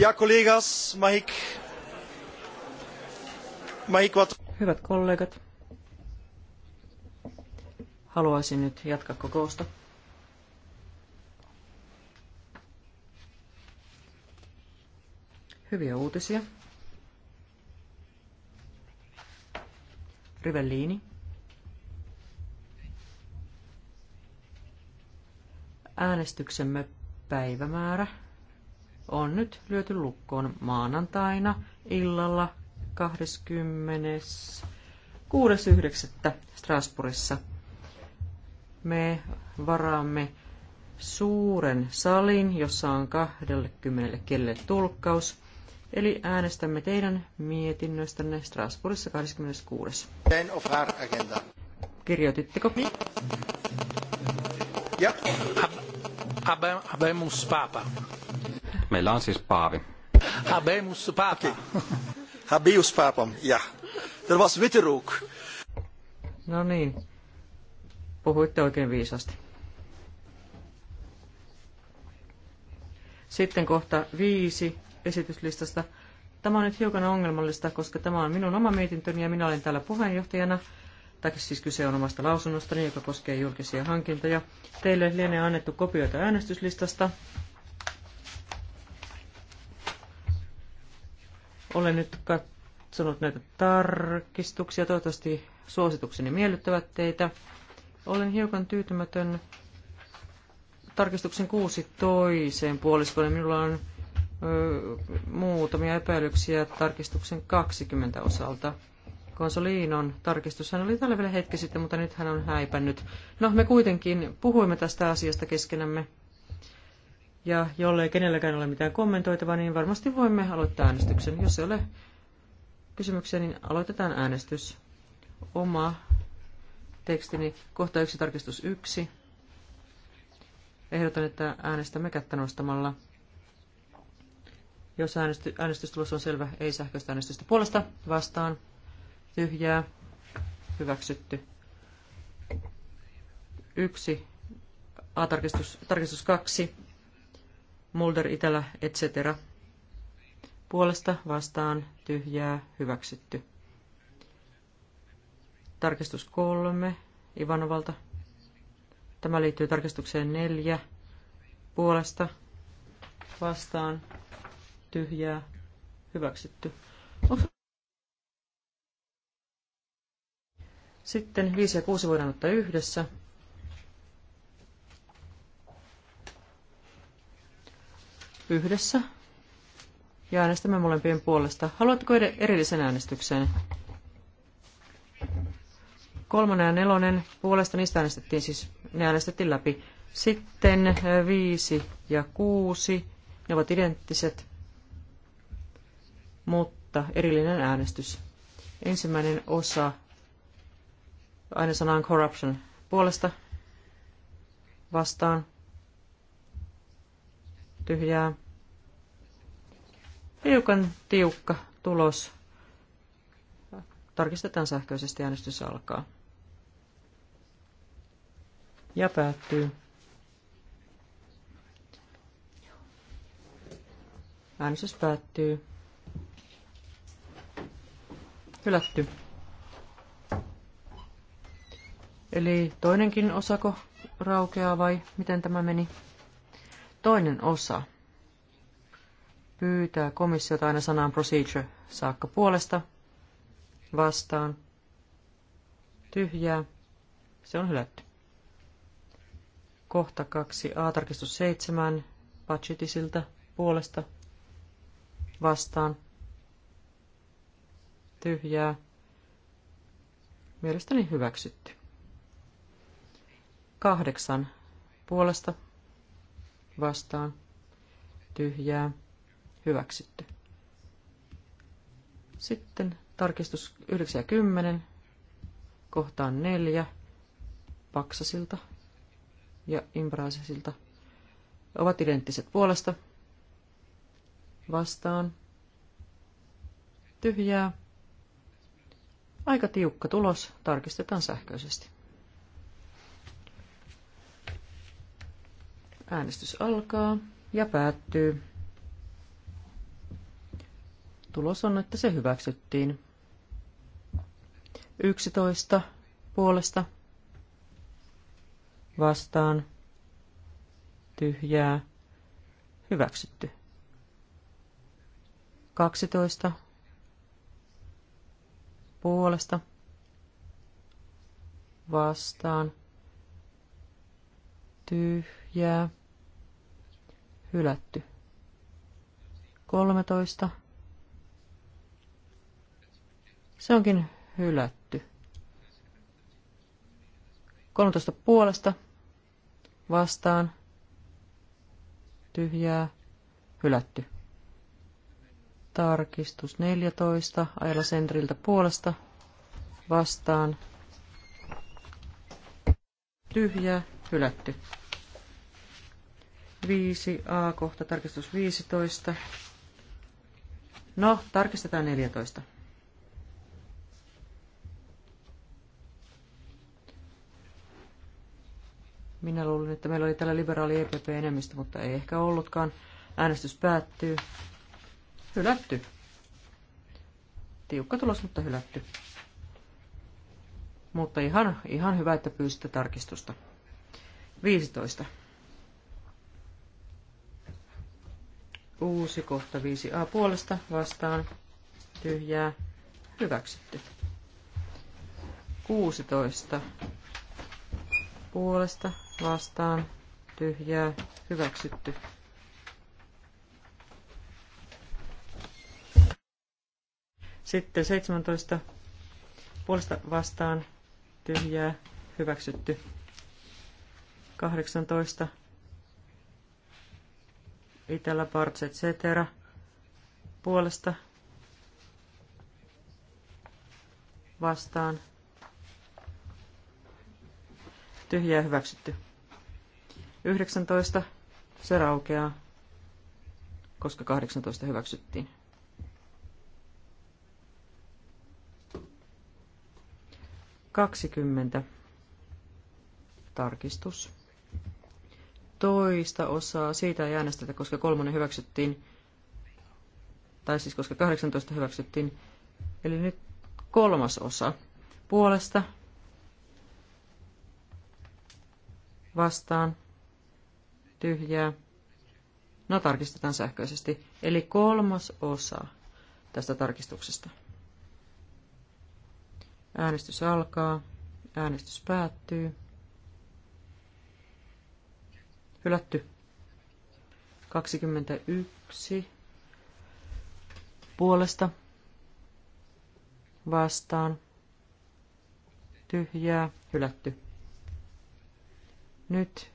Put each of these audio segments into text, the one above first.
Ja collega's, mag ik, mag ik wat... Hyvät kollegat, haluaisin nyt jatkaa kokousta. Hyviä uutisia. Rivellini. Äänestyksemme päivämäärä on nyt lyöty lukkoon maanantaina illalla 26.9. Strasbourgissa. Me varaamme suuren salin, jossa on 20 kelle tulkkaus. Eli äänestämme teidän mietinnöstänne Strasbourgissa 26. agenda. Kirjoititteko? Ja, ab, abemus papa. Meillä on siis paavi. Habemus papa. Habius paapam, ja. There was Witteruk. No niin, puhuitte oikein viisasti. Sitten kohta viisi esityslistasta. Tämä on nyt hiukan ongelmallista, koska tämä on minun oma mietintöni ja minä olen täällä puheenjohtajana. Tai siis kyse on omasta lausunnostani, joka koskee julkisia hankintoja. Teille lienee annettu kopioita äänestyslistasta. Olen nyt katsonut näitä tarkistuksia. Toivottavasti suositukseni miellyttävät teitä. Olen hiukan tyytymätön tarkistuksen kuusi toiseen puoliskolle. Minulla on ö, muutamia epäilyksiä tarkistuksen 20 osalta. Konsoliinon hän oli tällä vielä hetki sitten, mutta nyt hän on häipännyt. No, me kuitenkin puhuimme tästä asiasta keskenämme. Ja jollei kenelläkään ole mitään kommentoitavaa, niin varmasti voimme aloittaa äänestyksen. Jos ei ole kysymyksiä, niin aloitetaan äänestys. Oma tekstini, kohta 1, tarkistus 1. Ehdotan, että äänestämme kättä nostamalla. Jos äänesty, äänestystulos on selvä, ei sähköistä äänestystä puolesta, vastaan, tyhjää, hyväksytty. Yksi, A-tarkistus, tarkistus kaksi Mulder, Itälä, etc. Puolesta vastaan tyhjää hyväksytty. Tarkistus kolme Ivanovalta. Tämä liittyy tarkistukseen neljä. Puolesta vastaan tyhjää hyväksytty. Sitten 5 ja 6 voidaan ottaa yhdessä. yhdessä ja äänestämme molempien puolesta. Haluatteko erillisen äänestyksen? Kolmonen ja nelonen puolesta, niistä äänestettiin siis, ne äänestettiin läpi. Sitten viisi ja kuusi, ne ovat identtiset, mutta erillinen äänestys. Ensimmäinen osa, aina sanaan corruption, puolesta, vastaan, tyhjää. Hiukan tiukka tulos. Tarkistetaan sähköisesti äänestys alkaa. Ja päättyy. Äänestys päättyy. Hylätty. Eli toinenkin osako raukeaa vai miten tämä meni? Toinen osa pyytää komissiota aina sanaan procedure saakka puolesta vastaan. Tyhjää. Se on hylätty. Kohta kaksi. A-tarkistus 7. Budgetisilta puolesta vastaan. Tyhjää. Mielestäni hyväksytty. Kahdeksan puolesta vastaan tyhjää hyväksytty. Sitten tarkistus 90 kohtaan 4 Paksasilta ja imbraasisilta ovat identtiset puolesta vastaan tyhjää. Aika tiukka tulos, tarkistetaan sähköisesti. Äänestys alkaa ja päättyy. Tulos on, että se hyväksyttiin. 11 puolesta vastaan tyhjää hyväksytty. 12 puolesta vastaan tyhjää hylätty. 13. Se onkin hylätty. 13 puolesta vastaan tyhjää hylätty. Tarkistus 14 Aila Sendriltä puolesta vastaan tyhjää hylätty. 5a, kohta tarkistus 15. No, tarkistetaan 14. Minä luulin, että meillä oli täällä liberaali EPP-enemmistö, mutta ei ehkä ollutkaan. Äänestys päättyy. Hylätty. Tiukka tulos, mutta hylätty. Mutta ihan, ihan hyvä, että pyysitte tarkistusta. 15. Uusi kohta 5a puolesta vastaan tyhjää hyväksytty. 16 puolesta vastaan tyhjää hyväksytty. Sitten 17 puolesta vastaan tyhjää hyväksytty. 18 Itälä, Parts, etc. puolesta vastaan. Tyhjää hyväksytty. 19. Se raukeaa, koska 18 hyväksyttiin. Kaksikymmentä. Tarkistus toista osaa, siitä ei äänestetä, koska kolmonen hyväksyttiin, tai siis koska 18 hyväksyttiin. Eli nyt kolmas osa puolesta vastaan tyhjää. No tarkistetaan sähköisesti. Eli kolmas osa tästä tarkistuksesta. Äänestys alkaa. Äänestys päättyy. Hylätty. 21 puolesta vastaan tyhjää hylätty. Nyt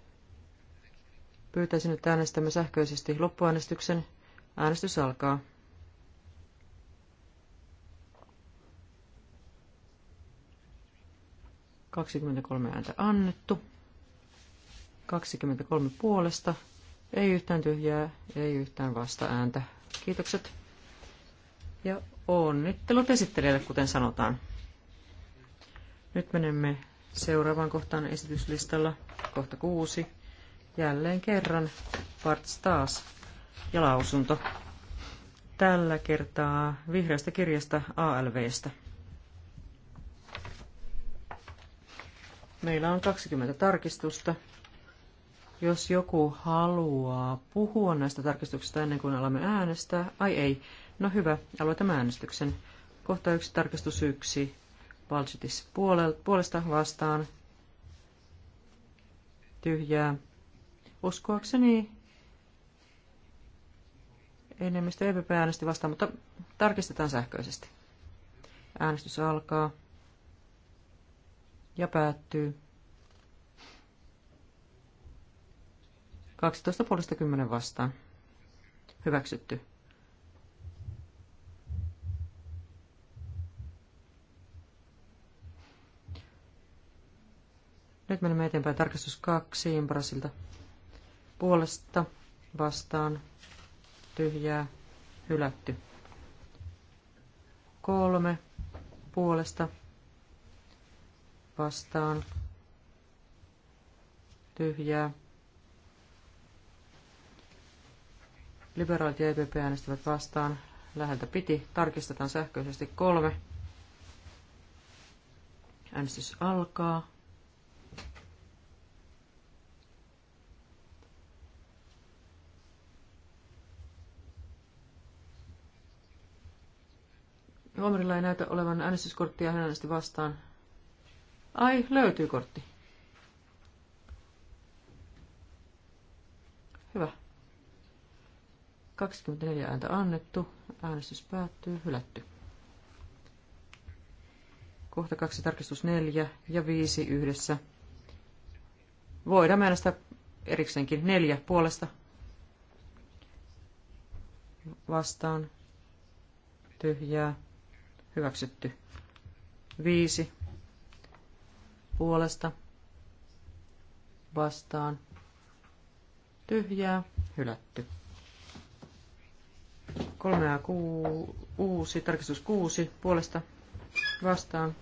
pyytäisin, että äänestämme sähköisesti loppuäänestyksen. Äänestys alkaa. kolme ääntä annettu. 23 puolesta. Ei yhtään tyhjää, ei yhtään vasta-ääntä. Kiitokset. Ja onnittelut esittelijälle, kuten sanotaan. Nyt menemme seuraavaan kohtaan esityslistalla, kohta kuusi. Jälleen kerran Parts taas ja lausunto. Tällä kertaa vihreästä kirjasta ALVstä. Meillä on 20 tarkistusta. Jos joku haluaa puhua näistä tarkistuksista ennen kuin alamme äänestää, ai ei, no hyvä, aloitamme äänestyksen. Kohta yksi tarkistus yksi. Valsitis puolesta vastaan. Tyhjää. Uskoakseni enemmistö EPP äänesti vastaan, mutta tarkistetaan sähköisesti. Äänestys alkaa ja päättyy. 12 puolesta 10 vastaan. Hyväksytty. Nyt menemme eteenpäin. Tarkastus 2 Imbrasilta. Puolesta vastaan tyhjää hylätty. Kolme puolesta vastaan tyhjää Liberaalit ja EPP äänestivät vastaan. Läheltä piti. Tarkistetaan sähköisesti kolme. Äänestys alkaa. Omerilla ei näytä olevan äänestyskorttia, hän äänesti vastaan. Ai, löytyy kortti. Hyvä. 24 ääntä annettu. Äänestys päättyy. Hylätty. Kohta kaksi tarkistus neljä ja viisi yhdessä. Voidaan äänestää erikseenkin neljä puolesta. Vastaan. Tyhjää. Hyväksytty. Viisi. Puolesta. Vastaan. Tyhjää. Hylätty. 3 ja tarkistus 6 puolesta vastaan.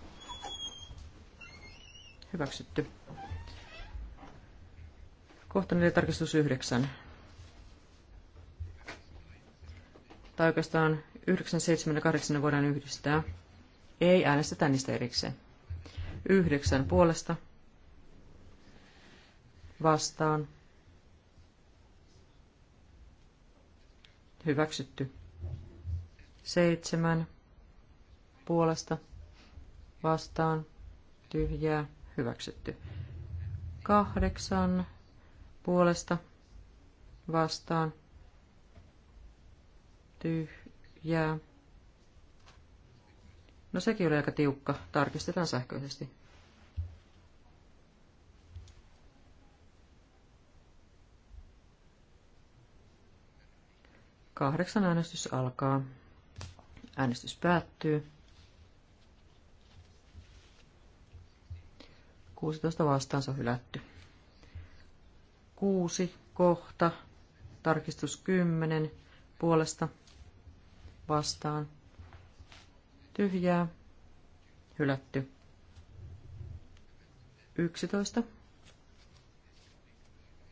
Hyväksytty. Kohta 4 tarkistus 9. Tai oikeastaan 9, 7 ja 8 voidaan yhdistää. Ei äänestetä niistä erikseen. 9 puolesta vastaan. Hyväksytty. Seitsemän puolesta vastaan tyhjää hyväksytty. Kahdeksan puolesta vastaan tyhjää. No sekin oli aika tiukka. Tarkistetaan sähköisesti. Kahdeksan äänestys alkaa. Äänestys päättyy. 16 on hylätty. 6 kohta, tarkistus 10 puolesta vastaan. Tyhjää, hylätty. 11.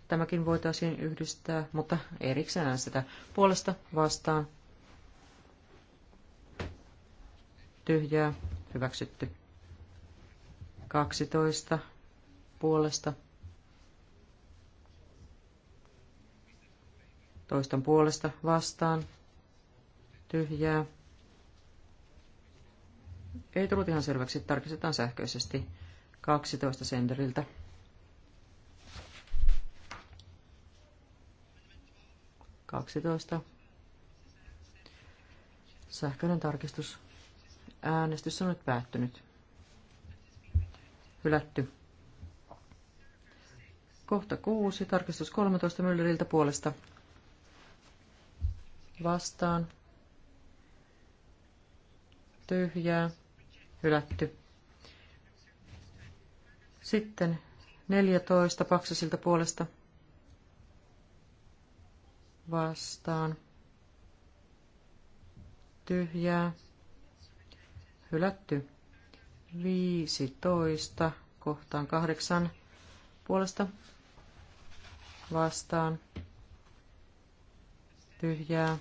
Tämäkin voitaisiin yhdistää, mutta erikseen sitä puolesta vastaan tyhjää, hyväksytty. 12 puolesta. Toistan puolesta vastaan. Tyhjää. Ei tullut ihan selväksi, tarkistetaan sähköisesti. 12 senderiltä. Kaksitoista. Sähköinen tarkistus. Äänestys on nyt päättynyt. Hylätty. Kohta kuusi. Tarkistus 13 Mülleriltä puolesta. Vastaan. Tyhjää. Hylätty. Sitten 14 Paksasilta puolesta. Vastaan. Tyhjää hylätty. 15 kohtaan 8 puolesta vastaan tyhjää.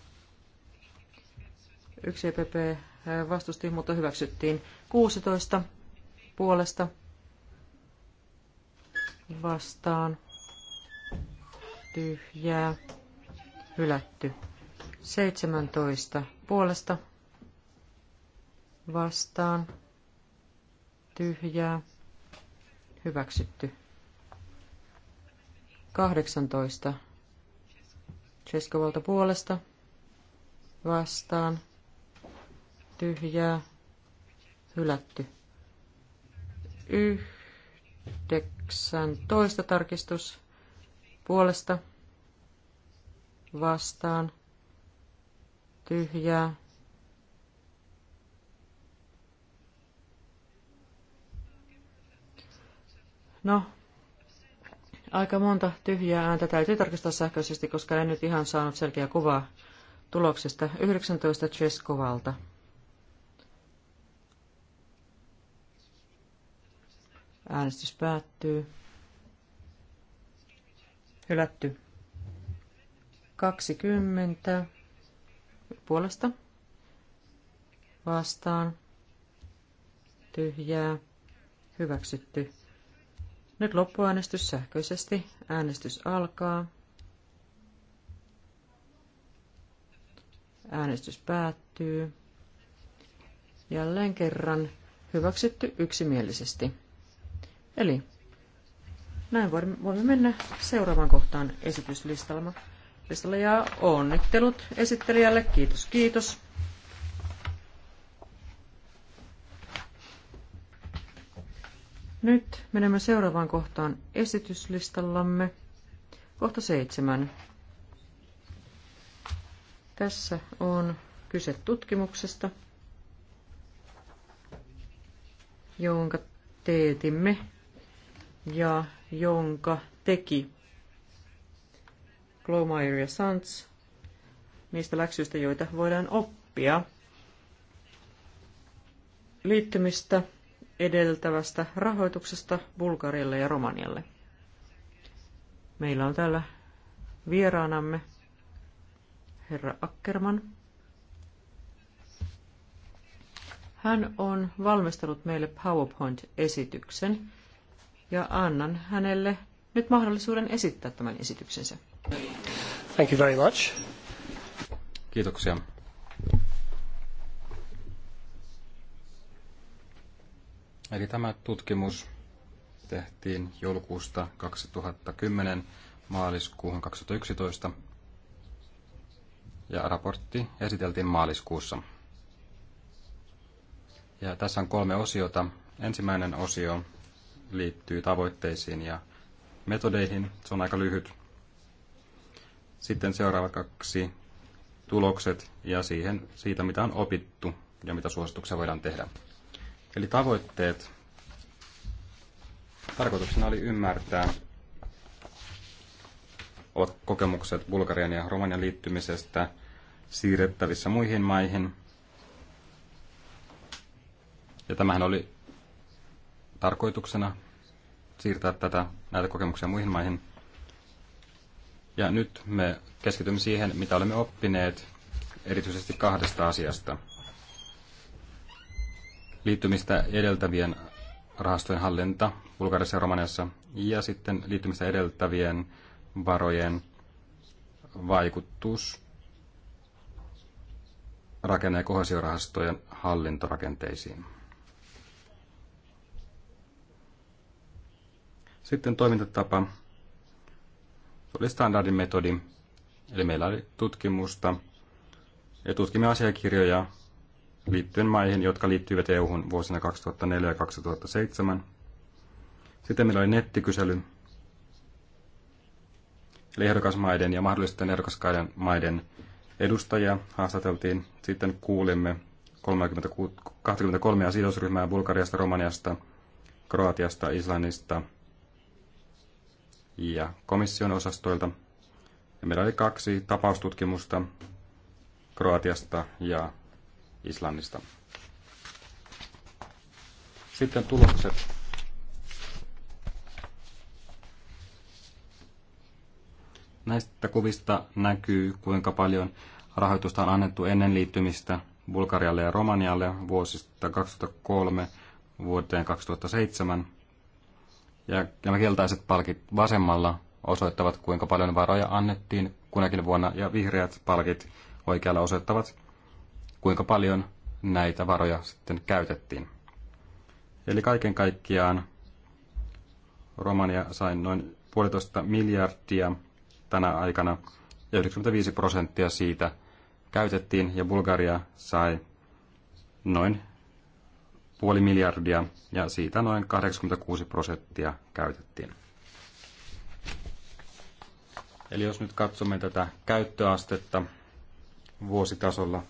Yksi EPP vastusti, mutta hyväksyttiin. 16 puolesta vastaan tyhjää hylätty. 17 puolesta vastaan, tyhjää, hyväksytty. 18. Cheskovalta puolesta, vastaan, tyhjää, hylätty. 19. Tarkistus puolesta, vastaan, tyhjää, No, aika monta tyhjää ääntä täytyy tarkistaa sähköisesti, koska en nyt ihan saanut selkeää kuvaa tuloksesta. 19 Cheskovalta. Äänestys päättyy. Hylätty. 20 puolesta vastaan tyhjää hyväksytty. Nyt loppuäänestys sähköisesti. Äänestys alkaa. Äänestys päättyy. Jälleen kerran hyväksytty yksimielisesti. Eli näin voimme mennä seuraavaan kohtaan esityslistalla. ja onnittelut esittelijälle. Kiitos, kiitos. Nyt menemme seuraavaan kohtaan esityslistallamme. Kohta seitsemän. Tässä on kyse tutkimuksesta, jonka teetimme ja jonka teki Glomair ja Sands niistä läksyistä, joita voidaan oppia liittymistä edeltävästä rahoituksesta Bulgarialle ja Romanialle. Meillä on täällä vieraanamme herra Ackerman. Hän on valmistellut meille PowerPoint-esityksen ja annan hänelle nyt mahdollisuuden esittää tämän esityksensä. Thank you very much. Kiitoksia. Eli tämä tutkimus tehtiin joulukuusta 2010 maaliskuuhun 2011 ja raportti esiteltiin maaliskuussa. Ja tässä on kolme osiota. Ensimmäinen osio liittyy tavoitteisiin ja metodeihin. Se on aika lyhyt. Sitten seuraavat kaksi tulokset ja siihen, siitä, mitä on opittu ja mitä suosituksia voidaan tehdä. Eli tavoitteet. Tarkoituksena oli ymmärtää, ovat kokemukset Bulgarian ja Romanian liittymisestä siirrettävissä muihin maihin. Ja tämähän oli tarkoituksena siirtää tätä, näitä kokemuksia muihin maihin. Ja nyt me keskitymme siihen, mitä olemme oppineet erityisesti kahdesta asiasta liittymistä edeltävien rahastojen hallinta Bulgariassa ja Romaniassa ja sitten liittymistä edeltävien varojen vaikutus rakenne- ja kohesiorahastojen hallintorakenteisiin. Sitten toimintatapa. Se oli standardin metodi, eli meillä oli tutkimusta ja tutkimme asiakirjoja, liittyen maihin, jotka liittyivät EU-hun vuosina 2004 ja 2007. Sitten meillä oli nettikysely, eli ehdokasmaiden ja mahdollisten ehdokaskaiden maiden edustajia haastateltiin. Sitten kuulimme 36, 23 sidosryhmää Bulgariasta, Romaniasta, Kroatiasta, Islannista ja komission osastoilta. Ja meillä oli kaksi tapaustutkimusta Kroatiasta ja Islannista. Sitten tulokset. Näistä kuvista näkyy, kuinka paljon rahoitusta on annettu ennen liittymistä Bulgarialle ja Romanialle vuosista 2003 vuoteen 2007. Ja nämä keltaiset palkit vasemmalla osoittavat, kuinka paljon varoja annettiin kunakin vuonna, ja vihreät palkit oikealla osoittavat, kuinka paljon näitä varoja sitten käytettiin. Eli kaiken kaikkiaan Romania sai noin puolitoista miljardia tänä aikana ja 95 prosenttia siitä käytettiin ja Bulgaria sai noin puoli miljardia ja siitä noin 86 prosenttia käytettiin. Eli jos nyt katsomme tätä käyttöastetta vuositasolla,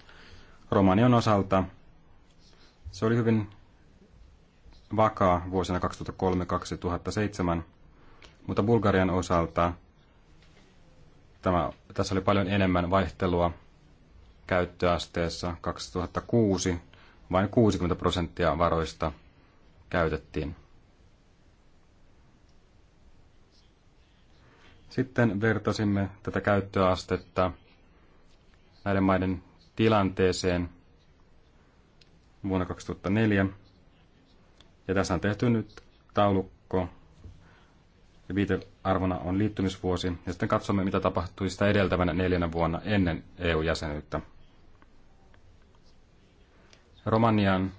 Romanian osalta se oli hyvin vakaa vuosina 2003-2007, mutta Bulgarian osalta tämä, tässä oli paljon enemmän vaihtelua käyttöasteessa 2006, vain 60 prosenttia varoista käytettiin. Sitten vertasimme tätä käyttöastetta näiden maiden tilanteeseen vuonna 2004. Ja tässä on tehty nyt taulukko, ja viitearvona on liittymisvuosi, ja sitten katsomme, mitä tapahtui sitä edeltävänä neljänä vuonna ennen EU-jäsenyyttä. Romanian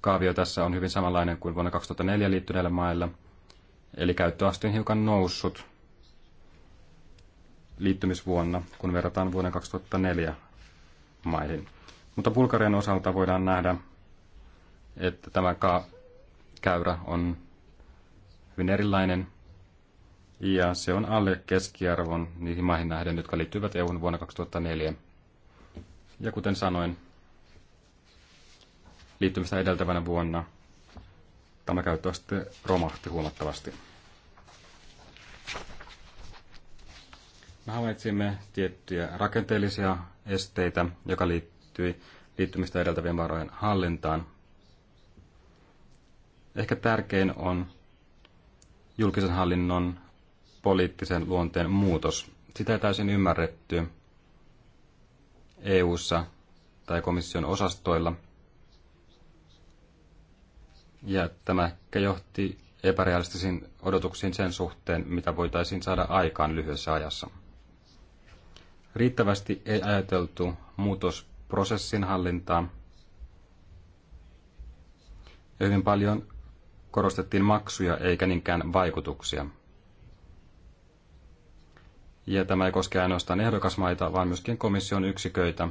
kaavio tässä on hyvin samanlainen kuin vuonna 2004 liittyneillä mailla, eli käyttöaste on hiukan noussut liittymisvuonna, kun verrataan vuoden 2004 maihin. Mutta Bulgarian osalta voidaan nähdä, että tämä käyrä on hyvin erilainen ja se on alle keskiarvon niihin maihin nähden, jotka liittyivät EU:hun vuonna 2004. Ja kuten sanoin, liittymistä edeltävänä vuonna tämä käyttöaste romahti huomattavasti. Me havaitsimme tiettyjä rakenteellisia esteitä, joka liittyi liittymistä edeltävien varojen hallintaan. Ehkä tärkein on julkisen hallinnon poliittisen luonteen muutos. Sitä ei täysin ymmärretty EU:ssa tai komission osastoilla. Ja tämä johti epärealistisiin odotuksiin sen suhteen, mitä voitaisiin saada aikaan lyhyessä ajassa. Riittävästi ei ajateltu muutosprosessin hallintaa. Ja hyvin paljon korostettiin maksuja eikä niinkään vaikutuksia. Ja tämä ei koske ainoastaan ehdokasmaita, vaan myöskin komission yksiköitä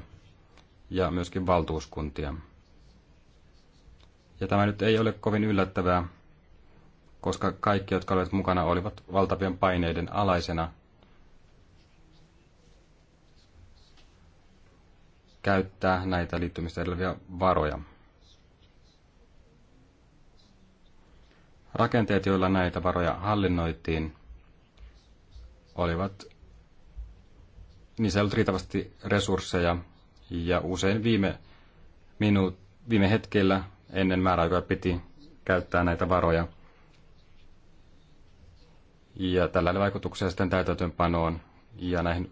ja myöskin valtuuskuntia. Ja tämä nyt ei ole kovin yllättävää, koska kaikki, jotka olivat mukana, olivat valtavien paineiden alaisena käyttää näitä liittymistä edelleviä varoja. Rakenteet, joilla näitä varoja hallinnoitiin, olivat, niissä ei ollut riittävästi resursseja ja usein viime, minu, viime hetkellä ennen määräaikaa piti käyttää näitä varoja. Ja tällä oli vaikutuksia sitten täytäntöönpanoon ja näihin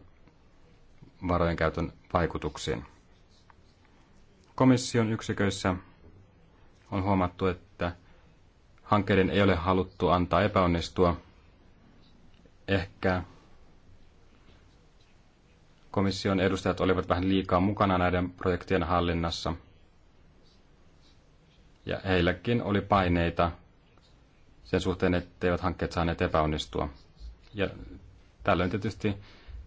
varojen käytön vaikutuksiin. Komission yksiköissä on huomattu, että hankkeiden ei ole haluttu antaa epäonnistua. Ehkä komission edustajat olivat vähän liikaa mukana näiden projektien hallinnassa. Ja heilläkin oli paineita sen suhteen, etteivät hankkeet saaneet epäonnistua. Ja tällöin tietysti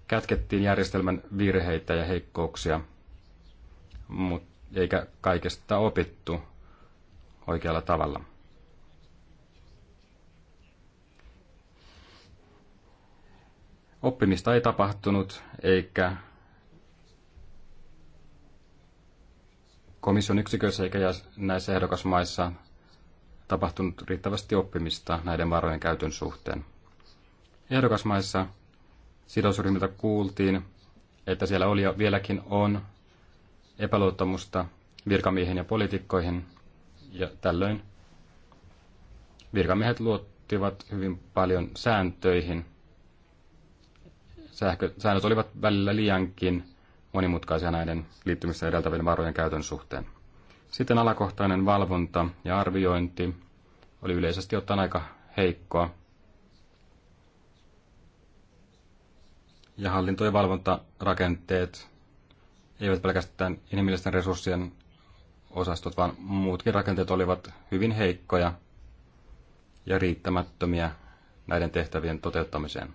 kätkettiin järjestelmän virheitä ja heikkouksia, mutta eikä kaikesta opittu oikealla tavalla. Oppimista ei tapahtunut, eikä komission yksiköissä eikä näissä ehdokasmaissa tapahtunut riittävästi oppimista näiden varojen käytön suhteen. Ehdokasmaissa sidosryhmiltä kuultiin, että siellä oli ja vieläkin on epäluottamusta virkamiehen ja poliitikkoihin, ja tällöin virkamiehet luottivat hyvin paljon sääntöihin. Sähkö, säännöt olivat välillä liiankin monimutkaisia näiden liittymistä edeltävien varojen käytön suhteen. Sitten alakohtainen valvonta ja arviointi oli yleisesti ottaen aika heikkoa. Ja hallinto- ja valvontarakenteet eivät pelkästään inhimillisten resurssien osastot, vaan muutkin rakenteet olivat hyvin heikkoja ja riittämättömiä näiden tehtävien toteuttamiseen.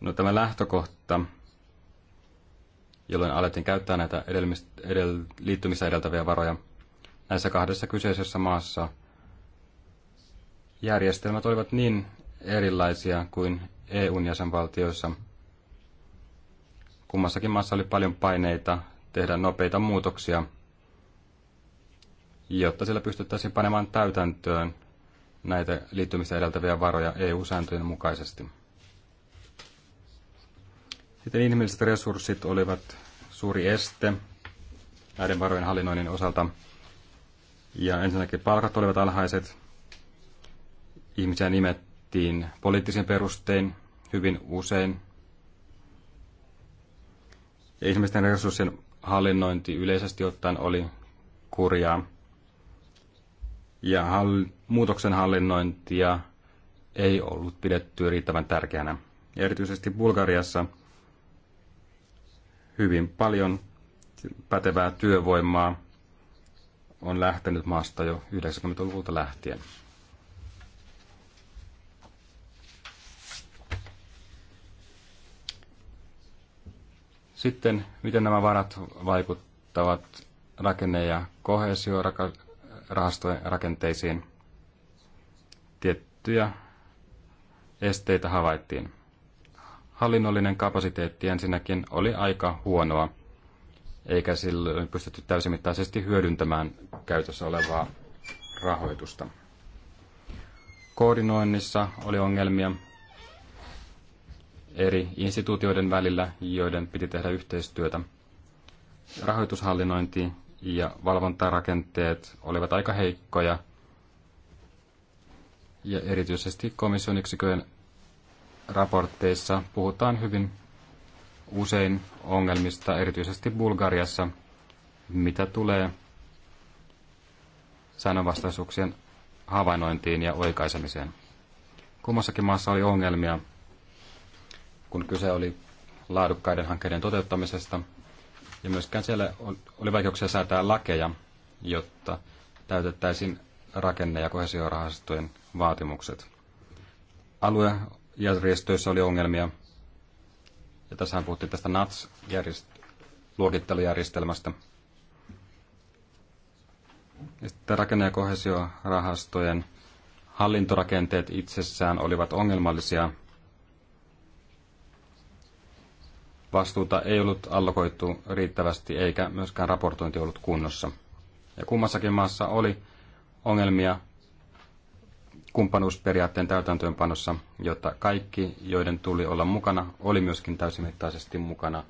No tämä lähtökohta, jolloin alettiin käyttää näitä edel, liittymistä edeltäviä varoja, näissä kahdessa kyseisessä maassa järjestelmät olivat niin erilaisia kuin EUn jäsenvaltioissa. Kummassakin maassa oli paljon paineita tehdä nopeita muutoksia, jotta sillä pystyttäisiin panemaan täytäntöön näitä liittymistä edeltäviä varoja EU-sääntöjen mukaisesti. Sitten inhimilliset resurssit olivat suuri este näiden varojen hallinnoinnin osalta. Ja ensinnäkin palkat olivat alhaiset, ihmisiä nimet, tehtiin poliittisen perustein hyvin usein. Ja ihmisten resurssien hallinnointi yleisesti ottaen oli kurjaa. Ja hall- muutoksen hallinnointia ei ollut pidetty riittävän tärkeänä. Ja erityisesti Bulgariassa hyvin paljon pätevää työvoimaa on lähtenyt maasta jo 90-luvulta lähtien. Sitten, miten nämä varat vaikuttavat rakenne- ja kohesiorahastojen rakenteisiin. Tiettyjä esteitä havaittiin. Hallinnollinen kapasiteetti ensinnäkin oli aika huonoa, eikä silloin pystytty täysimittaisesti hyödyntämään käytössä olevaa rahoitusta. Koordinoinnissa oli ongelmia, eri instituutioiden välillä, joiden piti tehdä yhteistyötä. Rahoitushallinnointi ja valvontarakenteet olivat aika heikkoja, ja erityisesti komission yksiköjen raportteissa puhutaan hyvin usein ongelmista, erityisesti Bulgariassa, mitä tulee sananvastaisuuksien havainnointiin ja oikaisemiseen. Kummassakin maassa oli ongelmia kun kyse oli laadukkaiden hankkeiden toteuttamisesta. Ja myöskään siellä oli vaikeuksia säätää lakeja, jotta täytettäisiin rakenne- ja kohesiorahastojen vaatimukset. Alue- ja oli ongelmia, ja tässähän puhuttiin tästä NATS-luokittelujärjestelmästä. Ja sitten rakenne- ja kohesiorahastojen hallintorakenteet itsessään olivat ongelmallisia – vastuuta ei ollut allokoitu riittävästi eikä myöskään raportointi ollut kunnossa. Ja kummassakin maassa oli ongelmia kumppanuusperiaatteen täytäntöönpanossa, jotta kaikki, joiden tuli olla mukana, oli myöskin täysimittaisesti mukana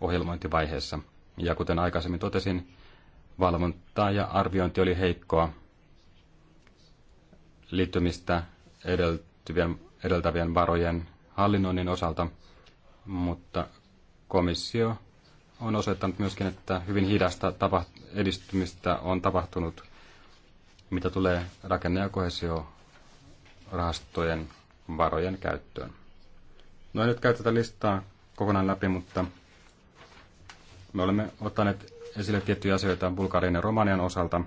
ohjelmointivaiheessa. Ja kuten aikaisemmin totesin, valvonta ja arviointi oli heikkoa liittymistä edeltävien varojen hallinnoinnin osalta, mutta komissio on osoittanut myöskin, että hyvin hidasta tapaht- edistymistä on tapahtunut, mitä tulee rakenne- ja kohesiorahastojen varojen käyttöön. No en nyt käy tätä listaa kokonaan läpi, mutta me olemme ottaneet esille tiettyjä asioita Bulgarian ja Romanian osalta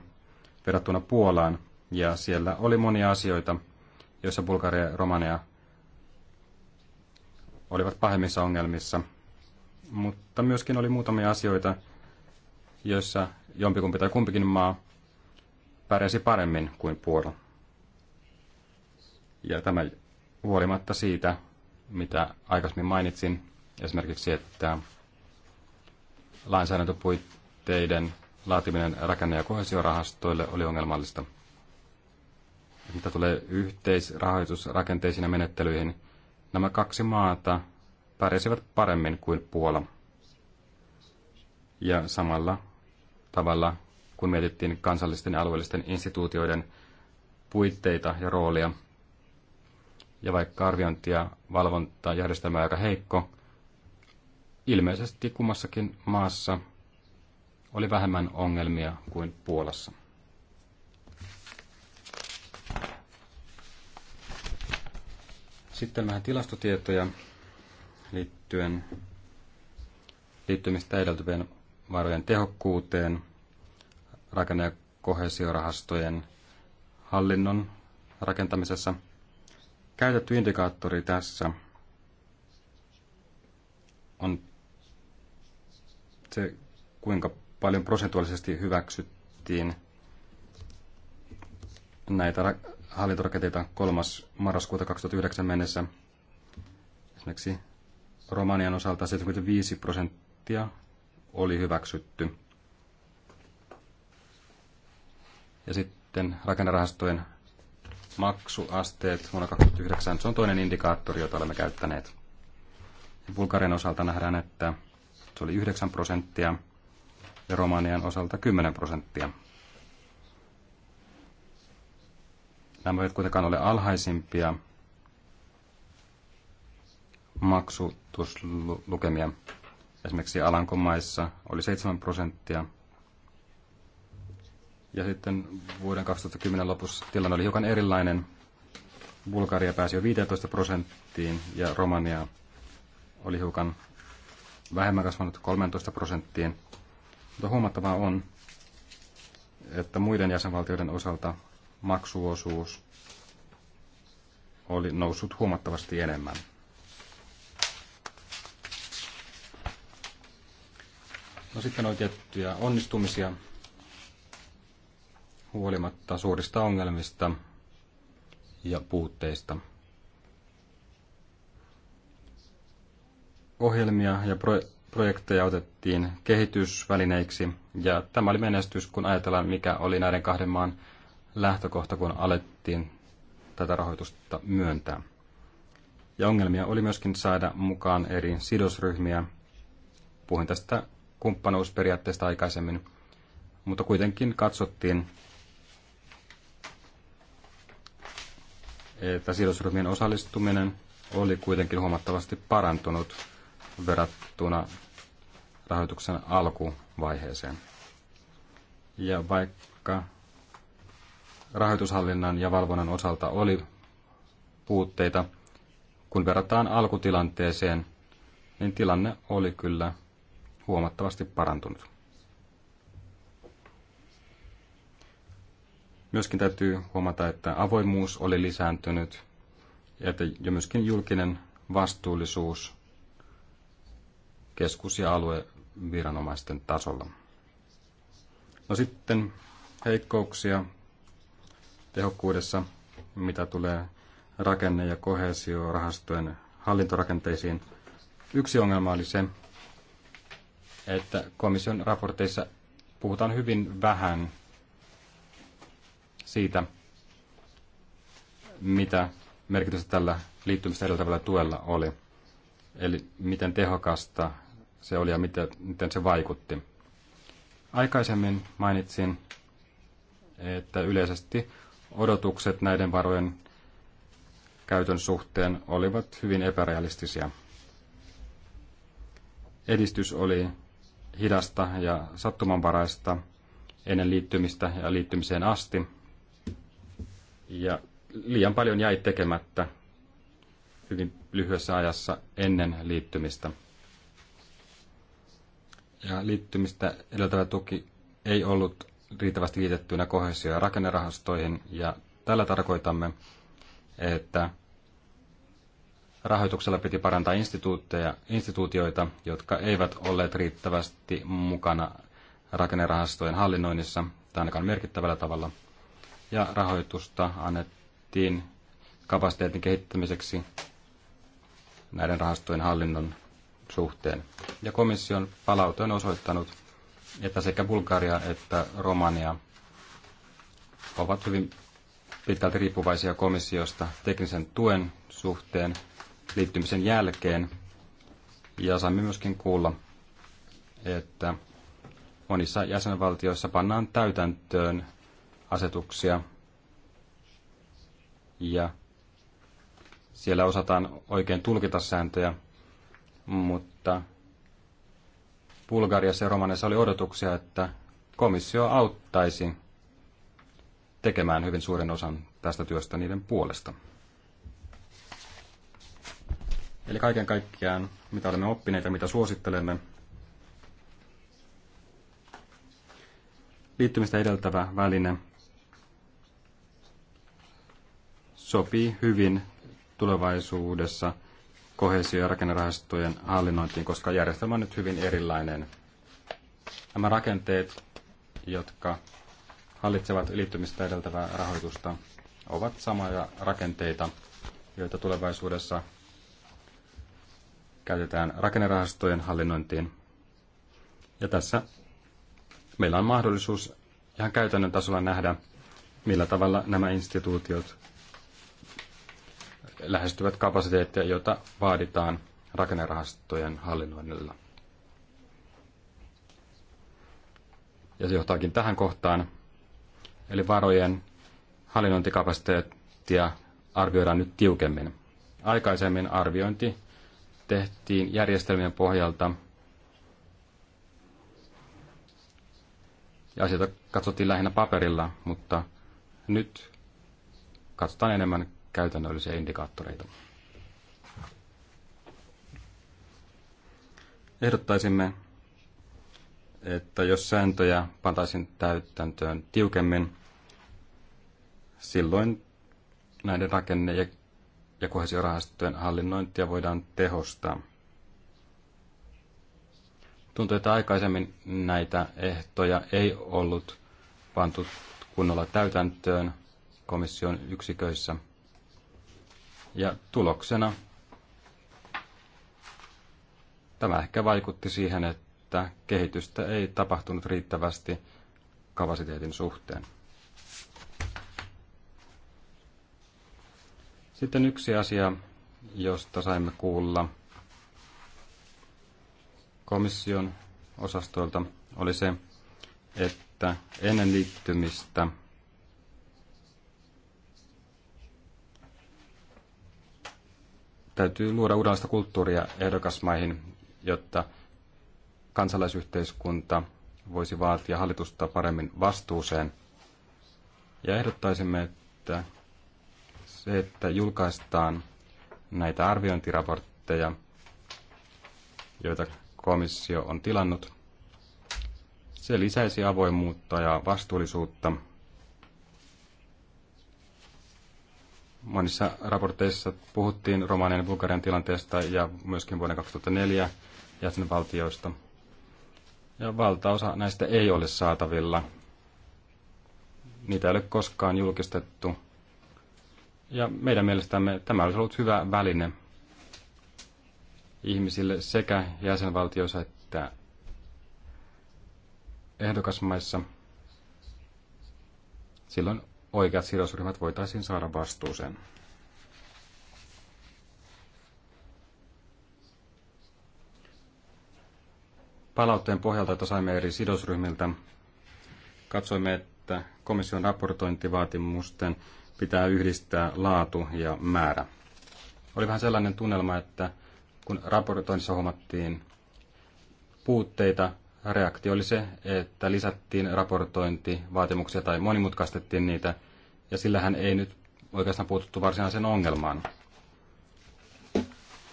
verrattuna Puolaan, ja siellä oli monia asioita, joissa Bulgaria ja Romania olivat pahemmissa ongelmissa – mutta myöskin oli muutamia asioita, joissa jompikumpi tai kumpikin maa pärjäsi paremmin kuin Puola. Ja tämä huolimatta siitä, mitä aikaisemmin mainitsin, esimerkiksi, että lainsäädäntöpuitteiden laatiminen rakenne- ja kohesiorahastoille oli ongelmallista. Mitä tulee yhteisrahoitusrakenteisiin ja menettelyihin, nämä kaksi maata pärjäsivät paremmin kuin Puola. Ja samalla tavalla, kun mietittiin kansallisten ja alueellisten instituutioiden puitteita ja roolia, ja vaikka arviointi- ja järjestelmä on aika heikko, ilmeisesti kummassakin maassa oli vähemmän ongelmia kuin Puolassa. Sitten vähän tilastotietoja liittyen liittymistä edeltävien varojen tehokkuuteen, rakenne- ja kohesiorahastojen hallinnon rakentamisessa. Käytetty indikaattori tässä on se, kuinka paljon prosentuaalisesti hyväksyttiin näitä hallintorakenteita 3. marraskuuta 2009 mennessä. Esimerkiksi Romanian osalta 75 prosenttia oli hyväksytty. Ja sitten rakennerahastojen maksuasteet vuonna 2009, se on toinen indikaattori, jota olemme käyttäneet. Ja Bulgarian osalta nähdään, että se oli 9 prosenttia ja Romanian osalta 10 prosenttia. Nämä eivät kuitenkaan ole alhaisimpia maksutuslukemia. Esimerkiksi Alankomaissa oli 7 prosenttia. Ja sitten vuoden 2010 lopussa tilanne oli hiukan erilainen. Bulgaria pääsi jo 15 prosenttiin ja Romania oli hiukan vähemmän kasvanut 13 prosenttiin. Mutta huomattavaa on, että muiden jäsenvaltioiden osalta maksuosuus oli noussut huomattavasti enemmän. No sitten on tiettyjä onnistumisia huolimatta suurista ongelmista ja puutteista. Ohjelmia ja pro- projekteja otettiin kehitysvälineiksi ja tämä oli menestys, kun ajatellaan mikä oli näiden kahden maan lähtökohta, kun alettiin tätä rahoitusta myöntää. Ja ongelmia oli myöskin saada mukaan eri sidosryhmiä. Puhuin tästä kumppanuusperiaatteesta aikaisemmin, mutta kuitenkin katsottiin, että sidosryhmien osallistuminen oli kuitenkin huomattavasti parantunut verrattuna rahoituksen alkuvaiheeseen. Ja vaikka rahoitushallinnan ja valvonnan osalta oli puutteita, kun verrataan alkutilanteeseen, niin tilanne oli kyllä huomattavasti parantunut. Myöskin täytyy huomata, että avoimuus oli lisääntynyt ja että jo myöskin julkinen vastuullisuus keskus- ja alueviranomaisten tasolla. No sitten heikkouksia tehokkuudessa, mitä tulee rakenne- ja kohesiorahastojen hallintorakenteisiin. Yksi ongelma oli se, että komission raporteissa puhutaan hyvin vähän siitä, mitä merkitystä tällä liittymistä edeltävällä tuella oli. Eli miten tehokasta se oli ja miten, se vaikutti. Aikaisemmin mainitsin, että yleisesti odotukset näiden varojen käytön suhteen olivat hyvin epärealistisia. Edistys oli hidasta ja sattumanvaraista ennen liittymistä ja liittymiseen asti. Ja liian paljon jäi tekemättä hyvin lyhyessä ajassa ennen liittymistä. Ja liittymistä edeltävä tuki ei ollut riittävästi liitettynä kohesio- ja rakennerahastoihin, ja tällä tarkoitamme, että Rahoituksella piti parantaa instituutioita, jotka eivät olleet riittävästi mukana rakennerahastojen hallinnoinnissa, tai ainakaan merkittävällä tavalla. Ja rahoitusta annettiin kapasiteetin kehittämiseksi näiden rahastojen hallinnon suhteen. Ja komission palaute on osoittanut, että sekä Bulgaria että Romania ovat hyvin pitkälti riippuvaisia komissiosta teknisen tuen suhteen liittymisen jälkeen. Ja saimme myöskin kuulla, että monissa jäsenvaltioissa pannaan täytäntöön asetuksia ja siellä osataan oikein tulkita sääntöjä, mutta Bulgariassa ja Romaniassa oli odotuksia, että komissio auttaisi tekemään hyvin suuren osan tästä työstä niiden puolesta. Eli kaiken kaikkiaan, mitä olemme oppineet ja mitä suosittelemme, liittymistä edeltävä väline sopii hyvin tulevaisuudessa kohesio- ja rakennerahastojen hallinnointiin, koska järjestelmä on nyt hyvin erilainen. Nämä rakenteet, jotka hallitsevat liittymistä edeltävää rahoitusta, ovat samoja rakenteita, joita tulevaisuudessa käytetään rakennerahastojen hallinnointiin. Ja tässä meillä on mahdollisuus ihan käytännön tasolla nähdä, millä tavalla nämä instituutiot lähestyvät kapasiteettia, jota vaaditaan rakennerahastojen hallinnoinnilla. Ja se johtaakin tähän kohtaan. Eli varojen hallinnointikapasiteettia arvioidaan nyt tiukemmin. Aikaisemmin arviointi tehtiin järjestelmien pohjalta. Ja asioita katsottiin lähinnä paperilla, mutta nyt katsotaan enemmän käytännöllisiä indikaattoreita. Ehdottaisimme, että jos sääntöjä pantaisiin täyttäntöön tiukemmin, silloin näiden rakenne- ja ja kohesiorahastojen hallinnointia voidaan tehostaa. Tuntuu, että aikaisemmin näitä ehtoja ei ollut pantu kunnolla täytäntöön komission yksiköissä. Ja tuloksena tämä ehkä vaikutti siihen, että kehitystä ei tapahtunut riittävästi kapasiteetin suhteen. Sitten yksi asia, josta saimme kuulla komission osastoilta, oli se, että ennen liittymistä täytyy luoda uudenlaista kulttuuria ehdokasmaihin, jotta kansalaisyhteiskunta voisi vaatia hallitusta paremmin vastuuseen. Ja ehdottaisimme, että se, että julkaistaan näitä arviointiraportteja, joita komissio on tilannut. Se lisäisi avoimuutta ja vastuullisuutta. Monissa raporteissa puhuttiin Romanian ja Bulgarian tilanteesta ja myöskin vuoden 2004 jäsenvaltioista. Ja valtaosa näistä ei ole saatavilla. Niitä ei ole koskaan julkistettu ja meidän mielestämme tämä olisi ollut hyvä väline ihmisille sekä jäsenvaltioissa että ehdokasmaissa. Silloin oikeat sidosryhmät voitaisiin saada vastuuseen. Palautteen pohjalta, jota saimme eri sidosryhmiltä, katsoimme, että komission raportointivaatimusten pitää yhdistää laatu ja määrä. Oli vähän sellainen tunnelma, että kun raportoinnissa huomattiin puutteita, reaktio oli se, että lisättiin raportointivaatimuksia tai monimutkaistettiin niitä, ja sillähän ei nyt oikeastaan puututtu varsinaiseen ongelmaan.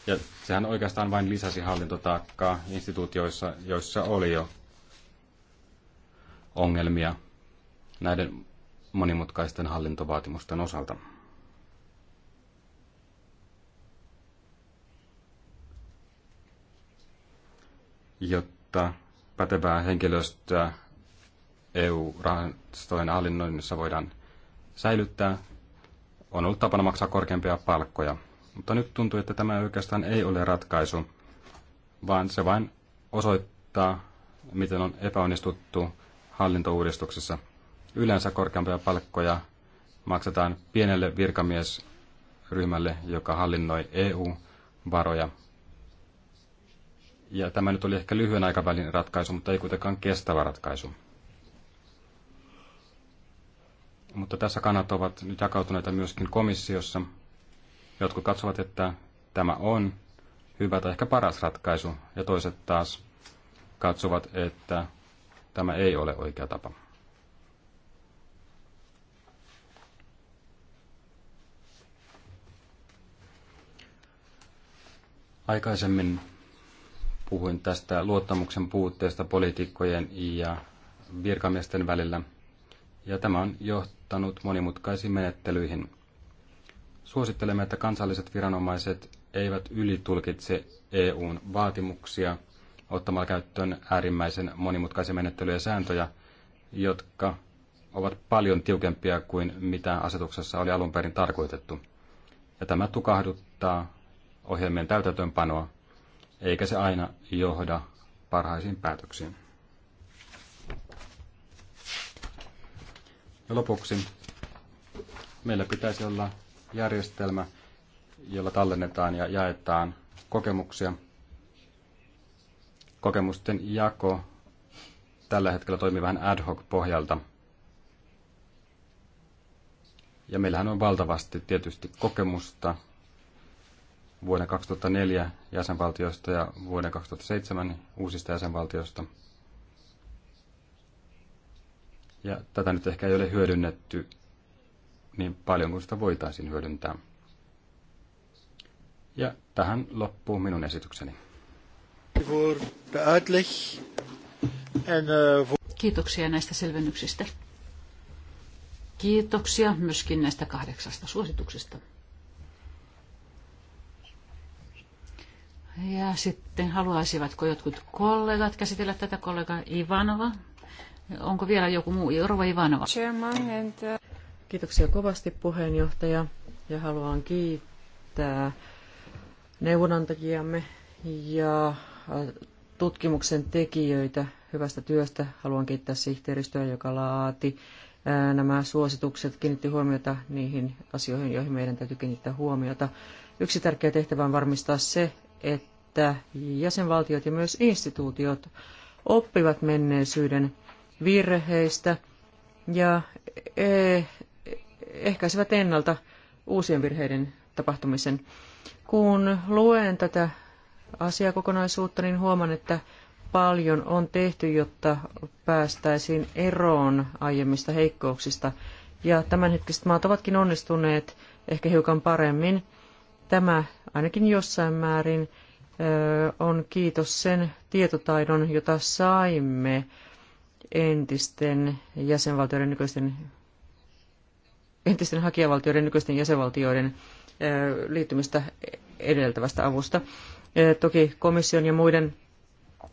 Ja sehän oikeastaan vain lisäsi hallintotaakkaa instituutioissa, joissa oli jo ongelmia näiden monimutkaisten hallintovaatimusten osalta. Jotta pätevää henkilöstöä EU-rahastojen hallinnoinnissa voidaan säilyttää, on ollut tapana maksaa korkeampia palkkoja. Mutta nyt tuntuu, että tämä oikeastaan ei ole ratkaisu, vaan se vain osoittaa, miten on epäonnistuttu hallintouudistuksessa yleensä korkeampia palkkoja maksetaan pienelle virkamiesryhmälle, joka hallinnoi EU-varoja. Ja tämä nyt oli ehkä lyhyen aikavälin ratkaisu, mutta ei kuitenkaan kestävä ratkaisu. Mutta tässä kannat ovat nyt jakautuneita myöskin komissiossa. Jotkut katsovat, että tämä on hyvä tai ehkä paras ratkaisu, ja toiset taas katsovat, että tämä ei ole oikea tapa. Aikaisemmin puhuin tästä luottamuksen puutteesta poliitikkojen ja virkamiesten välillä, ja tämä on johtanut monimutkaisiin menettelyihin. Suosittelemme, että kansalliset viranomaiset eivät ylitulkitse EUn vaatimuksia ottamalla käyttöön äärimmäisen monimutkaisia menettelyjä ja sääntöjä, jotka ovat paljon tiukempia kuin mitä asetuksessa oli alun perin tarkoitettu. Ja tämä tukahduttaa ohjelmien täytäntöönpanoa, eikä se aina johda parhaisiin päätöksiin. Ja lopuksi meillä pitäisi olla järjestelmä, jolla tallennetaan ja jaetaan kokemuksia. Kokemusten jako tällä hetkellä toimii vähän ad hoc pohjalta. Ja meillähän on valtavasti tietysti kokemusta Vuonna 2004 jäsenvaltioista ja vuoden 2007 uusista jäsenvaltioista. Ja tätä nyt ehkä ei ole hyödynnetty niin paljon kuin sitä voitaisiin hyödyntää. Ja tähän loppuu minun esitykseni. Kiitoksia näistä selvennyksistä. Kiitoksia myöskin näistä kahdeksasta suosituksesta. Ja sitten haluaisivatko jotkut kollegat käsitellä tätä kollega Ivanova? Onko vielä joku muu? Jorva Ivanova. Uh, Kiitoksia kovasti puheenjohtaja ja haluan kiittää neuvonantajiamme ja äh, tutkimuksen tekijöitä hyvästä työstä. Haluan kiittää sihteeristöä, joka laati äh, nämä suositukset, kiinnitti huomiota niihin asioihin, joihin meidän täytyy kiinnittää huomiota. Yksi tärkeä tehtävä on varmistaa se, että jäsenvaltiot ja myös instituutiot oppivat menneisyyden virheistä ja e, ehkäisevät ennalta uusien virheiden tapahtumisen. Kun luen tätä asiakokonaisuutta, niin huomaan, että paljon on tehty, jotta päästäisiin eroon aiemmista heikkouksista. Ja tämänhetkiset maat ovatkin onnistuneet ehkä hiukan paremmin Tämä ainakin jossain määrin on kiitos sen tietotaidon, jota saimme entisten jäsenvaltioiden nykyisten entisten hakijavaltioiden nykyisten jäsenvaltioiden liittymistä edeltävästä avusta. Toki komission ja muiden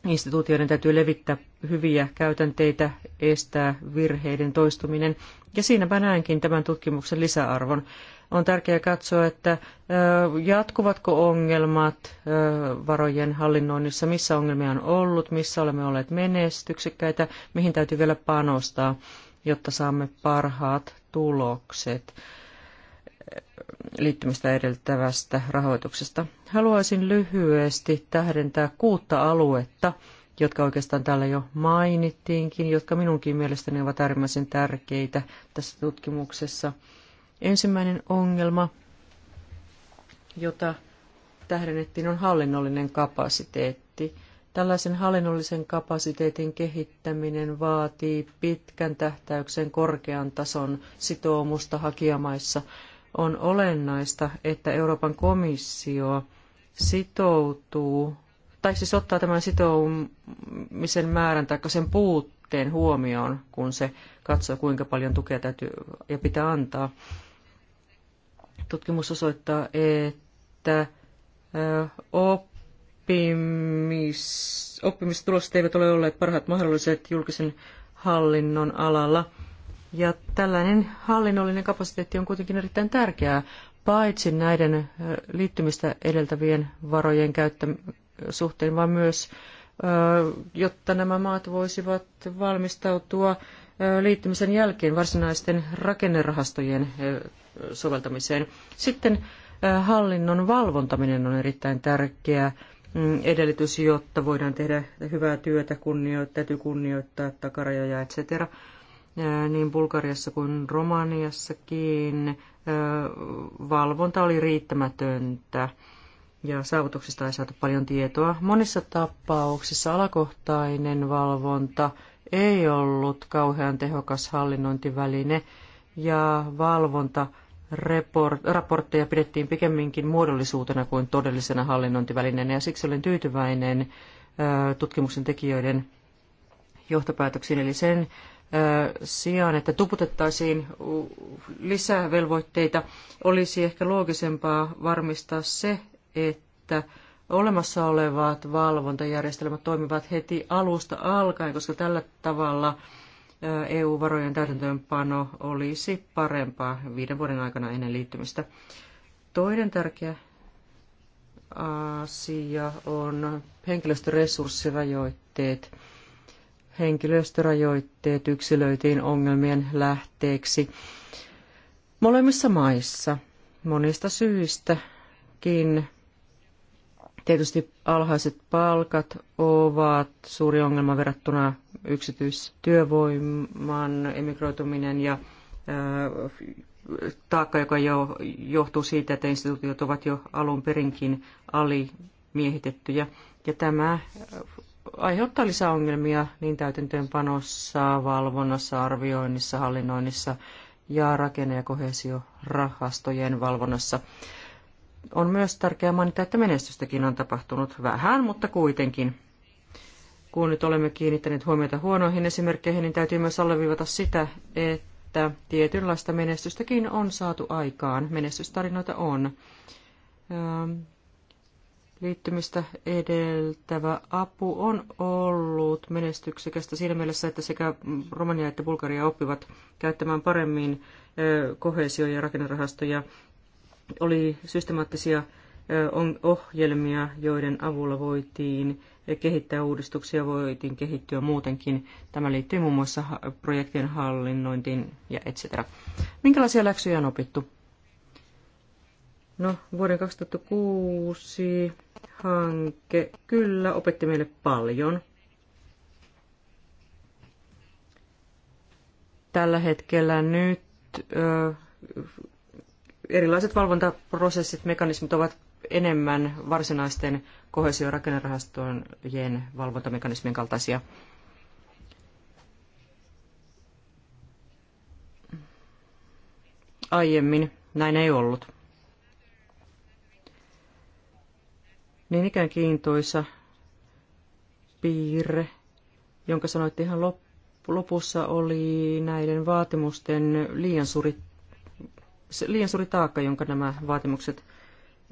instituutioiden täytyy levittää hyviä käytänteitä, estää virheiden toistuminen, ja siinäpä näenkin tämän tutkimuksen lisäarvon on tärkeää katsoa, että jatkuvatko ongelmat varojen hallinnoinnissa, missä ongelmia on ollut, missä olemme olleet menestyksekkäitä, mihin täytyy vielä panostaa, jotta saamme parhaat tulokset liittymistä edeltävästä rahoituksesta. Haluaisin lyhyesti tähdentää kuutta aluetta, jotka oikeastaan täällä jo mainittiinkin, jotka minunkin mielestäni ovat äärimmäisen tärkeitä tässä tutkimuksessa – Ensimmäinen ongelma, jota tähdennettiin, on hallinnollinen kapasiteetti. Tällaisen hallinnollisen kapasiteetin kehittäminen vaatii pitkän tähtäyksen korkean tason sitoumusta hakijamaissa. On olennaista, että Euroopan komissio sitoutuu, tai siis ottaa tämän sitoumisen määrän tai sen puutteen huomioon, kun se katsoo, kuinka paljon tukea täytyy ja pitää antaa. Tutkimus osoittaa, että oppimis, oppimistulokset eivät ole olleet parhaat mahdolliset julkisen hallinnon alalla. Ja tällainen hallinnollinen kapasiteetti on kuitenkin erittäin tärkeää, paitsi näiden liittymistä edeltävien varojen käyttä, suhteen, vaan myös, jotta nämä maat voisivat valmistautua liittymisen jälkeen varsinaisten rakennerahastojen soveltamiseen. Sitten hallinnon valvontaminen on erittäin tärkeä mm, edellytys, jotta voidaan tehdä hyvää työtä, kunnioittaa, täytyy kunnioittaa takarajoja, etc. Niin Bulgariassa kuin Romaniassakin valvonta oli riittämätöntä ja saavutuksista ei saatu paljon tietoa. Monissa tapauksissa alakohtainen valvonta ei ollut kauhean tehokas hallinnointiväline ja valvonta raportteja pidettiin pikemminkin muodollisuutena kuin todellisena hallinnointivälineenä ja siksi olen tyytyväinen tutkimuksen tekijöiden johtopäätöksiin. Eli sen sijaan, että tuputettaisiin lisää velvoitteita, olisi ehkä loogisempaa varmistaa se, että olemassa olevat valvontajärjestelmät toimivat heti alusta alkaen, koska tällä tavalla EU-varojen täytäntöönpano olisi parempaa viiden vuoden aikana ennen liittymistä. Toinen tärkeä asia on henkilöstöresurssirajoitteet. Henkilöstörajoitteet yksilöitiin ongelmien lähteeksi. Molemmissa maissa monista syistäkin Tietysti alhaiset palkat ovat suuri ongelma verrattuna yksityistyövoiman emigroituminen ja taakka, joka jo johtuu siitä, että instituutiot ovat jo alun perinkin alimiehitettyjä. Ja tämä aiheuttaa lisää ongelmia niin täytäntöönpanossa, valvonnassa, arvioinnissa, hallinnoinnissa ja rakenne- ja kohesiorahastojen valvonnassa on myös tärkeää mainita, että menestystäkin on tapahtunut vähän, mutta kuitenkin. Kun nyt olemme kiinnittäneet huomiota huonoihin esimerkkeihin, niin täytyy myös alleviivata sitä, että tietynlaista menestystäkin on saatu aikaan. Menestystarinoita on. Ähm, liittymistä edeltävä apu on ollut menestyksekästä siinä mielessä, että sekä Romania että Bulgaria oppivat käyttämään paremmin äh, kohesio- ja rakennerahastoja oli systemaattisia ohjelmia, joiden avulla voitiin kehittää uudistuksia, voitiin kehittyä muutenkin. Tämä liittyy muun muassa projektien hallinnointiin ja etc. Minkälaisia läksyjä on opittu? No, vuoden 2006 hanke kyllä opetti meille paljon. Tällä hetkellä nyt erilaiset valvontaprosessit, mekanismit ovat enemmän varsinaisten kohesio- ja rakennerahastojen valvontamekanismien kaltaisia. Aiemmin näin ei ollut. Niin ikään kiintoisa piirre, jonka sanoitte ihan lopussa, oli näiden vaatimusten liian suuri liian suuri taakka, jonka nämä vaatimukset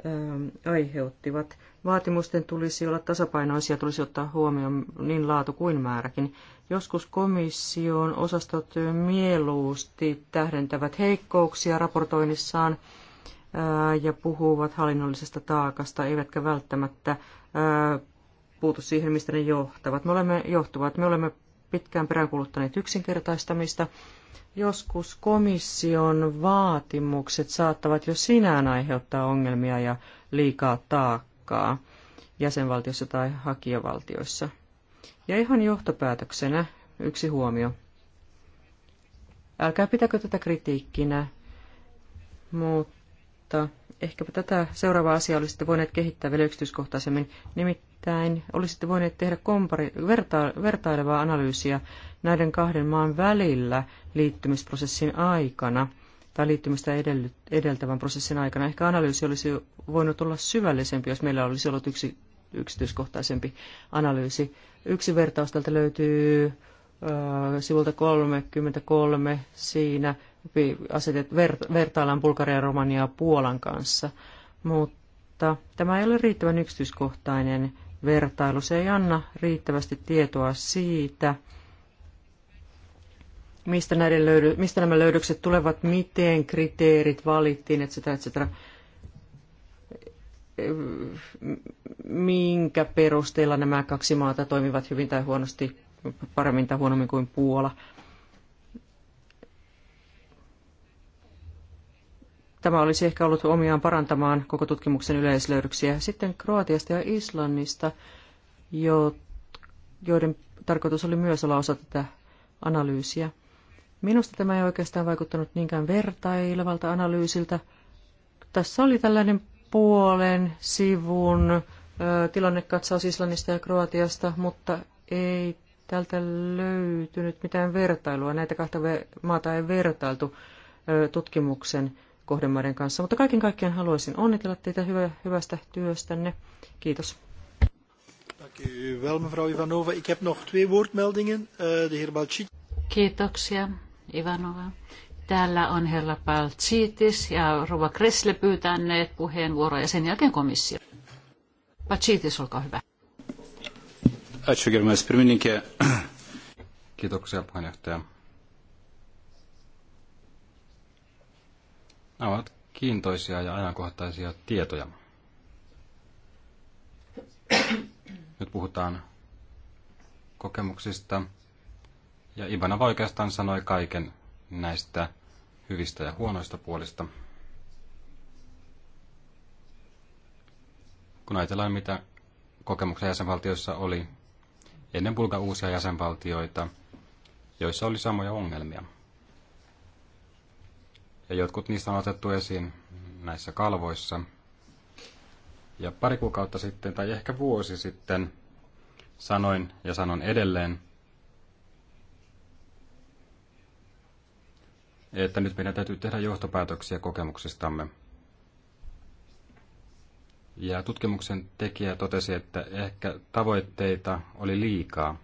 ähm, aiheuttivat. Vaatimusten tulisi olla tasapainoisia, tulisi ottaa huomioon niin laatu kuin määräkin. Joskus komission osastot mieluusti tähdentävät heikkouksia raportoinnissaan äh, ja puhuvat hallinnollisesta taakasta, eivätkä välttämättä äh, puutu siihen, mistä ne johtavat. Me olemme, johtuvat. Me olemme pitkään peräänkuuluttaneet yksinkertaistamista. Joskus komission vaatimukset saattavat jo sinään aiheuttaa ongelmia ja liikaa taakkaa jäsenvaltiossa tai hakijavaltioissa. Ja ihan johtopäätöksenä yksi huomio. Älkää pitäkö tätä kritiikkinä, mutta mutta ehkäpä tätä seuraavaa asiaa olisitte voineet kehittää vielä yksityiskohtaisemmin. Nimittäin olisitte voineet tehdä kompari- verta- vertailevaa analyysiä näiden kahden maan välillä liittymisprosessin aikana tai liittymistä edeltävän prosessin aikana. Ehkä analyysi olisi voinut olla syvällisempi, jos meillä olisi ollut yksi yksityiskohtaisempi analyysi. Yksi vertaus täältä löytyy ö, sivulta 33 siinä asetet, ver, vertaillaan Bulgaria, Romania ja Puolan kanssa. Mutta tämä ei ole riittävän yksityiskohtainen vertailu. Se ei anna riittävästi tietoa siitä, mistä, näiden löydy, mistä nämä löydökset tulevat, miten kriteerit valittiin, etc. etc. Minkä perusteella nämä kaksi maata toimivat hyvin tai huonosti, paremmin tai huonommin kuin Puola – Tämä olisi ehkä ollut omiaan parantamaan koko tutkimuksen yleislöydöksiä. Sitten Kroatiasta ja Islannista, joiden tarkoitus oli myös olla osa tätä analyysiä. Minusta tämä ei oikeastaan vaikuttanut niinkään vertailevalta analyysiltä. Tässä oli tällainen puolen sivun tilannekatsaus Islannista ja Kroatiasta, mutta ei tältä löytynyt mitään vertailua. Näitä kahta maata ei vertailtu tutkimuksen kohdemaiden kanssa. Mutta kaiken kaikkiaan haluaisin onnitella teitä hyvä, hyvästä työstänne. Kiitos. Eh, Kiitoksia, Ivanova. Täällä on herra Palcitis ja rouva Kressle pyytäneet puheenvuoroa ja sen jälkeen komissio. Palcitis, olkaa hyvä. Kiitoksia, puheenjohtaja. Nämä ovat kiintoisia ja ajankohtaisia tietoja. Nyt puhutaan kokemuksista. Ja Ivana oikeastaan sanoi kaiken näistä hyvistä ja huonoista puolista. Kun ajatellaan, mitä kokemuksia jäsenvaltioissa oli ennen Bulga uusia jäsenvaltioita, joissa oli samoja ongelmia ja jotkut niistä on otettu esiin näissä kalvoissa. Ja pari kuukautta sitten, tai ehkä vuosi sitten, sanoin ja sanon edelleen, että nyt meidän täytyy tehdä johtopäätöksiä kokemuksistamme. Ja tutkimuksen tekijä totesi, että ehkä tavoitteita oli liikaa,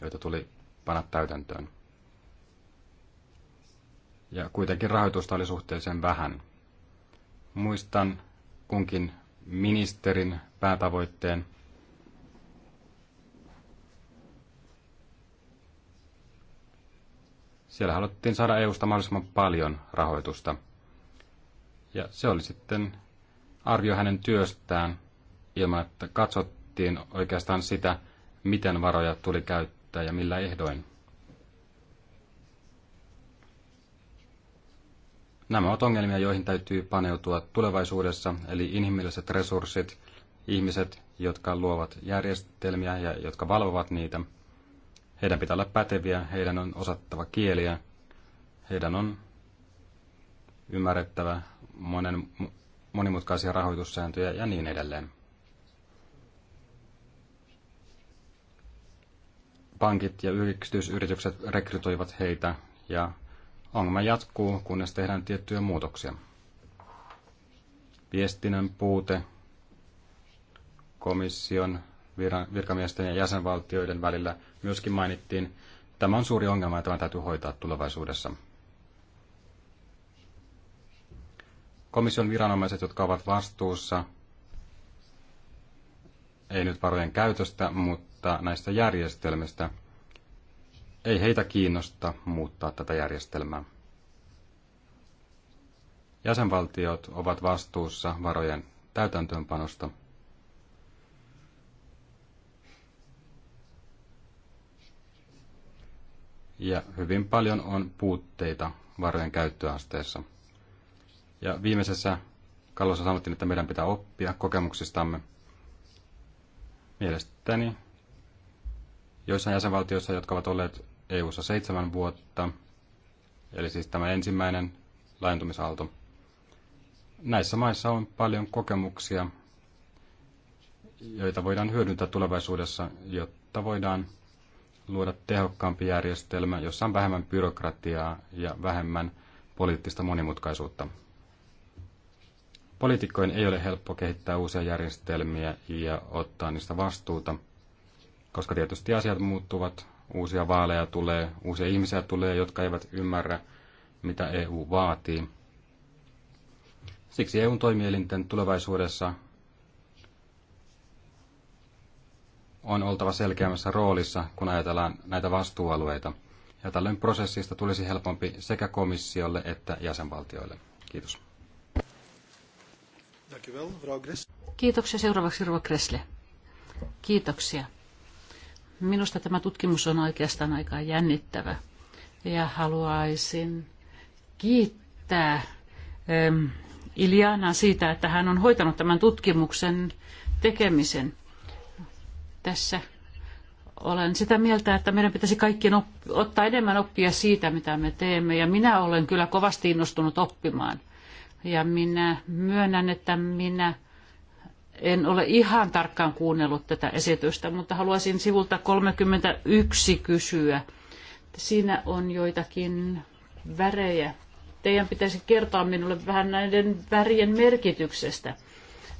joita tuli panna täytäntöön ja kuitenkin rahoitusta oli suhteellisen vähän. Muistan kunkin ministerin päätavoitteen. Siellä haluttiin saada EUsta mahdollisimman paljon rahoitusta. Ja se oli sitten arvio hänen työstään ilman, että katsottiin oikeastaan sitä, miten varoja tuli käyttää ja millä ehdoin. Nämä ovat ongelmia, joihin täytyy paneutua tulevaisuudessa, eli inhimilliset resurssit, ihmiset, jotka luovat järjestelmiä ja jotka valvovat niitä. Heidän pitää olla päteviä, heidän on osattava kieliä, heidän on ymmärrettävä monen, monimutkaisia rahoitussääntöjä ja niin edelleen. Pankit ja yksityisyritykset rekrytoivat heitä ja Ongelma jatkuu, kunnes tehdään tiettyjä muutoksia. Viestinnän puute komission virkamiesten ja jäsenvaltioiden välillä myöskin mainittiin. Tämä on suuri ongelma ja tämä täytyy hoitaa tulevaisuudessa. Komission viranomaiset, jotka ovat vastuussa, ei nyt varojen käytöstä, mutta näistä järjestelmistä – ei heitä kiinnosta muuttaa tätä järjestelmää. Jäsenvaltiot ovat vastuussa varojen täytäntöönpanosta. Ja hyvin paljon on puutteita varojen käyttöasteessa. Ja viimeisessä kalossa sanottiin, että meidän pitää oppia kokemuksistamme. Mielestäni joissain jäsenvaltioissa, jotka ovat olleet EU-ssa seitsemän vuotta, eli siis tämä ensimmäinen laajentumisaalto. Näissä maissa on paljon kokemuksia, joita voidaan hyödyntää tulevaisuudessa, jotta voidaan luoda tehokkaampi järjestelmä, jossa on vähemmän byrokratiaa ja vähemmän poliittista monimutkaisuutta. Poliitikkojen ei ole helppo kehittää uusia järjestelmiä ja ottaa niistä vastuuta, koska tietysti asiat muuttuvat uusia vaaleja tulee, uusia ihmisiä tulee, jotka eivät ymmärrä, mitä EU vaatii. Siksi EUn toimielinten tulevaisuudessa on oltava selkeämmässä roolissa, kun ajatellaan näitä vastuualueita. Ja tällöin prosessista tulisi helpompi sekä komissiolle että jäsenvaltioille. Kiitos. Kiitoksia. Seuraavaksi Rova Kresle. Kiitoksia. Minusta tämä tutkimus on oikeastaan aika jännittävä ja haluaisin kiittää ähm, Iliana siitä, että hän on hoitanut tämän tutkimuksen tekemisen. Tässä olen sitä mieltä, että meidän pitäisi kaikkien ottaa enemmän oppia siitä, mitä me teemme. Ja minä olen kyllä kovasti innostunut oppimaan. Ja minä myönnän, että minä en ole ihan tarkkaan kuunnellut tätä esitystä, mutta haluaisin sivulta 31 kysyä. Siinä on joitakin värejä. Teidän pitäisi kertoa minulle vähän näiden värien merkityksestä.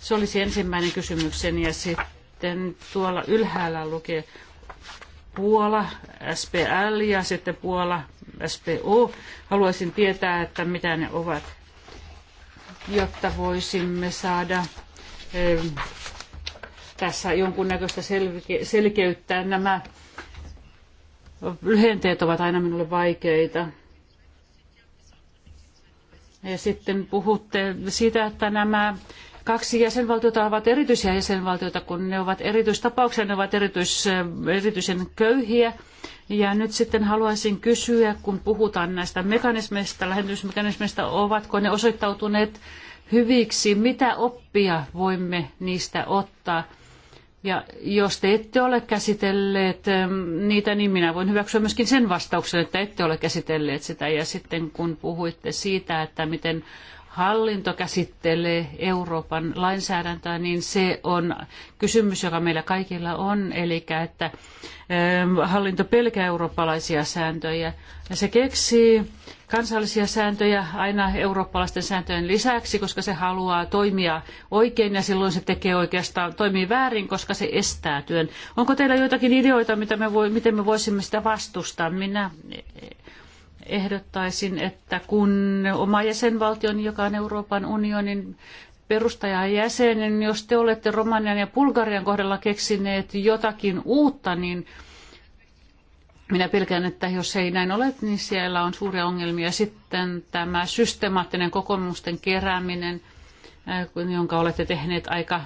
Se olisi ensimmäinen kysymykseni ja sitten tuolla ylhäällä lukee Puola, SPL ja sitten Puola, SPO. Haluaisin tietää, että mitä ne ovat, jotta voisimme saada tässä jonkunnäköistä selke- selkeyttä. Nämä lyhenteet ovat aina minulle vaikeita. Ja sitten puhutte siitä, että nämä kaksi jäsenvaltiota ovat erityisiä jäsenvaltioita, kun ne ovat erityistapauksia, ne ovat erityis, erityisen köyhiä. Ja nyt sitten haluaisin kysyä, kun puhutaan näistä mekanismeista, lähetysmekanismeista, ovatko ne osoittautuneet hyviksi, mitä oppia voimme niistä ottaa. Ja jos te ette ole käsitelleet ähm, niitä, niin minä voin hyväksyä myöskin sen vastauksen, että ette ole käsitelleet sitä. Ja sitten kun puhuitte siitä, että miten hallinto käsittelee Euroopan lainsäädäntöä, niin se on kysymys, joka meillä kaikilla on, eli että ähm, hallinto pelkää eurooppalaisia sääntöjä. Ja se keksii kansallisia sääntöjä aina eurooppalaisten sääntöjen lisäksi, koska se haluaa toimia oikein ja silloin se tekee oikeastaan, toimii väärin, koska se estää työn. Onko teillä joitakin ideoita, mitä me voi, miten me voisimme sitä vastustaa? Minä ehdottaisin, että kun oma jäsenvaltioni, joka on Euroopan unionin perustajajäsen, niin jos te olette Romanian ja Bulgarian kohdalla keksineet jotakin uutta, niin minä pelkään, että jos ei näin ole, niin siellä on suuria ongelmia. Sitten tämä systemaattinen kokemusten kerääminen, äh, jonka olette tehneet aika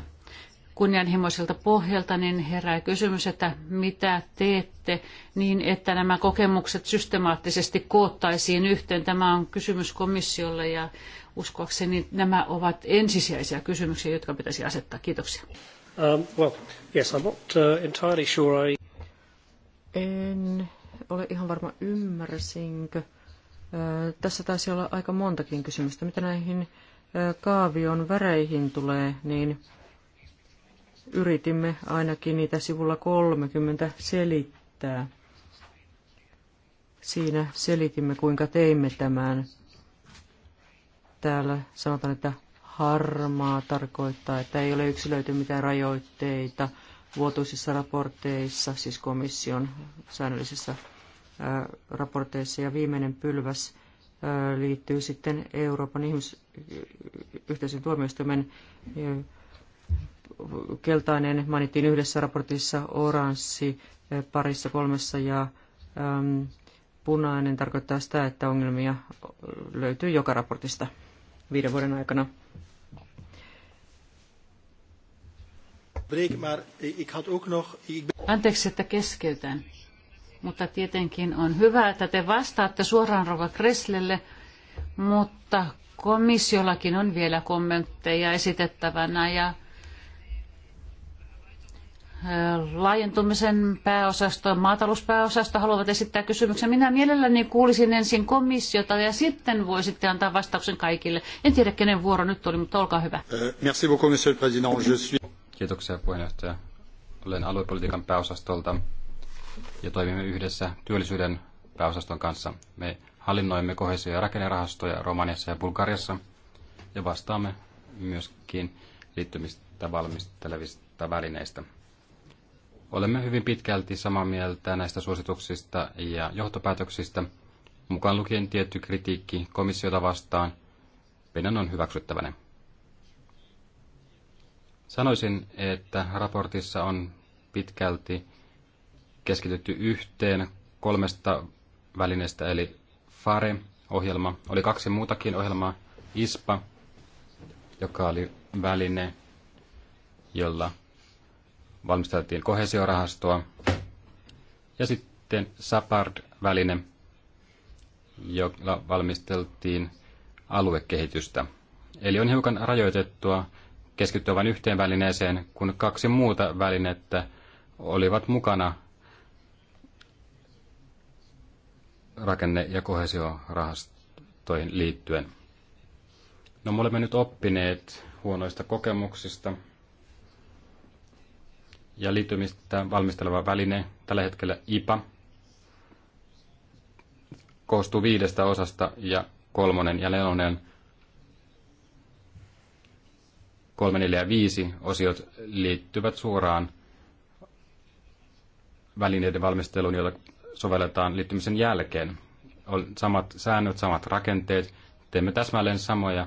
kunnianhimoiselta pohjalta, niin herää kysymys, että mitä teette niin, että nämä kokemukset systemaattisesti koottaisiin yhteen. Tämä on kysymys komissiolle ja uskoakseni nämä ovat ensisijaisia kysymyksiä, jotka pitäisi asettaa. Kiitoksia. Um, well, yes, I'm not uh, entirely sure I... En ole ihan varma, ymmärsinkö. Tässä taisi olla aika montakin kysymystä. Mitä näihin kaavion väreihin tulee, niin yritimme ainakin niitä sivulla 30 selittää. Siinä selitimme, kuinka teimme tämän. Täällä sanotaan, että harmaa tarkoittaa, että ei ole yksilöity mitään rajoitteita – vuotuisissa raporteissa, siis komission säännöllisissä raporteissa. Ja viimeinen pylväs liittyy sitten Euroopan ihmisyhteisön tuomioistuimen keltainen mainittiin yhdessä raportissa, oranssi parissa kolmessa ja punainen tarkoittaa sitä, että ongelmia löytyy joka raportista viiden vuoden aikana. Anteeksi, että keskeytän. Mutta tietenkin on hyvä, että te vastaatte suoraan Rova Kresslelle, mutta komissiollakin on vielä kommentteja esitettävänä ja laajentumisen pääosasto, maatalouspääosasto haluavat esittää kysymyksen. Minä mielelläni kuulisin ensin komissiota ja sitten voisitte antaa vastauksen kaikille. En tiedä, kenen vuoro nyt oli, mutta olkaa hyvä. Euh, merci beaucoup, monsieur le président. Je suis... Kiitoksia puheenjohtaja. Olen aluepolitiikan pääosastolta ja toimimme yhdessä työllisyyden pääosaston kanssa. Me hallinnoimme kohesio- ja rakennerahastoja Romaniassa ja Bulgariassa ja vastaamme myöskin liittymistä valmistelevista välineistä. Olemme hyvin pitkälti samaa mieltä näistä suosituksista ja johtopäätöksistä, mukaan lukien tietty kritiikki komissiota vastaan. Meidän on hyväksyttävänä. Sanoisin, että raportissa on pitkälti keskitytty yhteen kolmesta välineestä, eli FARE-ohjelma. Oli kaksi muutakin ohjelmaa, ISPA, joka oli väline, jolla valmisteltiin kohesiorahastoa, ja sitten SAPARD-väline, jolla valmisteltiin aluekehitystä. Eli on hiukan rajoitettua keskittyä vain yhteen välineeseen, kun kaksi muuta välinettä olivat mukana rakenne- ja kohesiorahastoihin liittyen. No me olemme nyt oppineet huonoista kokemuksista ja liittymistä valmisteleva väline, tällä hetkellä IPA, koostuu viidestä osasta ja kolmonen ja nelonen 3, 4 ja 5 osiot liittyvät suoraan välineiden valmisteluun, joita sovelletaan liittymisen jälkeen. On samat säännöt, samat rakenteet, teemme täsmälleen samoja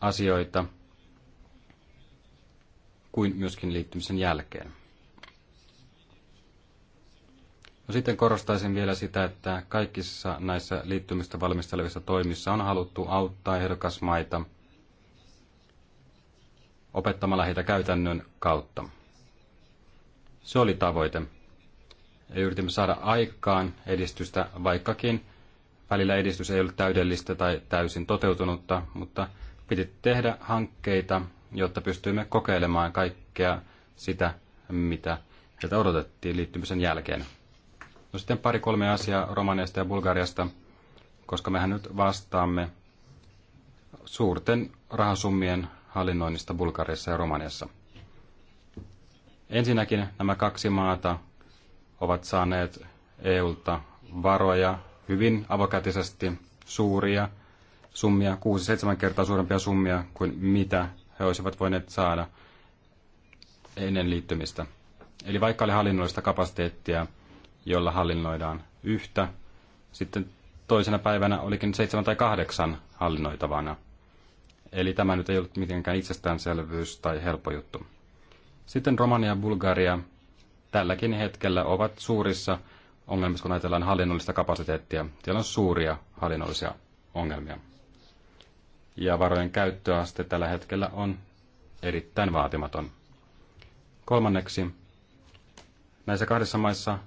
asioita kuin myöskin liittymisen jälkeen. No sitten korostaisin vielä sitä, että kaikissa näissä liittymistä valmistelevissa toimissa on haluttu auttaa ehdokasmaita – opettamalla heitä käytännön kautta. Se oli tavoite. Ja yritimme saada aikaan edistystä, vaikkakin välillä edistys ei ollut täydellistä tai täysin toteutunutta, mutta piti tehdä hankkeita, jotta pystyimme kokeilemaan kaikkea sitä, mitä heiltä odotettiin liittymisen jälkeen. No sitten pari-kolme asiaa Romaniasta ja Bulgariasta, koska mehän nyt vastaamme suurten rahasummien hallinnoinnista Bulgariassa ja Romaniassa. Ensinnäkin nämä kaksi maata ovat saaneet EUlta varoja hyvin avokätisesti suuria summia, 6-7 kertaa suurempia summia kuin mitä he olisivat voineet saada ennen liittymistä. Eli vaikka oli hallinnollista kapasiteettia, jolla hallinnoidaan yhtä, sitten toisena päivänä olikin seitsemän tai kahdeksan hallinnoitavana – Eli tämä nyt ei ollut mitenkään itsestäänselvyys tai helppo juttu. Sitten Romania ja Bulgaria tälläkin hetkellä ovat suurissa ongelmissa, kun ajatellaan hallinnollista kapasiteettia. Siellä on suuria hallinnollisia ongelmia. Ja varojen käyttöaste tällä hetkellä on erittäin vaatimaton. Kolmanneksi, näissä kahdessa maissa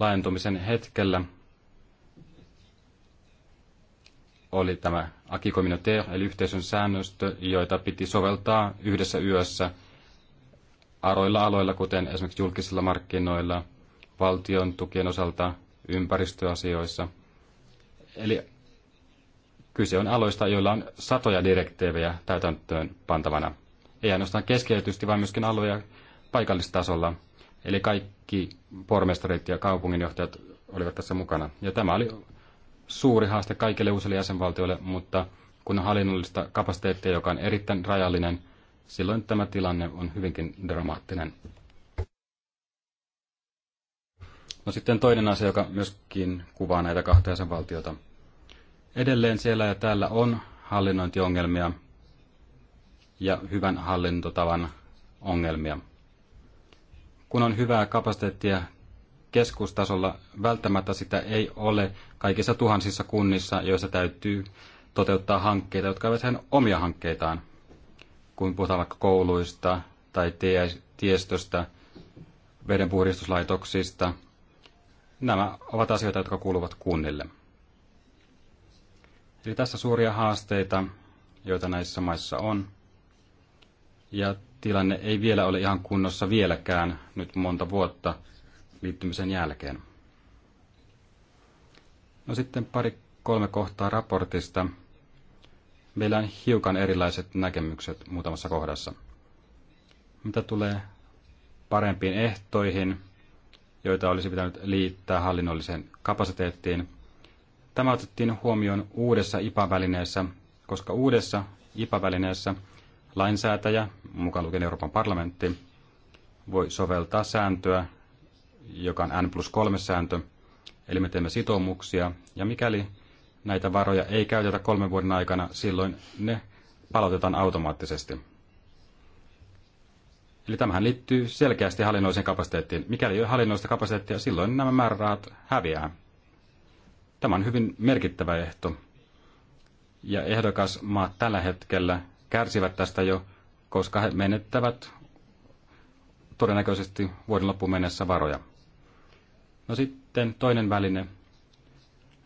laajentumisen hetkellä oli tämä acquis communautaire, eli yhteisön säännöstö, joita piti soveltaa yhdessä yössä aroilla aloilla, kuten esimerkiksi julkisilla markkinoilla, valtion tukien osalta, ympäristöasioissa. Eli kyse on aloista, joilla on satoja direktiivejä täytäntöön pantavana. Ei ainoastaan keskeytysti, vaan myöskin aloja paikallistasolla. Eli kaikki pormestarit ja kaupunginjohtajat olivat tässä mukana. Ja tämä oli suuri haaste kaikille uusille jäsenvaltioille, mutta kun on hallinnollista kapasiteettia, joka on erittäin rajallinen, silloin tämä tilanne on hyvinkin dramaattinen. No sitten toinen asia, joka myöskin kuvaa näitä kahta jäsenvaltiota. Edelleen siellä ja täällä on hallinnointiongelmia ja hyvän hallintotavan ongelmia. Kun on hyvää kapasiteettia, keskustasolla välttämättä sitä ei ole kaikissa tuhansissa kunnissa, joissa täytyy toteuttaa hankkeita, jotka ovat sen omia hankkeitaan, kun puhutaan vaikka kouluista tai tiestöstä, vedenpuhdistuslaitoksista. Nämä ovat asioita, jotka kuuluvat kunnille. Eli tässä suuria haasteita, joita näissä maissa on. Ja tilanne ei vielä ole ihan kunnossa vieläkään, nyt monta vuotta – liittymisen jälkeen. No sitten pari kolme kohtaa raportista. Meillä on hiukan erilaiset näkemykset muutamassa kohdassa. Mitä tulee parempiin ehtoihin, joita olisi pitänyt liittää hallinnolliseen kapasiteettiin, tämä otettiin huomioon uudessa IPA-välineessä, koska uudessa IPA-välineessä lainsäätäjä, mukaan lukien Euroopan parlamentti, voi soveltaa sääntöä, joka on N plus 3 sääntö. Eli me teemme sitoumuksia, ja mikäli näitä varoja ei käytetä kolmen vuoden aikana, silloin ne palautetaan automaattisesti. Eli tämähän liittyy selkeästi hallinnoiseen kapasiteettiin. Mikäli ei ole hallinnollista kapasiteettia, silloin nämä määrärahat häviää. Tämä on hyvin merkittävä ehto. Ja ehdokasmaat tällä hetkellä kärsivät tästä jo, koska he menettävät todennäköisesti vuoden loppuun mennessä varoja. No sitten toinen väline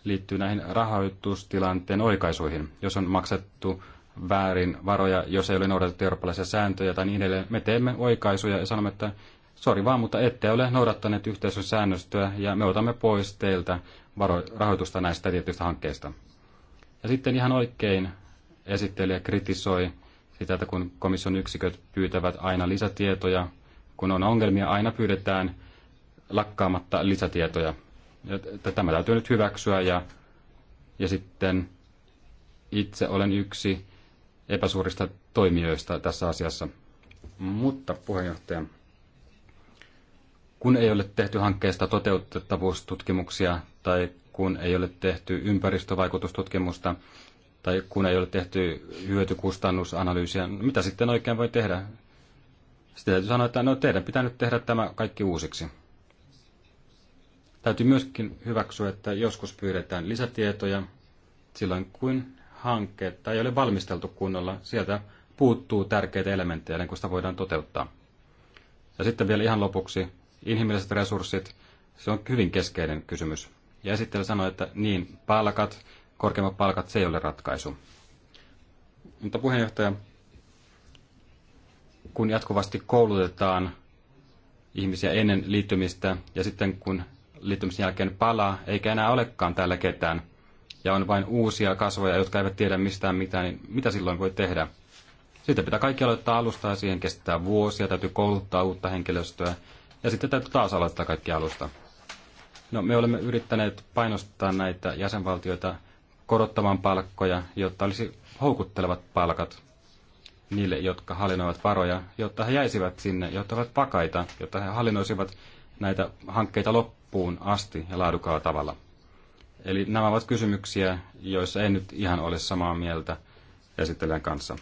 liittyy näihin rahoitustilanteen oikaisuihin. Jos on maksettu väärin varoja, jos ei ole noudatettu eurooppalaisia sääntöjä tai niin edelleen, me teemme oikaisuja ja sanomme, että sori vaan, mutta ette ole noudattaneet yhteisön säännöstöä ja me otamme pois teiltä varo- rahoitusta näistä tietyistä hankkeista. Ja sitten ihan oikein esittelijä kritisoi sitä, että kun komission yksiköt pyytävät aina lisätietoja, kun on ongelmia, aina pyydetään – lakkaamatta lisätietoja. Tämä täytyy nyt hyväksyä ja, ja sitten itse olen yksi epäsuurista toimijoista tässä asiassa. Mutta puheenjohtaja, kun ei ole tehty hankkeesta toteutettavuustutkimuksia tai kun ei ole tehty ympäristövaikutustutkimusta tai kun ei ole tehty hyötykustannusanalyysiä, niin mitä sitten oikein voi tehdä? Sitten täytyy sanoa, että no teidän pitää nyt tehdä tämä kaikki uusiksi. Täytyy myöskin hyväksyä, että joskus pyydetään lisätietoja silloin, kun hanketta ei ole valmisteltu kunnolla. Sieltä puuttuu tärkeitä elementtejä ennen kuin sitä voidaan toteuttaa. Ja sitten vielä ihan lopuksi inhimilliset resurssit. Se on hyvin keskeinen kysymys. Ja esittely sanoi, että niin, palkat, korkeimmat palkat, se ei ole ratkaisu. Mutta puheenjohtaja, kun jatkuvasti koulutetaan ihmisiä ennen liittymistä ja sitten kun liittymisen jälkeen palaa, eikä enää olekaan täällä ketään, ja on vain uusia kasvoja, jotka eivät tiedä mistään mitään, niin mitä silloin voi tehdä? Sitten pitää kaikki aloittaa alusta ja siihen kestää vuosia, täytyy kouluttaa uutta henkilöstöä ja sitten täytyy taas aloittaa kaikki alusta. No, me olemme yrittäneet painostaa näitä jäsenvaltioita korottamaan palkkoja, jotta olisi houkuttelevat palkat niille, jotka hallinnoivat varoja, jotta he jäisivät sinne, jotta he ovat vakaita, jotta he hallinnoisivat näitä hankkeita loppuun loppuun asti ja laadukkaalla tavalla. Eli nämä ovat kysymyksiä, joissa en nyt ihan ole samaa mieltä esittelijän kanssa.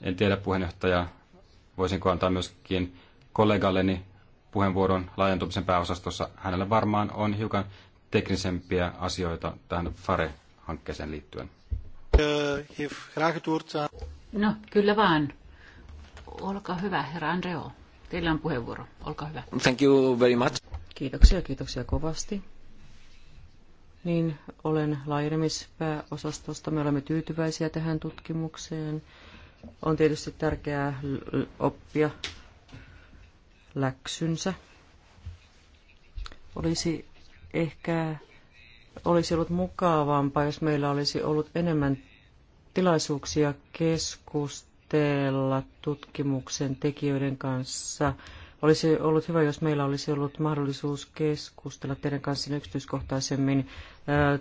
En tiedä puheenjohtaja, voisinko antaa myöskin kollegalleni puheenvuoron laajentumisen pääosastossa. Hänellä varmaan on hiukan teknisempiä asioita tähän FARE-hankkeeseen liittyen. No, kyllä vaan. Olkaa hyvä, herra Andreo. Teillä on puheenvuoro. Olkaa hyvä. Thank you very much. Kiitoksia, kiitoksia kovasti. Niin, olen laajenemispääosastosta. Me olemme tyytyväisiä tähän tutkimukseen. On tietysti tärkeää oppia läksynsä. Olisi ehkä olisi ollut mukavampaa, jos meillä olisi ollut enemmän tilaisuuksia keskustella tutkimuksen tekijöiden kanssa – olisi ollut hyvä, jos meillä olisi ollut mahdollisuus keskustella teidän kanssanne yksityiskohtaisemmin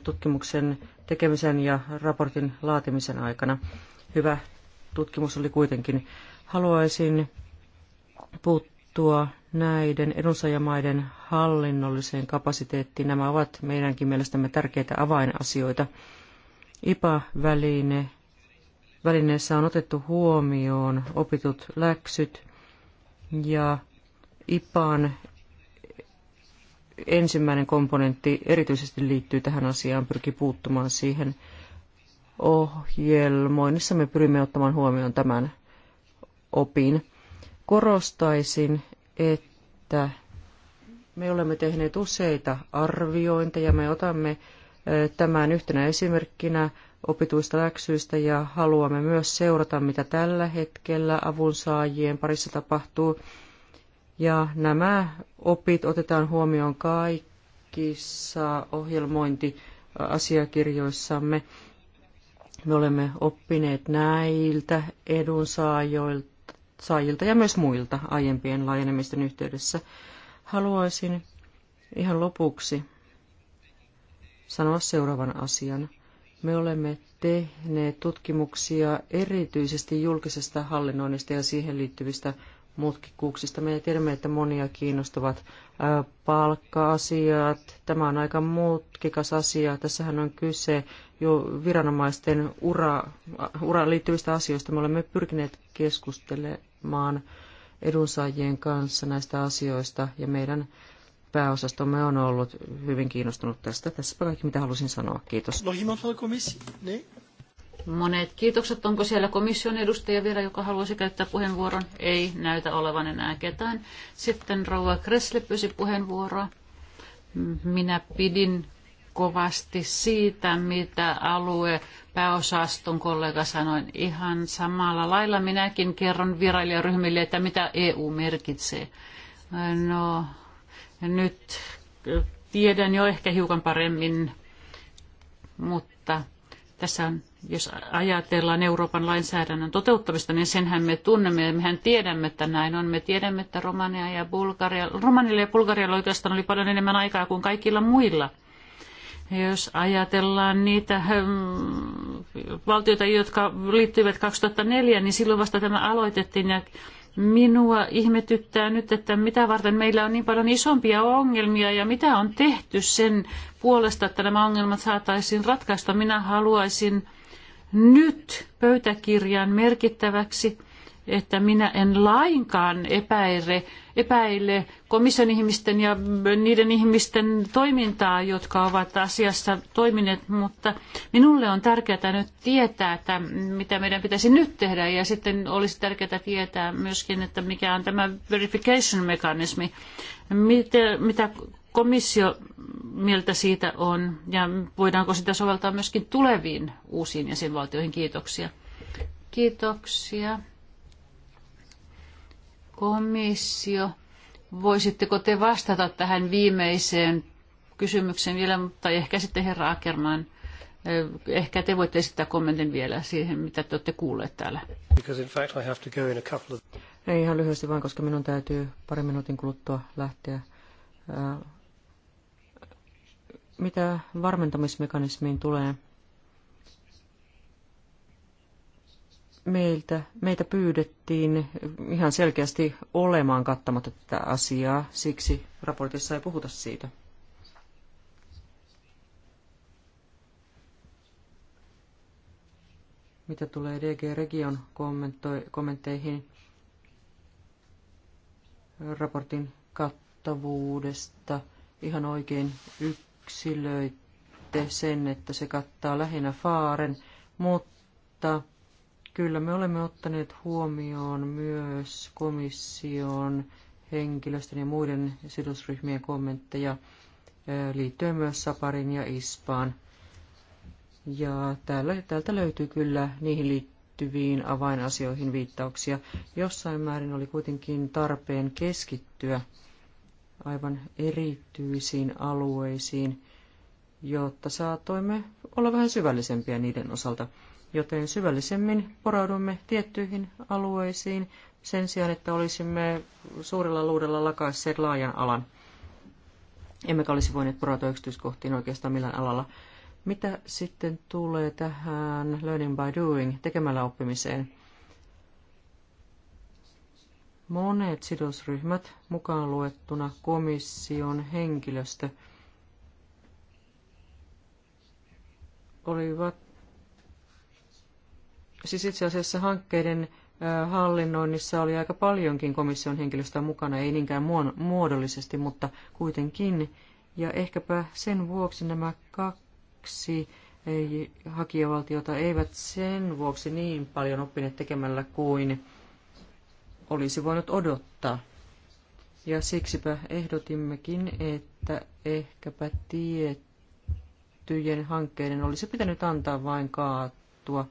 tutkimuksen tekemisen ja raportin laatimisen aikana. Hyvä tutkimus oli kuitenkin. Haluaisin puuttua näiden edunsaajamaiden hallinnolliseen kapasiteettiin. Nämä ovat meidänkin mielestämme tärkeitä avainasioita. IPA-väline välineessä on otettu huomioon opitut läksyt ja IPAan ensimmäinen komponentti erityisesti liittyy tähän asiaan, pyrki puuttumaan siihen ohjelmoinnissa. Me pyrimme ottamaan huomioon tämän opin. Korostaisin, että me olemme tehneet useita arviointeja. Me otamme tämän yhtenä esimerkkinä opituista läksyistä ja haluamme myös seurata, mitä tällä hetkellä avunsaajien parissa tapahtuu. Ja nämä opit otetaan huomioon kaikissa ohjelmointiasiakirjoissamme. Me olemme oppineet näiltä edunsaajilta ja myös muilta aiempien laajenemisten yhteydessä. Haluaisin ihan lopuksi sanoa seuraavan asian. Me olemme tehneet tutkimuksia erityisesti julkisesta hallinnoinnista ja siihen liittyvistä mutkikkuuksista. Me tiedämme, että monia kiinnostavat palkka-asiat. Tämä on aika mutkikas asia. Tässähän on kyse jo viranomaisten ura, uraan liittyvistä asioista. Me olemme pyrkineet keskustelemaan edunsaajien kanssa näistä asioista ja meidän pääosastomme on ollut hyvin kiinnostunut tästä. Tässäpä kaikki, mitä halusin sanoa. Kiitos. Monet kiitokset. Onko siellä komission edustaja vielä, joka haluaisi käyttää puheenvuoron? Ei näytä olevan enää ketään. Sitten rouva Kressle pyysi puheenvuoroa. Minä pidin kovasti siitä, mitä alue pääosaston kollega sanoi. Ihan samalla lailla minäkin kerron virailijaryhmille, että mitä EU merkitsee. No, nyt tiedän jo ehkä hiukan paremmin, mutta tässä on jos ajatellaan Euroopan lainsäädännön toteuttamista, niin senhän me tunnemme ja mehän tiedämme, että näin on. Me tiedämme, että Romania ja Bulgaria, Romanilla ja Bulgarialla oikeastaan oli paljon enemmän aikaa kuin kaikilla muilla. Ja jos ajatellaan niitä hmm, valtioita, jotka liittyivät 2004, niin silloin vasta tämä aloitettiin ja minua ihmetyttää nyt, että mitä varten meillä on niin paljon isompia ongelmia ja mitä on tehty sen puolesta, että nämä ongelmat saataisiin ratkaista. Minä haluaisin nyt pöytäkirjan merkittäväksi, että minä en lainkaan epäile, epäile komission ihmisten ja niiden ihmisten toimintaa, jotka ovat asiassa toimineet, mutta minulle on tärkeää nyt tietää, että mitä meidän pitäisi nyt tehdä ja sitten olisi tärkeää tietää myöskin, että mikä on tämä verification mekanismi, mitä, mitä komissio mieltä siitä on ja voidaanko sitä soveltaa myöskin tuleviin uusiin jäsenvaltioihin? Kiitoksia. Kiitoksia. Komissio, voisitteko te vastata tähän viimeiseen kysymykseen vielä, tai ehkä sitten herra Ackerman, eh, ehkä te voitte esittää kommentin vielä siihen, mitä te olette kuulleet täällä. Ei ihan lyhyesti vaan, koska minun täytyy pari minuutin kuluttua lähteä eh, mitä varmentamismekanismiin tulee, meiltä, meitä pyydettiin ihan selkeästi olemaan kattamatta tätä asiaa, siksi raportissa ei puhuta siitä. Mitä tulee DG Region kommentteihin raportin kattavuudesta, ihan oikein yksi yksilöitte sen, että se kattaa lähinnä Faaren, mutta kyllä me olemme ottaneet huomioon myös komission henkilöstön ja muiden sidosryhmien kommentteja liittyen myös Saparin ja Ispaan. Ja täällä, täältä löytyy kyllä niihin liittyviin avainasioihin viittauksia. Jossain määrin oli kuitenkin tarpeen keskittyä aivan erityisiin alueisiin, jotta saatoimme olla vähän syvällisempiä niiden osalta. Joten syvällisemmin poraudumme tiettyihin alueisiin sen sijaan, että olisimme suurella luudella lakaisseet laajan alan. Emmekä olisi voineet porautua yksityiskohtiin oikeastaan millään alalla. Mitä sitten tulee tähän learning by doing, tekemällä oppimiseen? Monet sidosryhmät, mukaan luettuna komission henkilöstö, olivat siis itse asiassa hankkeiden hallinnoinnissa oli aika paljonkin komission henkilöstöä mukana, ei niinkään muodollisesti, mutta kuitenkin. Ja ehkäpä sen vuoksi nämä kaksi hakijavaltiota eivät sen vuoksi niin paljon oppineet tekemällä kuin olisi voinut odottaa. Ja siksipä ehdotimmekin, että ehkäpä tiettyjen hankkeiden olisi pitänyt antaa vain kaatua.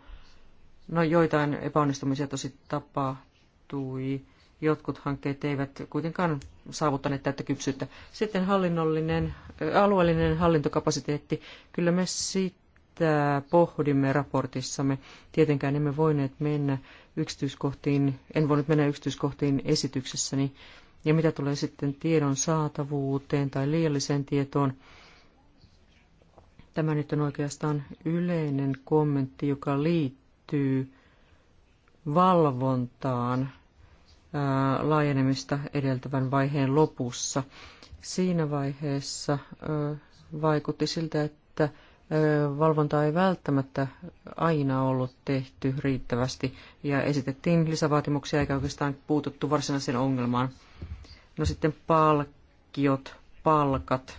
No joitain epäonnistumisia tosi tapahtui. Jotkut hankkeet eivät kuitenkaan saavuttaneet täyttä kypsyyttä. Sitten hallinnollinen, alueellinen hallintokapasiteetti. Kyllä me sitä pohdimme raportissamme. Tietenkään emme voineet mennä yksityiskohtiin, en voinut mennä yksityiskohtiin esityksessäni. Ja mitä tulee sitten tiedon saatavuuteen tai liialliseen tietoon, tämä nyt on oikeastaan yleinen kommentti, joka liittyy valvontaan ää, laajenemista edeltävän vaiheen lopussa. Siinä vaiheessa ää, vaikutti siltä, että Valvonta ei välttämättä aina ollut tehty riittävästi ja esitettiin lisävaatimuksia eikä oikeastaan puututtu varsinaiseen ongelmaan. No sitten palkkiot, palkat,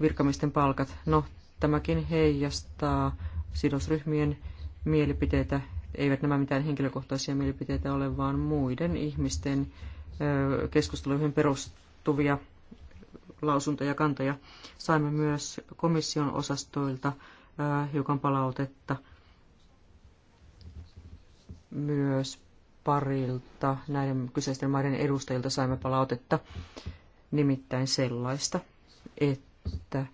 virkamisten palkat. No tämäkin heijastaa sidosryhmien mielipiteitä. Eivät nämä mitään henkilökohtaisia mielipiteitä ole, vaan muiden ihmisten keskusteluihin perustuvia lausuntoja, kantoja. Saimme myös komission osastoilta hiukan palautetta myös parilta näiden kyseisten maiden edustajilta saimme palautetta nimittäin sellaista, että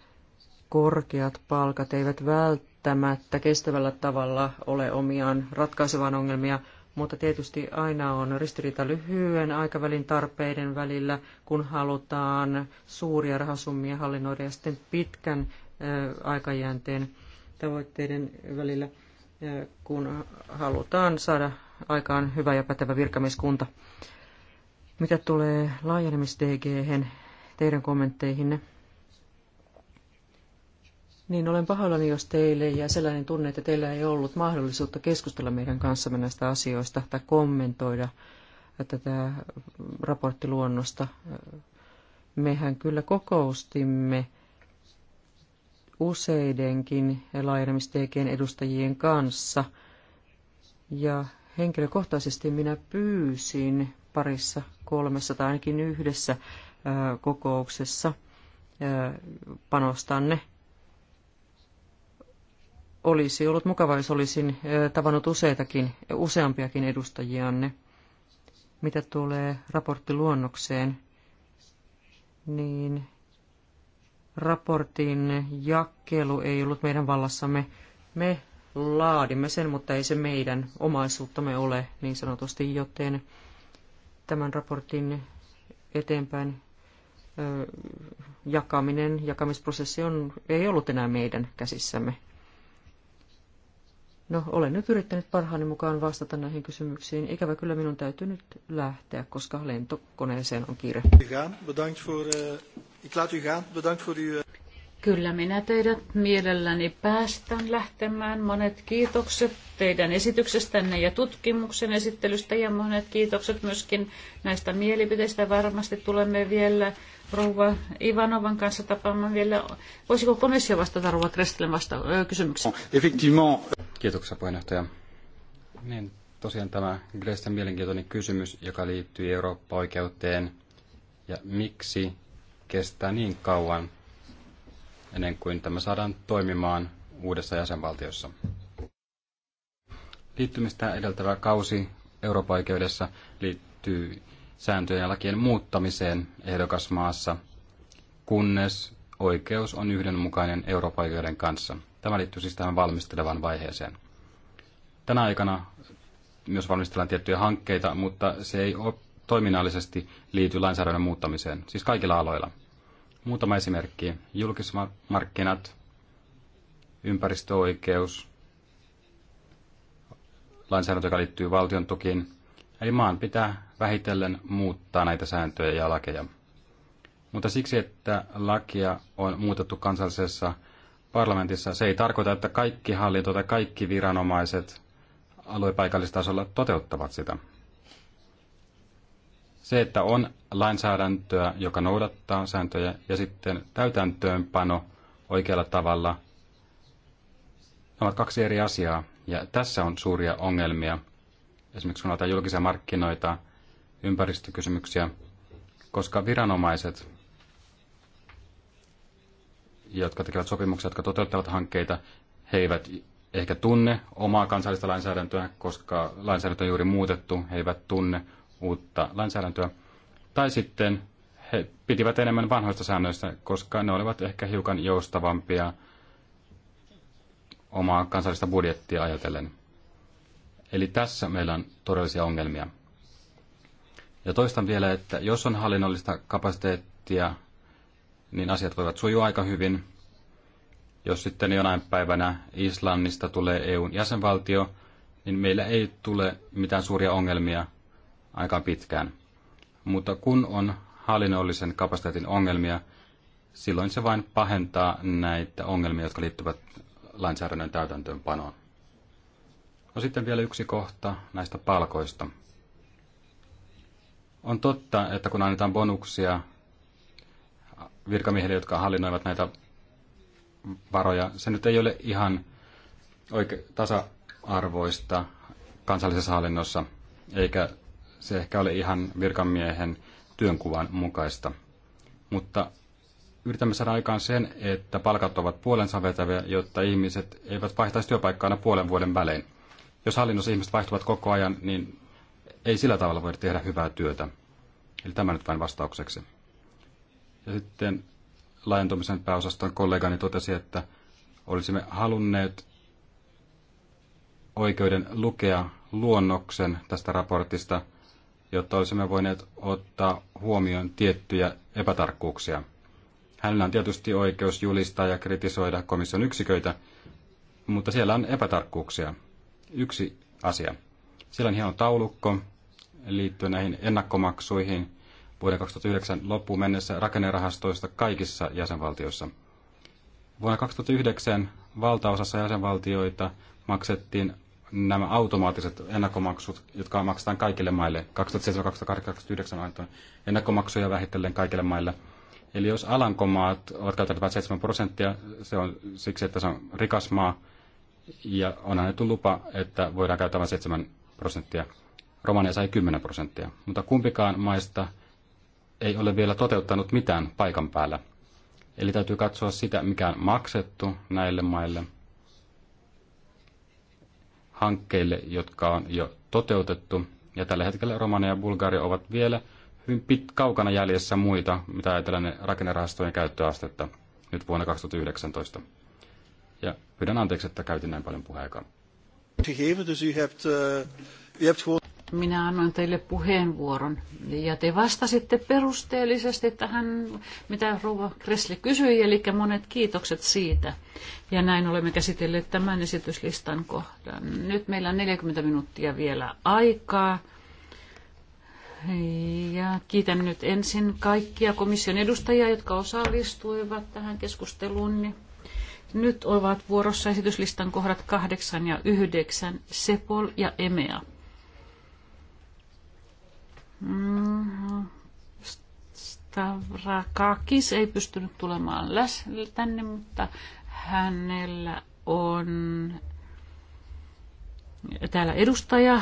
korkeat palkat eivät välttämättä kestävällä tavalla ole omiaan ratkaisevaan ongelmia mutta tietysti aina on ristiriita lyhyen aikavälin tarpeiden välillä, kun halutaan suuria rahasummia hallinnoida ja sitten pitkän aikajänteen tavoitteiden välillä, kun halutaan saada aikaan hyvä ja pätevä virkamieskunta. Mitä tulee laajenemis teidän kommentteihinne? Niin olen pahoillani, jos teille ja sellainen tunne, että teillä ei ollut mahdollisuutta keskustella meidän kanssamme näistä asioista tai kommentoida tätä raporttiluonnosta. Mehän kyllä kokoustimme useidenkin laajenemistekien edustajien kanssa ja henkilökohtaisesti minä pyysin parissa, kolmessa tai ainakin yhdessä kokouksessa panostanne olisi ollut mukavaa, jos olisin tavannut useitakin, useampiakin edustajianne. Mitä tulee raporttiluonnokseen, niin raportin jakelu ei ollut meidän vallassamme. Me laadimme sen, mutta ei se meidän omaisuuttamme ole niin sanotusti, joten tämän raportin eteenpäin jakaminen, jakamisprosessi on, ei ollut enää meidän käsissämme. No, olen nyt yrittänyt parhaani mukaan vastata näihin kysymyksiin. Ikävä kyllä minun täytyy nyt lähteä, koska lentokoneeseen on kiire. Kyllä minä teidät mielelläni päästän lähtemään. Monet kiitokset teidän esityksestänne ja tutkimuksen esittelystä ja monet kiitokset myöskin näistä mielipiteistä. Varmasti tulemme vielä rouva Ivanovan kanssa tapaamaan vielä. Voisiko komissio vastata rouva Krestelin vasta- kysymykseen? Kiitoksia puheenjohtaja. Niin, tosiaan tämä Gresten mielenkiintoinen kysymys, joka liittyy Eurooppa-oikeuteen ja miksi kestää niin kauan ennen kuin tämä saadaan toimimaan uudessa jäsenvaltiossa. Liittymistä edeltävä kausi Euroopan oikeudessa liittyy sääntöjen ja lakien muuttamiseen ehdokasmaassa, kunnes oikeus on yhdenmukainen Euroopan oikeuden kanssa. Tämä liittyy siis tähän valmistelevaan vaiheeseen. Tänä aikana myös valmistellaan tiettyjä hankkeita, mutta se ei ole toiminnallisesti liity lainsäädännön muuttamiseen, siis kaikilla aloilla. Muutama esimerkki. Julkismarkkinat, ympäristöoikeus, lainsäädäntö, joka liittyy valtion tukiin, Eli maan pitää vähitellen muuttaa näitä sääntöjä ja lakeja. Mutta siksi, että lakia on muutettu kansallisessa parlamentissa, se ei tarkoita, että kaikki hallinto tai kaikki viranomaiset aluepaikallistasolla toteuttavat sitä. Se, että on lainsäädäntöä, joka noudattaa sääntöjä, ja sitten täytäntöönpano oikealla tavalla, ne ovat kaksi eri asiaa, ja tässä on suuria ongelmia – esimerkiksi kun otetaan julkisia markkinoita, ympäristökysymyksiä, koska viranomaiset, jotka tekevät sopimuksia, jotka toteuttavat hankkeita, he eivät ehkä tunne omaa kansallista lainsäädäntöä, koska lainsäädäntö on juuri muutettu, he eivät tunne uutta lainsäädäntöä. Tai sitten he pitivät enemmän vanhoista säännöistä, koska ne olivat ehkä hiukan joustavampia omaa kansallista budjettia ajatellen. Eli tässä meillä on todellisia ongelmia. Ja toistan vielä, että jos on hallinnollista kapasiteettia, niin asiat voivat sujua aika hyvin. Jos sitten jonain päivänä Islannista tulee EUn jäsenvaltio, niin meillä ei tule mitään suuria ongelmia aika pitkään. Mutta kun on hallinnollisen kapasiteetin ongelmia, silloin se vain pahentaa näitä ongelmia, jotka liittyvät lainsäädännön täytäntöönpanoon. No sitten vielä yksi kohta näistä palkoista. On totta, että kun annetaan bonuksia virkamiehille, jotka hallinnoivat näitä varoja, se nyt ei ole ihan oike- tasa-arvoista kansallisessa hallinnossa, eikä se ehkä ole ihan virkamiehen työnkuvan mukaista. Mutta yritämme saada aikaan sen, että palkat ovat puolensa vetäviä, jotta ihmiset eivät vaihtaisi työpaikkaana puolen vuoden välein. Jos hallinnossa ihmiset vaihtuvat koko ajan, niin ei sillä tavalla voida tehdä hyvää työtä. Eli tämä nyt vain vastaukseksi. Ja sitten laajentumisen pääosaston kollegani totesi, että olisimme halunneet oikeuden lukea luonnoksen tästä raportista, jotta olisimme voineet ottaa huomioon tiettyjä epätarkkuuksia. Hänellä on tietysti oikeus julistaa ja kritisoida komission yksiköitä, mutta siellä on epätarkkuuksia yksi asia. Siellä on hieno taulukko liittyen näihin ennakkomaksuihin vuoden 2009 loppuun mennessä rakennerahastoista kaikissa jäsenvaltioissa. Vuonna 2009 valtaosassa jäsenvaltioita maksettiin nämä automaattiset ennakkomaksut, jotka maksetaan kaikille maille. 2007, 2008, 2009 ennakkomaksuja vähitellen kaikille maille. Eli jos Alankomaat ovat käytäneet 7 prosenttia, se on siksi, että se on rikas maa, ja on annettu lupa, että voidaan käyttää vain 7 prosenttia. Romania sai 10 prosenttia, mutta kumpikaan maista ei ole vielä toteuttanut mitään paikan päällä. Eli täytyy katsoa sitä, mikä on maksettu näille maille, hankkeille, jotka on jo toteutettu. Ja tällä hetkellä Romania ja Bulgaria ovat vielä hyvin pit, kaukana jäljessä muita, mitä ajatellaan rakennerahastojen käyttöastetta nyt vuonna 2019. Ja pyydän anteeksi, että käytin näin paljon puheaikaa. Eh, Minä annoin teille puheenvuoron ja te vastasitte perusteellisesti tähän, mitä rouva Kressli kysyi, eli monet kiitokset siitä. Ja näin olemme käsitelleet tämän esityslistan kohdan. Nyt meillä on 40 minuuttia vielä aikaa. Ja kiitän nyt ensin kaikkia komission edustajia, jotka osallistuivat tähän keskusteluun. Nyt ovat vuorossa esityslistan kohdat 8 ja 9, Sepol ja EMEA. Mm-hmm. Stavrakakis ei pystynyt tulemaan läs tänne, mutta hänellä on täällä edustaja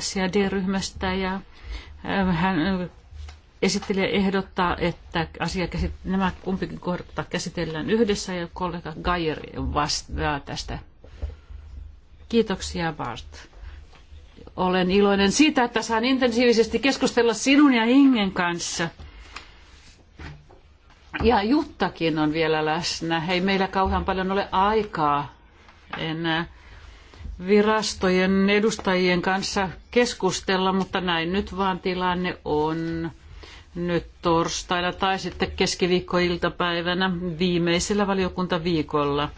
S- ja D-ryhmästä ja hän Esittelijä ehdottaa, että asia käsit- nämä kumpikin kohdat käsitellään yhdessä ja kollega Geyer vastaa tästä. Kiitoksia Bart. Olen iloinen siitä, että saan intensiivisesti keskustella sinun ja Ingen kanssa. Ja Juttakin on vielä läsnä. Ei meillä kauhean paljon ole aikaa enää virastojen edustajien kanssa keskustella, mutta näin nyt vaan tilanne on nyt torstaina tai sitten keskiviikkoiltapäivänä viimeisellä valiokuntaviikolla.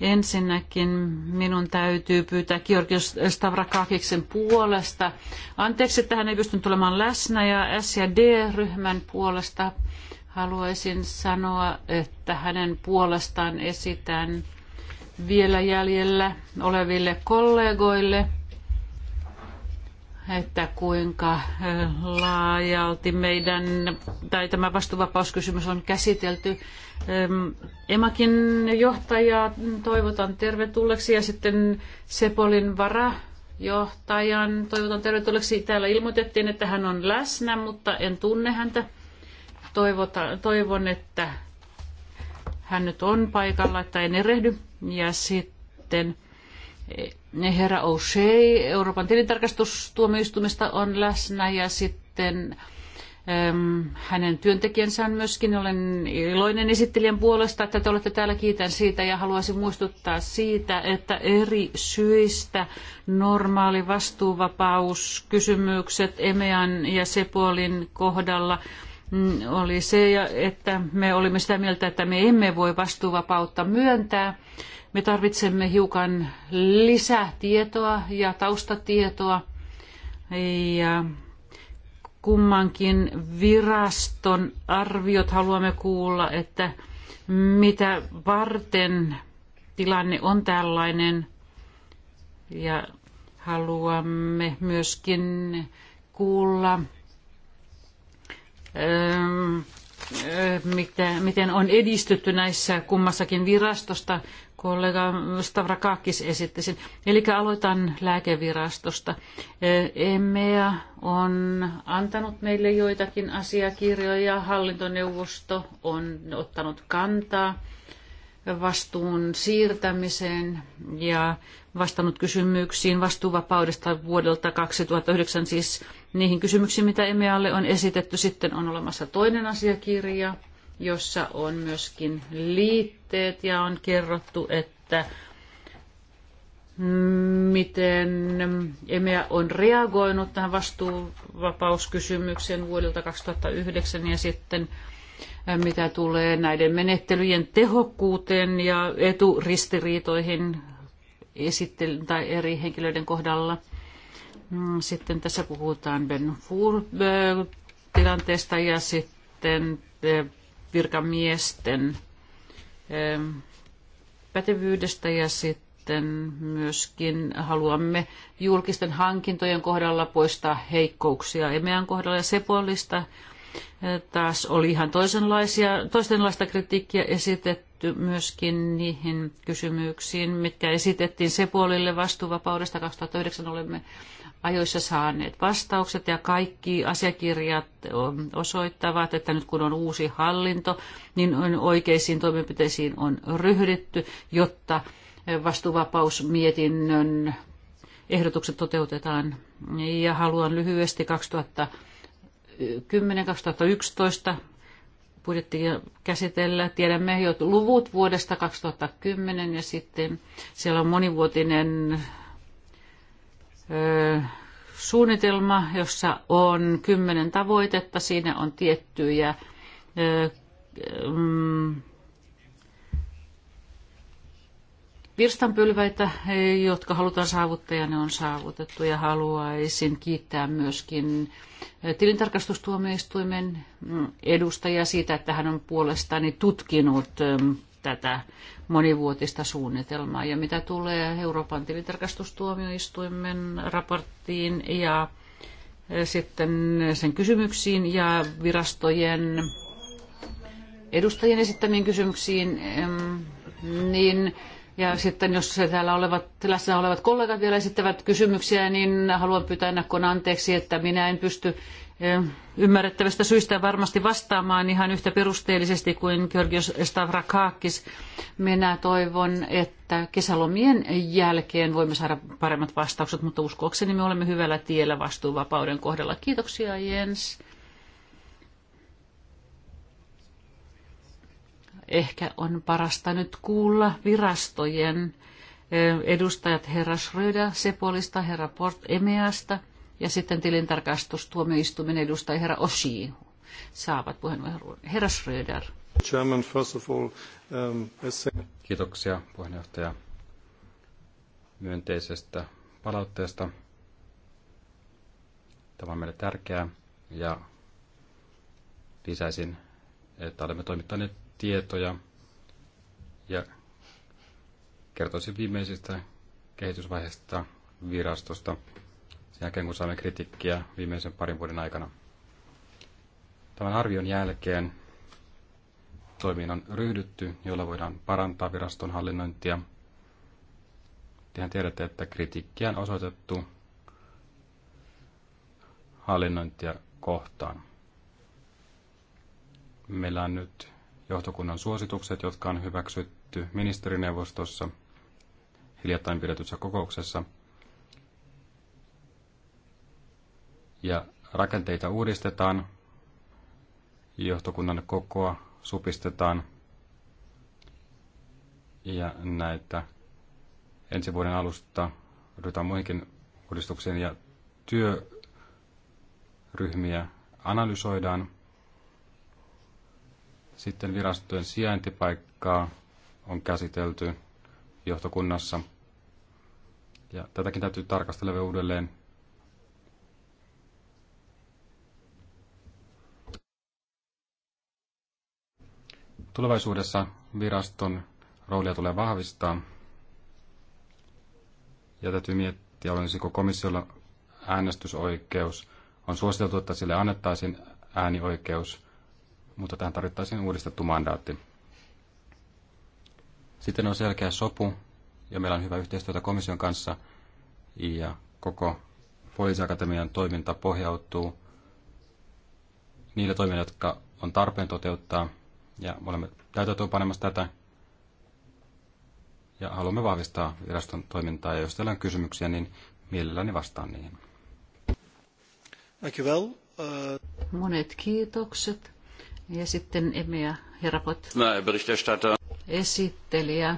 Ensinnäkin minun täytyy pyytää Georgios Stavrakakiksen puolesta. Anteeksi, että hän ei pystynyt tulemaan läsnä ja S- ja D-ryhmän puolesta haluaisin sanoa, että hänen puolestaan esitän vielä jäljellä oleville kollegoille – että kuinka laajalti meidän, tai tämä vastuvapauskysymys on käsitelty. Emakin johtaja toivotan tervetulleeksi ja sitten Sepolin varajohtajan toivotan tervetulleeksi. Täällä ilmoitettiin, että hän on läsnä, mutta en tunne häntä. Toivota, toivon, että hän nyt on paikalla, että en erehdy. Ja sitten Herra O'Shea Euroopan tilintarkastustuomioistumista on läsnä ja sitten ähm, hänen työntekijänsä myöskin. Olen iloinen esittelijän puolesta, että te olette täällä. Kiitän siitä ja haluaisin muistuttaa siitä, että eri syistä normaali vastuuvapauskysymykset Emean ja Sepolin kohdalla mm, oli se, että me olimme sitä mieltä, että me emme voi vastuuvapautta myöntää me tarvitsemme hiukan lisätietoa ja taustatietoa ja kummankin viraston arviot haluamme kuulla, että mitä varten tilanne on tällainen ja haluamme myöskin kuulla ähm, miten on edistytty näissä kummassakin virastosta. Kollega Stavrakakis esitti sen. Eli aloitan lääkevirastosta. EMEA on antanut meille joitakin asiakirjoja. Hallintoneuvosto on ottanut kantaa vastuun siirtämiseen ja vastannut kysymyksiin vastuuvapaudesta vuodelta 2009, siis niihin kysymyksiin, mitä EMEAlle on esitetty. Sitten on olemassa toinen asiakirja, jossa on myöskin liitteet ja on kerrottu, että miten EMEA on reagoinut tähän vastuuvapauskysymykseen vuodelta 2009 ja sitten äh, mitä tulee näiden menettelyjen tehokkuuteen ja eturistiriitoihin esittel- tai eri henkilöiden kohdalla. Mm, sitten tässä puhutaan Ben tilanteesta ja sitten virkamiesten pätevyydestä ja sitten myöskin haluamme julkisten hankintojen kohdalla poistaa heikkouksia EMEAn kohdalla ja Sepolista. Taas oli ihan toisenlaisia, toisenlaista kritiikkiä esitetty keskitetty myöskin niihin kysymyksiin, mitkä esitettiin Sepolille vastuuvapaudesta 2009 olemme ajoissa saaneet vastaukset ja kaikki asiakirjat um, osoittavat, että nyt kun on uusi hallinto, niin oikeisiin toimenpiteisiin on ryhdytty, jotta vastuuvapausmietinnön ehdotukset toteutetaan. Ja haluan lyhyesti 2010-2011 budjettia käsitellä. Tiedämme jo luvut vuodesta 2010 ja sitten siellä on monivuotinen ö, suunnitelma, jossa on kymmenen tavoitetta. Siinä on tiettyjä ö, mm, virstanpylväitä, eh, jotka halutaan saavuttaa ja ne on saavutettu. Ja haluaisin kiittää myöskin eh, tilintarkastustuomioistuimen mm, edustajia siitä, että hän on puolestani tutkinut eh, tätä monivuotista suunnitelmaa. Ja mitä tulee Euroopan tilintarkastustuomioistuimen raporttiin ja sitten sen kysymyksiin ja virastojen edustajien esittämiin kysymyksiin, niin ja sitten jos täällä olevat, läsnä olevat kollegat vielä esittävät kysymyksiä, niin haluan pyytää ennakkoon anteeksi, että minä en pysty eh, ymmärrettävästä syystä varmasti vastaamaan ihan yhtä perusteellisesti kuin Georgios Stavrakakis. Minä toivon, että kesälomien jälkeen voimme saada paremmat vastaukset, mutta uskoakseni me olemme hyvällä tiellä vastuuvapauden kohdalla. Kiitoksia Jens. ehkä on parasta nyt kuulla virastojen edustajat herra Schröder Sepolista, herra Port Emeasta ja sitten tilintarkastustuomioistuminen edustaja herra Oshi saavat puheenvuoron. Herra Schröder. Chairman, first of all, um, Kiitoksia puheenjohtaja myönteisestä palautteesta. Tämä on meille tärkeää ja lisäisin, että olemme toimittaneet tietoja ja kertoisi viimeisistä kehitysvaiheista virastosta sen jälkeen, kun saimme kritiikkiä viimeisen parin vuoden aikana. Tämän arvion jälkeen toimiin on ryhdytty, jolla voidaan parantaa viraston hallinnointia. Tehän tiedätte, että kritiikkiä on osoitettu hallinnointia kohtaan. Meillä on nyt johtokunnan suositukset, jotka on hyväksytty ministerineuvostossa hiljattain pidetyssä kokouksessa. Ja rakenteita uudistetaan, johtokunnan kokoa supistetaan ja näitä ensi vuoden alusta ryhdytään muihinkin uudistuksiin ja työryhmiä analysoidaan – sitten virastojen sijaintipaikkaa on käsitelty johtokunnassa. Ja tätäkin täytyy tarkastella vielä uudelleen. Tulevaisuudessa viraston roolia tulee vahvistaa. Ja täytyy miettiä, olisiko komissiolla äänestysoikeus. On suositeltu, että sille annettaisiin äänioikeus mutta tähän tarvittaisiin uudistettu mandaatti. Sitten on selkeä sopu, ja meillä on hyvä yhteistyötä komission kanssa, ja koko poliisiakatemian toiminta pohjautuu niille toimijoille, jotka on tarpeen toteuttaa, ja me olemme panemassa tätä, ja haluamme vahvistaa viraston toimintaa, ja jos teillä on kysymyksiä, niin mielelläni vastaan niihin. Uh, Monet kiitokset. Ja sitten Emea Herapot. Esittelijä.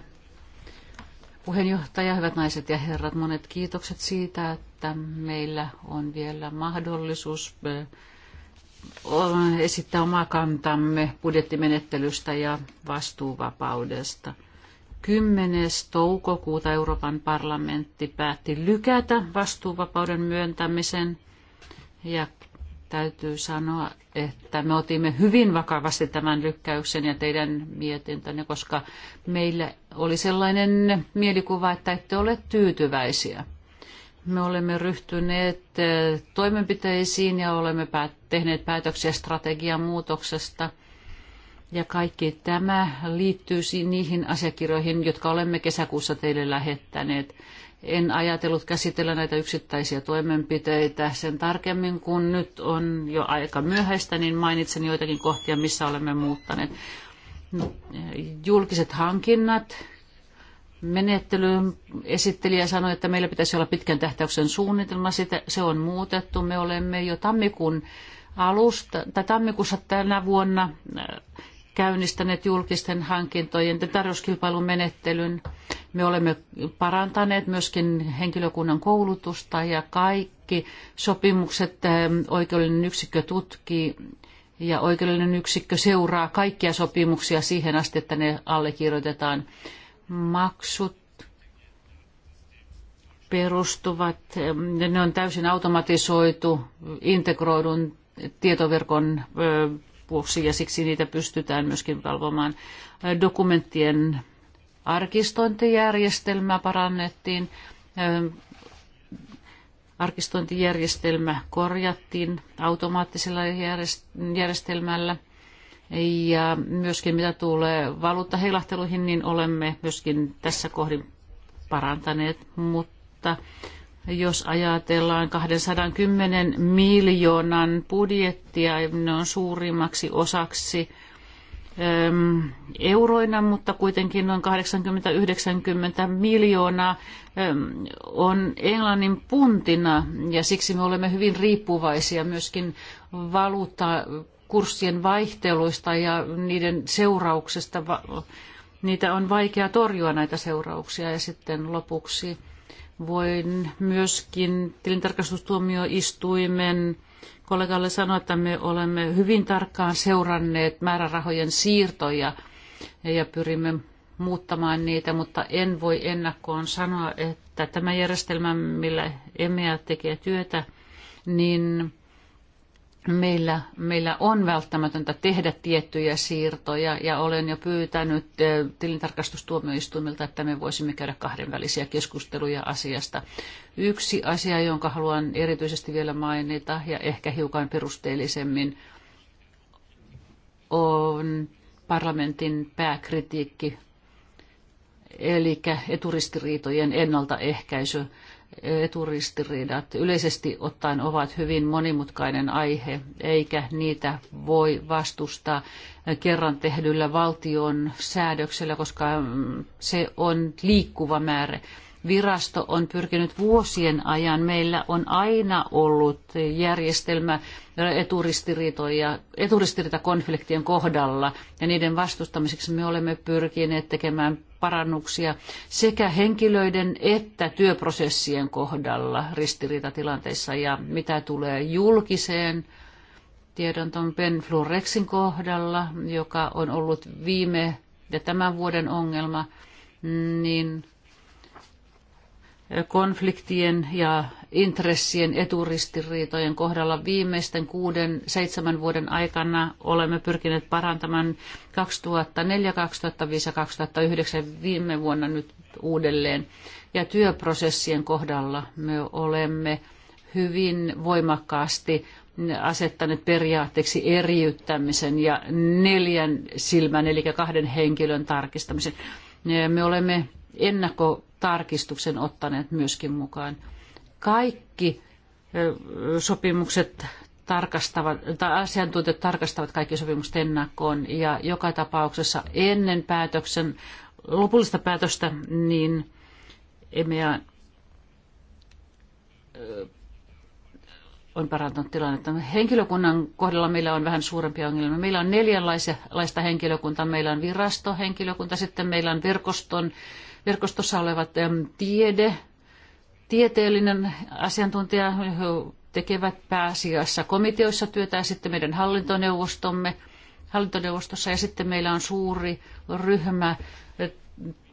Puheenjohtaja, hyvät naiset ja herrat, monet kiitokset siitä, että meillä on vielä mahdollisuus esittää oma kantamme budjettimenettelystä ja vastuuvapaudesta. 10. toukokuuta Euroopan parlamentti päätti lykätä vastuuvapauden myöntämisen ja täytyy sanoa, että me otimme hyvin vakavasti tämän lykkäyksen ja teidän mietintönne, koska meillä oli sellainen mielikuva, että ette ole tyytyväisiä. Me olemme ryhtyneet eh, toimenpiteisiin ja olemme tehneet päätöksiä strategian muutoksesta. Ja kaikki tämä liittyy niihin asiakirjoihin, jotka olemme kesäkuussa teille lähettäneet. En ajatellut käsitellä näitä yksittäisiä toimenpiteitä sen tarkemmin, kun nyt on jo aika myöhäistä, niin mainitsen joitakin kohtia, missä olemme muuttaneet. Julkiset hankinnat, menettely, esittelijä sanoi, että meillä pitäisi olla pitkän tähtäyksen suunnitelma. Sitä, se on muutettu. Me olemme jo tammikuun alusta, tai tammikuussa tänä vuonna käynnistäneet julkisten hankintojen tarjouskilpailun menettelyn. Me olemme parantaneet myöskin henkilökunnan koulutusta ja kaikki sopimukset ähm, oikeudellinen yksikkö tutkii ja oikeudellinen yksikkö seuraa kaikkia sopimuksia siihen asti, että ne allekirjoitetaan. Maksut perustuvat, ähm, ne on täysin automatisoitu integroidun tietoverkon äh, vuoksi ja siksi niitä pystytään myöskin valvomaan. Dokumenttien arkistointijärjestelmää parannettiin, arkistointijärjestelmä korjattiin automaattisella järjestelmällä. Ja myöskin mitä tulee valuuttaheilahteluihin, niin olemme myöskin tässä kohdin parantaneet, mutta jos ajatellaan 210 miljoonan budjettia, ne on suurimmaksi osaksi ähm, euroina, mutta kuitenkin noin 80-90 miljoonaa ähm, on englannin puntina ja siksi me olemme hyvin riippuvaisia myöskin valuutta kurssien vaihteluista ja niiden seurauksesta. Niitä on vaikea torjua näitä seurauksia ja sitten lopuksi Voin myöskin tilintarkastustuomioistuimen kollegalle sanoa, että me olemme hyvin tarkkaan seuranneet määrärahojen siirtoja ja pyrimme muuttamaan niitä, mutta en voi ennakkoon sanoa, että tämä järjestelmä, millä EMEA tekee työtä, niin meillä, meillä on välttämätöntä tehdä tiettyjä siirtoja ja olen jo pyytänyt eh, tilintarkastustuomioistuimilta, että me voisimme käydä kahdenvälisiä keskusteluja asiasta. Yksi asia, jonka haluan erityisesti vielä mainita ja ehkä hiukan perusteellisemmin, on parlamentin pääkritiikki, eli eturistiriitojen ennaltaehkäisy eturistiriidat yleisesti ottaen ovat hyvin monimutkainen aihe, eikä niitä voi vastustaa kerran tehdyllä valtion säädöksellä, koska se on liikkuva määrä virasto on pyrkinyt vuosien ajan. Meillä on aina ollut järjestelmä eturistiriitakonfliktien kohdalla ja niiden vastustamiseksi me olemme pyrkineet tekemään parannuksia sekä henkilöiden että työprosessien kohdalla ristiriitatilanteissa ja mitä tulee julkiseen tiedon tuon Flurexin kohdalla, joka on ollut viime ja tämän vuoden ongelma, niin konfliktien ja intressien eturistiriitojen kohdalla viimeisten kuuden, seitsemän vuoden aikana olemme pyrkineet parantamaan 2004, 2005 ja 2009 viime vuonna nyt uudelleen. Ja työprosessien kohdalla me olemme hyvin voimakkaasti asettaneet periaatteeksi eriyttämisen ja neljän silmän, eli kahden henkilön tarkistamisen. Me olemme ennakkotarkistuksen ottaneet myöskin mukaan. Kaikki sopimukset tarkastavat, tai asiantuntijat tarkastavat kaikki sopimukset ennakkoon ja joka tapauksessa ennen päätöksen lopullista päätöstä, niin EMEA on parantanut tilannetta. Henkilökunnan kohdalla meillä on vähän suurempia ongelmia. Meillä on neljänlaista henkilökuntaa. Meillä on virastohenkilökunta, sitten meillä on verkoston verkostossa olevat tiede, tieteellinen asiantuntija tekevät pääasiassa komiteoissa työtä ja sitten meidän hallintoneuvostomme, hallintoneuvostossa ja sitten meillä on suuri ryhmä eh,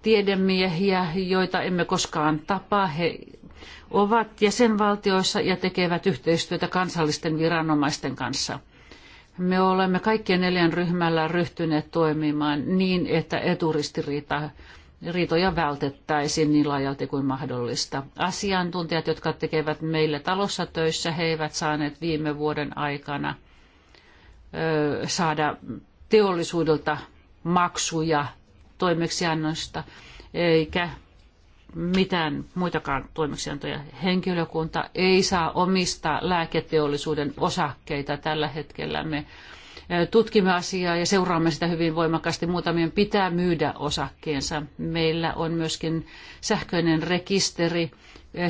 tiedemiehiä, joita emme koskaan tapaa. He ovat jäsenvaltioissa ja tekevät yhteistyötä kansallisten viranomaisten kanssa. Me olemme kaikkien neljän ryhmällä ryhtyneet toimimaan niin, että eturistiriita riitoja vältettäisiin niin laajalti kuin mahdollista. Asiantuntijat, jotka tekevät meillä talossa töissä, he eivät saaneet viime vuoden aikana ö, saada teollisuudelta maksuja toimeksiannoista, eikä mitään muitakaan toimeksiantoja. Henkilökunta ei saa omistaa lääketeollisuuden osakkeita tällä hetkellä. Me tutkimme asiaa ja seuraamme sitä hyvin voimakkaasti. Muutamien pitää myydä osakkeensa. Meillä on myöskin sähköinen rekisteri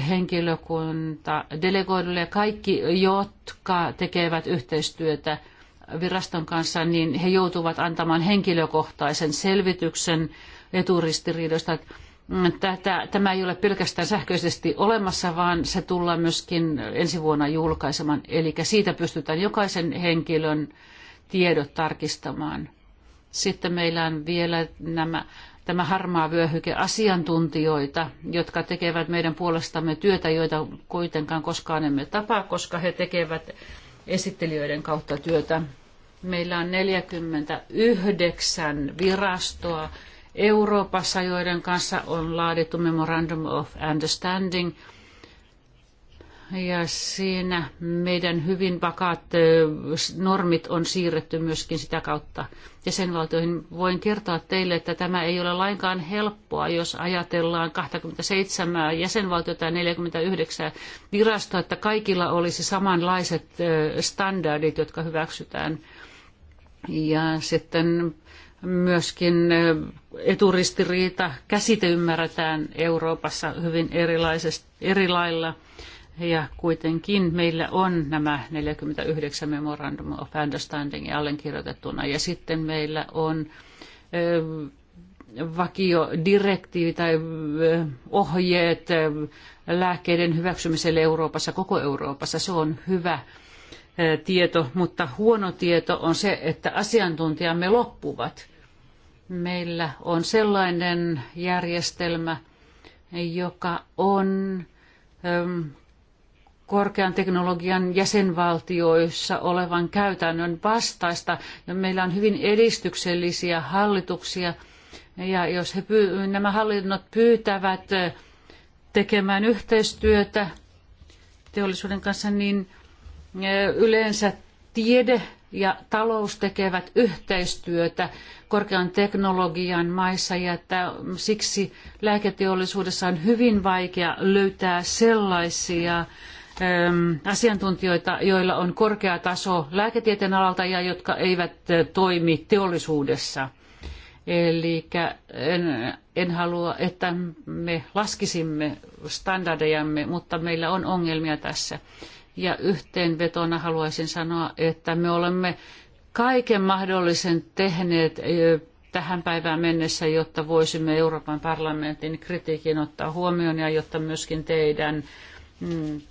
henkilökunta delegoidulle ja kaikki, jotka tekevät yhteistyötä viraston kanssa, niin he joutuvat antamaan henkilökohtaisen selvityksen eturistiriidoista. Mm, tätä, tämä ei ole pelkästään sähköisesti olemassa, vaan se tullaan myöskin ensi vuonna julkaisemaan. Eli siitä pystytään jokaisen henkilön tiedot tarkistamaan. Sitten meillä on vielä nämä, tämä harmaa vyöhyke asiantuntijoita, jotka tekevät meidän puolestamme työtä, joita kuitenkaan koskaan emme tapaa, koska he tekevät esittelijöiden kautta työtä. Meillä on 49 virastoa Euroopassa, joiden kanssa on laadittu Memorandum of Understanding – ja siinä meidän hyvin vakaat normit on siirretty myöskin sitä kautta jäsenvaltioihin. Voin kertoa teille, että tämä ei ole lainkaan helppoa, jos ajatellaan 27 jäsenvaltiota ja 49 virastoa, että kaikilla olisi samanlaiset standardit, jotka hyväksytään. Ja sitten myöskin eturistiriita, käsite ymmärretään Euroopassa hyvin erilaisesti, eri lailla. Ja kuitenkin meillä on nämä 49 Memorandum of Understanding allekirjoitettuna. Ja sitten meillä on vakiodirektiivi tai ohjeet lääkkeiden hyväksymiselle Euroopassa, koko Euroopassa. Se on hyvä tieto, mutta huono tieto on se, että asiantuntijamme loppuvat. Meillä on sellainen järjestelmä, joka on korkean teknologian jäsenvaltioissa olevan käytännön vastaista. Ja meillä on hyvin edistyksellisiä hallituksia, ja jos he nämä hallinnot pyytävät tekemään yhteistyötä teollisuuden kanssa, niin yleensä tiede ja talous tekevät yhteistyötä korkean teknologian maissa ja että siksi lääketeollisuudessa on hyvin vaikea löytää sellaisia Ähm, asiantuntijoita, joilla on korkea taso lääketieteen alalta ja jotka eivät äh, toimi teollisuudessa. Eli en, en halua, että me laskisimme standardejamme, mutta meillä on ongelmia tässä. Ja yhteenvetona haluaisin sanoa, että me olemme kaiken mahdollisen tehneet äh, tähän päivään mennessä, jotta voisimme Euroopan parlamentin kritiikin ottaa huomioon ja jotta myöskin teidän mm,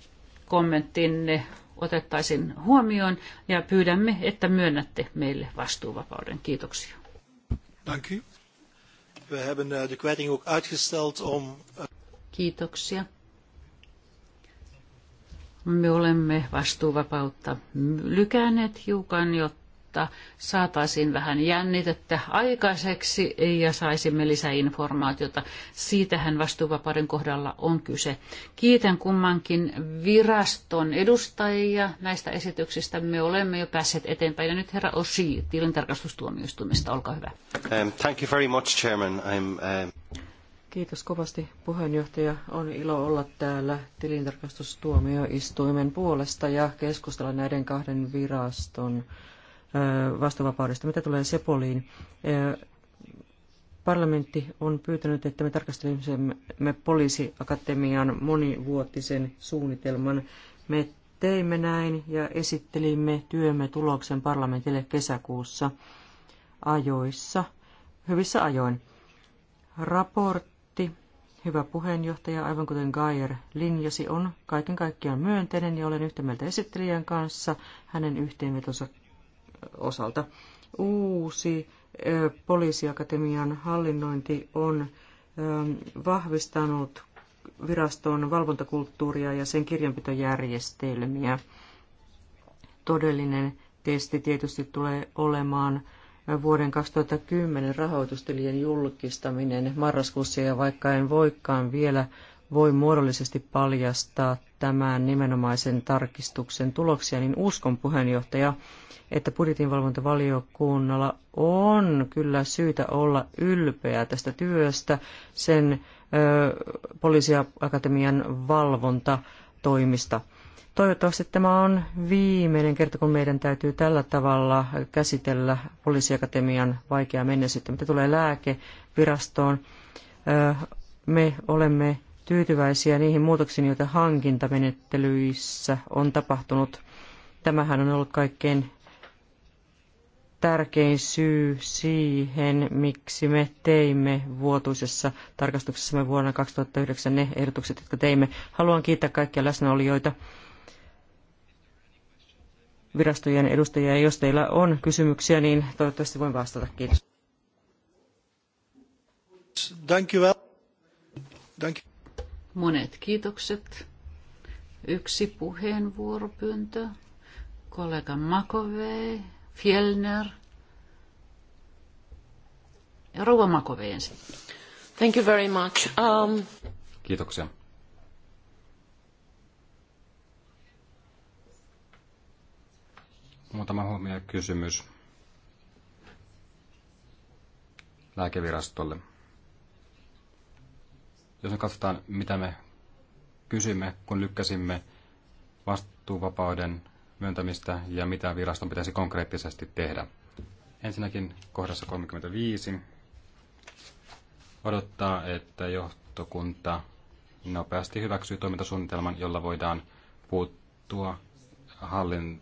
kommenttinne otettaisiin huomioon ja pyydämme, että myönnätte meille vastuuvapauden. Kiitoksia. Dank u. We hebben eh, de kwijting ook uitgesteld om... Eh, Kiitoksia. Me olemme vastuuvapautta lykänneet hiukan, jotta jotta saataisiin vähän jännitettä aikaiseksi ja saisimme lisäinformaatiota. Siitähän vastuuvapauden kohdalla on kyse. Kiitän kummankin viraston edustajia näistä esityksistä. Me olemme jo päässeet eteenpäin. Ja nyt herra Osi tilintarkastustuomioistuimesta, olkaa hyvä. Um, thank you very much, Chairman. I'm, uh... Kiitos kovasti puheenjohtaja. On ilo olla täällä tilintarkastustuomioistuimen puolesta ja keskustella näiden kahden viraston vastuvapaudesta. Mitä tulee Sepoliin, parlamentti on pyytänyt, että me tarkastelimme poliisiakatemian monivuotisen suunnitelman. Me teimme näin ja esittelimme työmme tuloksen parlamentille kesäkuussa ajoissa, hyvissä ajoin. Raportti, hyvä puheenjohtaja, aivan kuten Geyer linjasi, on kaiken kaikkiaan myönteinen ja olen yhtä mieltä esittelijän kanssa hänen yhteenvetonsa osalta. Uusi poliisiakatemian hallinnointi on vahvistanut viraston valvontakulttuuria ja sen kirjanpitojärjestelmiä. Todellinen testi tietysti tulee olemaan vuoden 2010 rahoitustilien julkistaminen marraskuussa ja vaikka en voikaan vielä voi muodollisesti paljastaa tämän nimenomaisen tarkistuksen tuloksia, niin uskon puheenjohtaja, että budjetinvalvontavaliokunnalla on kyllä syytä olla ylpeä tästä työstä. Sen ö, poliisiakatemian valvontatoimista. Toivottavasti tämä on viimeinen kerta, kun meidän täytyy tällä tavalla käsitellä poliisiakatemian vaikeaa menneisyyttä, mitä tulee lääkevirastoon. Me olemme tyytyväisiä niihin muutoksiin, joita hankintamenettelyissä on tapahtunut. Tämähän on ollut kaikkein tärkein syy siihen, miksi me teimme vuotuisessa tarkastuksessamme vuonna 2009 ne ehdotukset, jotka teimme. Haluan kiittää kaikkia läsnäolijoita, virastojen edustajia. Jos teillä on kysymyksiä, niin toivottavasti voin vastata. Kiitos. Thank you. Thank you. Monet kiitokset. Yksi puheenvuoropyyntö. Kollega Makovei, Fjellner. Ja Rouva Makovei ensin. Thank you very much. Um... Kiitoksia. Muutama huomio ja kysymys lääkevirastolle. Jos me katsotaan, mitä me kysymme, kun lykkäsimme vastuuvapauden myöntämistä ja mitä viraston pitäisi konkreettisesti tehdä. Ensinnäkin kohdassa 35 odottaa, että johtokunta nopeasti hyväksyy toimintasuunnitelman, jolla voidaan puuttua hallin,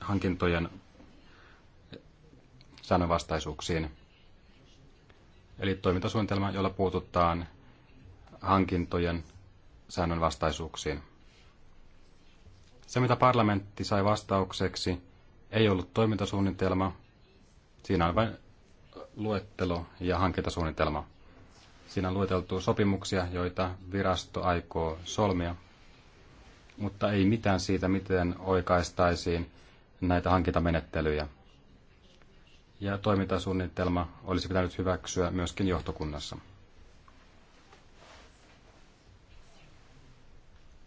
hankintojen säännönvastaisuuksiin. Eli toimintasuunnitelma, jolla puututaan hankintojen säännönvastaisuuksiin. Se, mitä parlamentti sai vastaukseksi, ei ollut toimintasuunnitelma. Siinä on vain luettelo ja hankintasuunnitelma. Siinä on lueteltu sopimuksia, joita virasto aikoo solmia, mutta ei mitään siitä, miten oikaistaisiin näitä hankintamenettelyjä. Ja toimintasuunnitelma olisi pitänyt hyväksyä myöskin johtokunnassa.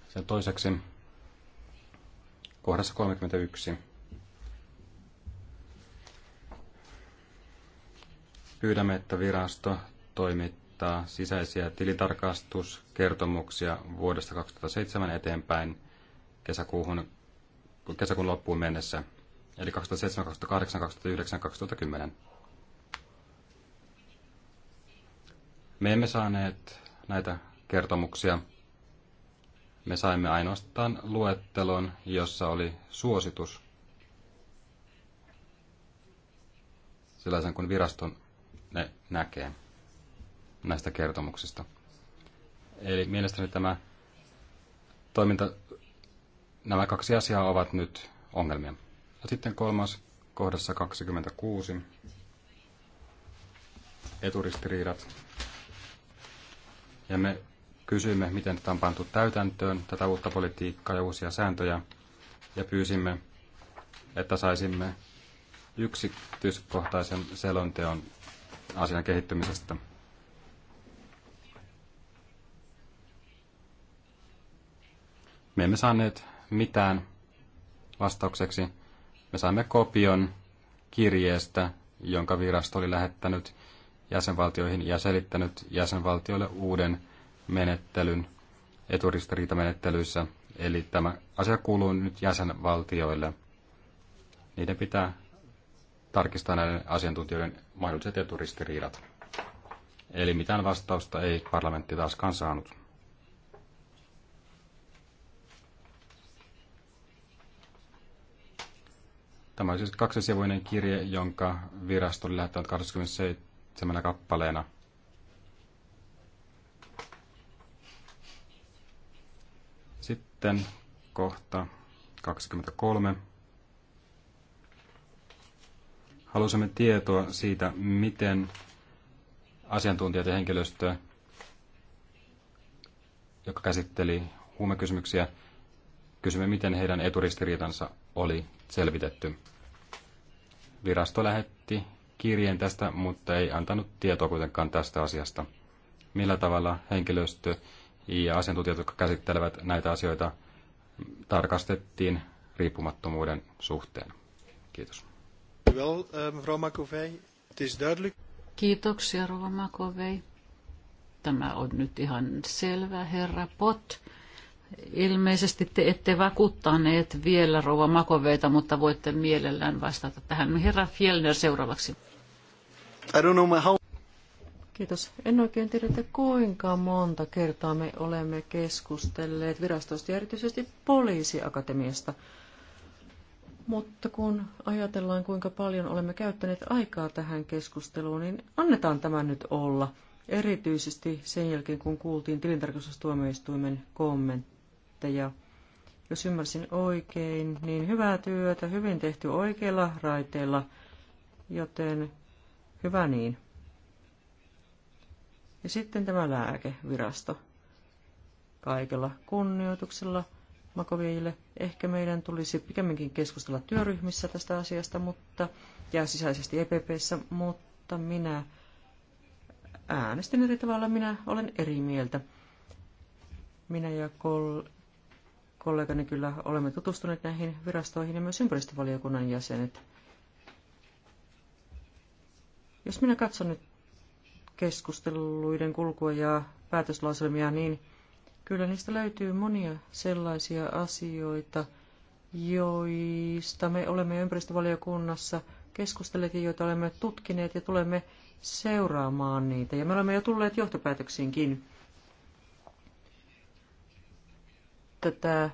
Sen toiseksi kohdassa 31 pyydämme, että virasto toimittaa sisäisiä tilitarkastuskertomuksia vuodesta 2007 eteenpäin kesäkuuhun, kesäkuun loppuun mennessä, eli 2007, 2008, 2009, 2010. Me emme saaneet näitä kertomuksia me saimme ainoastaan luettelon, jossa oli suositus sellaisen kuin viraston ne näkee näistä kertomuksista. Eli mielestäni tämä toiminta, nämä kaksi asiaa ovat nyt ongelmia. Ja no sitten kolmas kohdassa 26, eturistiriidat. Ja me Kysyimme, miten tätä on pantu täytäntöön, tätä uutta politiikkaa ja uusia sääntöjä, ja pyysimme, että saisimme yksityiskohtaisen selonteon asian kehittymisestä. Me emme saaneet mitään vastaukseksi. Me saimme kopion kirjeestä, jonka virasto oli lähettänyt jäsenvaltioihin ja selittänyt jäsenvaltioille uuden menettelyn eturistiriitamenettelyissä. Eli tämä asia kuuluu nyt jäsenvaltioille. Niiden pitää tarkistaa näiden asiantuntijoiden mahdolliset eturistiriidat. Eli mitään vastausta ei parlamentti taaskaan saanut. Tämä on siis kaksisivuinen kirje, jonka virasto oli lähettänyt 27 kappaleena – Sitten kohta 23. Halusimme tietoa siitä, miten asiantuntijat ja henkilöstö, joka käsitteli huumekysymyksiä, kysymme, miten heidän eturistiriitansa oli selvitetty. Virasto lähetti kirjeen tästä, mutta ei antanut tietoa kuitenkaan tästä asiasta. Millä tavalla henkilöstö ja asiantuntijat, jotka käsittelevät näitä asioita, tarkastettiin riippumattomuuden suhteen. Kiitos. Eh, Kiitoksia, Rova Makovei. Tämä on nyt ihan selvä, herra Pot. Ilmeisesti te ette vakuuttaneet vielä Rova Makoveita, mutta voitte mielellään vastata tähän. Herra Fjellner seuraavaksi. I don't know how... Kiitos. En oikein tiedä, että kuinka monta kertaa me olemme keskustelleet virastosta ja erityisesti poliisiakatemiasta. Mutta kun ajatellaan, kuinka paljon olemme käyttäneet aikaa tähän keskusteluun, niin annetaan tämä nyt olla. Erityisesti sen jälkeen, kun kuultiin tilintarkastustuomioistuimen kommentteja. Jos ymmärsin oikein, niin hyvää työtä, hyvin tehty oikeilla raiteilla, joten hyvä niin. Ja sitten tämä lääkevirasto. Kaikella kunnioituksella makoviille Ehkä meidän tulisi pikemminkin keskustella työryhmissä tästä asiasta, mutta, ja sisäisesti EPPssä, mutta minä äänestin eri tavalla. Minä olen eri mieltä. Minä ja kol- kollegani kyllä olemme tutustuneet näihin virastoihin ja myös ympäristövaliokunnan jäsenet. Jos minä katson nyt keskusteluiden kulkua ja päätöslauselmia, niin kyllä niistä löytyy monia sellaisia asioita, joista me olemme ympäristövaliokunnassa keskustelleet ja joita olemme tutkineet ja tulemme seuraamaan niitä. Ja me olemme jo tulleet johtopäätöksiinkin. Tätä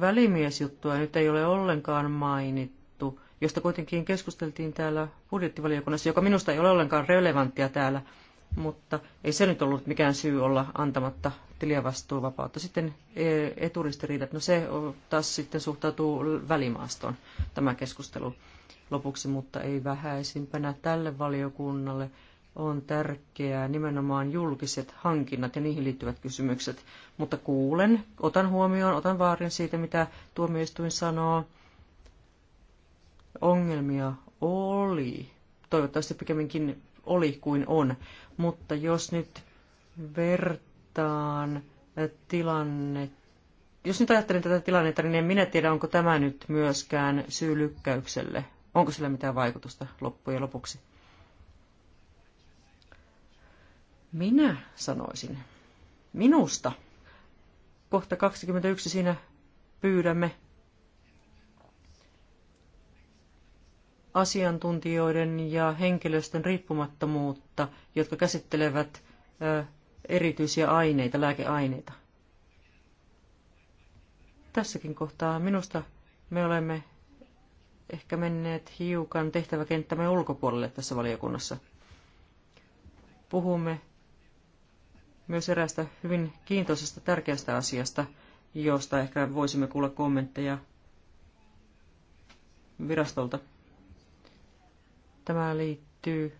välimiesjuttua nyt ei ole ollenkaan mainittu, josta kuitenkin keskusteltiin täällä budjettivaliokunnassa, joka minusta ei ole ollenkaan relevanttia täällä – mutta ei se nyt ollut mikään syy olla antamatta tiliä vastuuvapautta. Sitten e, eturistiriidat, no se taas sitten suhtautuu välimaastoon tämä keskustelu lopuksi, mutta ei vähäisimpänä tälle valiokunnalle on tärkeää nimenomaan julkiset hankinnat ja niihin liittyvät kysymykset. Mutta kuulen, otan huomioon, otan vaarin siitä, mitä tuomioistuin sanoo. Ongelmia oli. Toivottavasti pikemminkin oli kuin on. Mutta jos nyt vertaan tilannetta, jos nyt ajattelen tätä tilannetta, niin en minä tiedä, onko tämä nyt myöskään syy lykkäykselle. Onko sillä mitään vaikutusta loppujen lopuksi? Minä sanoisin. Minusta. Kohta 21 siinä pyydämme asiantuntijoiden ja henkilöstön riippumattomuutta, jotka käsittelevät erityisiä aineita, lääkeaineita. Tässäkin kohtaa minusta me olemme ehkä menneet hiukan tehtäväkenttämme ulkopuolelle tässä valiokunnassa. Puhumme myös eräästä hyvin kiintoisesta tärkeästä asiasta, josta ehkä voisimme kuulla kommentteja virastolta. Tämä liittyy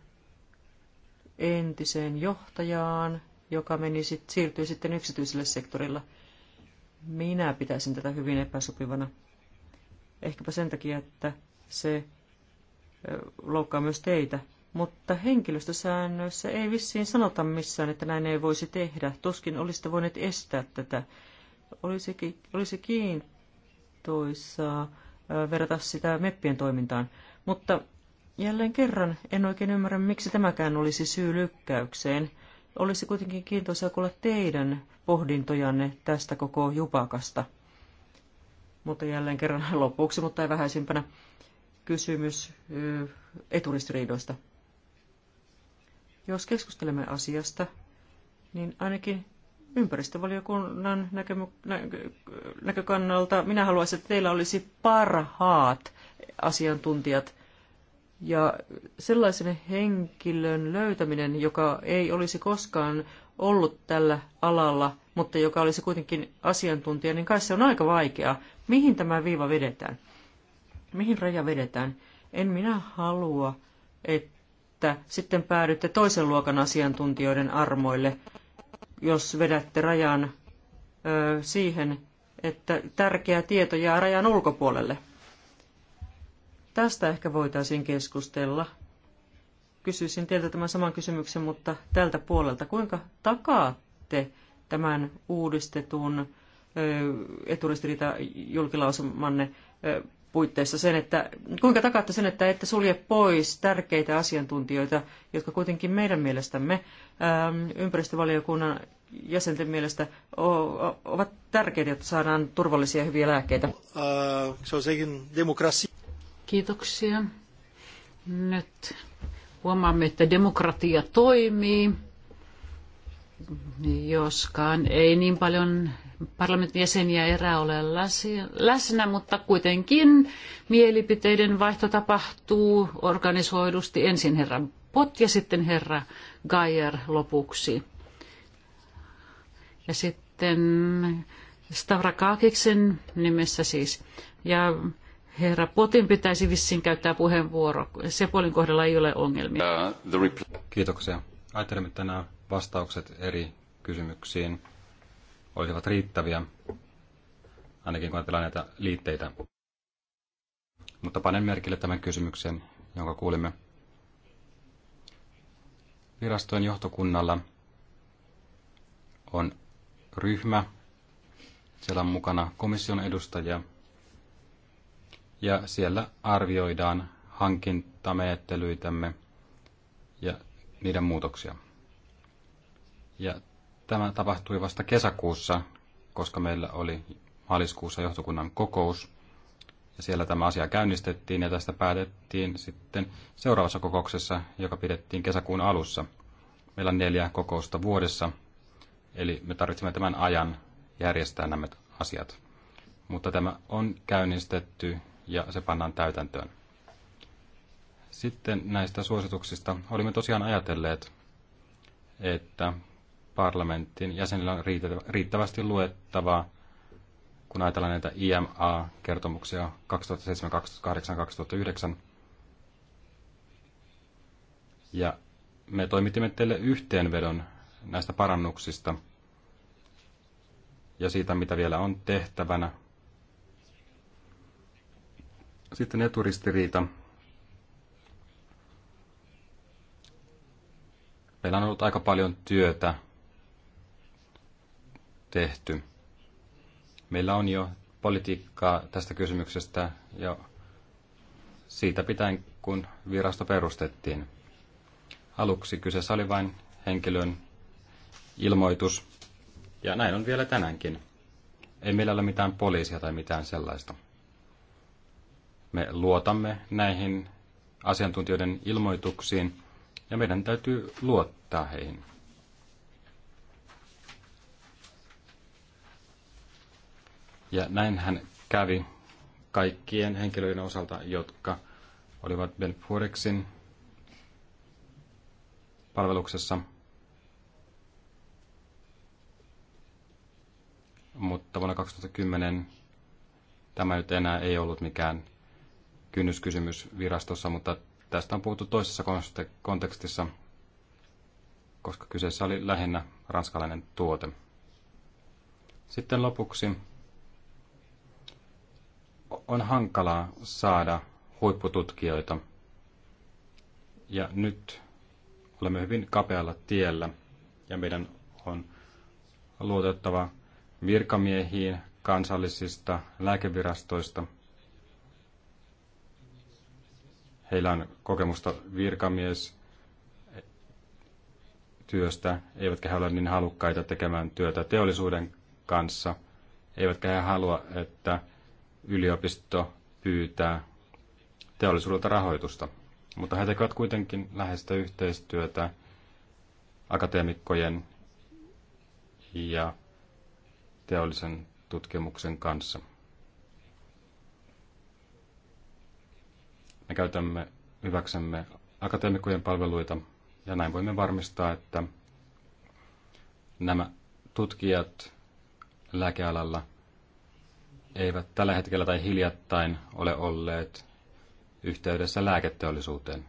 entiseen johtajaan, joka meni sit, siirtyi sitten yksityiselle sektorilla. Minä pitäisin tätä hyvin epäsopivana. Ehkäpä sen takia, että se loukkaa myös teitä. Mutta henkilöstösäännöissä ei vissiin sanota missään, että näin ei voisi tehdä. Tuskin olisitte voineet estää tätä. Olisi, olisi kiintoisaa verrata sitä meppien toimintaan. Mutta Jälleen kerran en oikein ymmärrä, miksi tämäkään olisi syy lykkäykseen. Olisi kuitenkin kiintoisaa kuulla teidän pohdintojanne tästä koko jupakasta. Mutta jälleen kerran lopuksi, mutta ei vähäisimpänä, kysymys eturistiriidoista. Jos keskustelemme asiasta, niin ainakin ympäristövaliokunnan nä, näkökannalta minä haluaisin, että teillä olisi parhaat asiantuntijat – ja sellaisen henkilön löytäminen, joka ei olisi koskaan ollut tällä alalla, mutta joka olisi kuitenkin asiantuntija, niin kai se on aika vaikeaa. Mihin tämä viiva vedetään? Mihin raja vedetään? En minä halua, että sitten päädytte toisen luokan asiantuntijoiden armoille, jos vedätte rajan ö, siihen, että tärkeä tieto jää rajan ulkopuolelle. Tästä ehkä voitaisiin keskustella. Kysyisin teiltä tämän saman kysymyksen, mutta tältä puolelta. Kuinka takaatte tämän uudistetun eturistiriita julkilausumanne puitteissa sen, että kuinka takaatte sen, että ette sulje pois tärkeitä asiantuntijoita, jotka kuitenkin meidän mielestämme, ympäristövaliokunnan jäsenten mielestä ovat tärkeitä, jotta saadaan turvallisia ja hyviä lääkkeitä. Äh, se on sekin Kiitoksia. Nyt huomaamme, että demokratia toimii, joskaan ei niin paljon parlamentin jäseniä erää ole läsnä, mutta kuitenkin mielipiteiden vaihto tapahtuu organisoidusti ensin herra Pot ja sitten herra Geyer lopuksi. Ja sitten Stavrakakiksen nimessä siis. Ja Herra Potin pitäisi vissiin käyttää puheenvuoro. Sepolin kohdalla ei ole ongelmia. Uh, Kiitoksia. Ajattelimme, että nämä vastaukset eri kysymyksiin olisivat riittäviä, ainakin kun ajatellaan näitä liitteitä. Mutta panen merkille tämän kysymyksen, jonka kuulimme. Virastojen johtokunnalla on ryhmä. Siellä on mukana komission edustajia, ja siellä arvioidaan hankintamenettelyitämme ja niiden muutoksia. Ja tämä tapahtui vasta kesäkuussa, koska meillä oli maaliskuussa johtokunnan kokous. Ja siellä tämä asia käynnistettiin ja tästä päätettiin sitten seuraavassa kokouksessa, joka pidettiin kesäkuun alussa. Meillä on neljä kokousta vuodessa, eli me tarvitsemme tämän ajan järjestää nämä asiat. Mutta tämä on käynnistetty ja se pannaan täytäntöön. Sitten näistä suosituksista olimme tosiaan ajatelleet, että parlamentin jäsenillä on riittävästi luettavaa, kun ajatellaan näitä IMA-kertomuksia 2007, 2008, 2009. Ja me toimitimme teille yhteenvedon näistä parannuksista ja siitä, mitä vielä on tehtävänä sitten eturistiriita. Meillä on ollut aika paljon työtä tehty. Meillä on jo politiikkaa tästä kysymyksestä ja siitä pitäen, kun virasto perustettiin. Aluksi kyseessä oli vain henkilön ilmoitus, ja näin on vielä tänäänkin. Ei meillä ole mitään poliisia tai mitään sellaista. Me luotamme näihin asiantuntijoiden ilmoituksiin ja meidän täytyy luottaa heihin. Ja näin hän kävi kaikkien henkilöiden osalta, jotka olivat Belforexin palveluksessa. Mutta vuonna 2010 tämä nyt enää ei ollut mikään kynnyskysymys virastossa, mutta tästä on puhuttu toisessa kontekstissa, koska kyseessä oli lähinnä ranskalainen tuote. Sitten lopuksi on hankalaa saada huippututkijoita. Ja nyt olemme hyvin kapealla tiellä ja meidän on luotettava virkamiehiin kansallisista lääkevirastoista – Heillä on kokemusta virkamies työstä, eivätkä he ole niin halukkaita tekemään työtä teollisuuden kanssa, eivätkä he halua, että yliopisto pyytää teollisuudelta rahoitusta. Mutta he tekevät kuitenkin läheistä yhteistyötä akateemikkojen ja teollisen tutkimuksen kanssa. Me käytämme hyväksemme akateemikkojen palveluita ja näin voimme varmistaa, että nämä tutkijat lääkealalla eivät tällä hetkellä tai hiljattain ole olleet yhteydessä lääketeollisuuteen.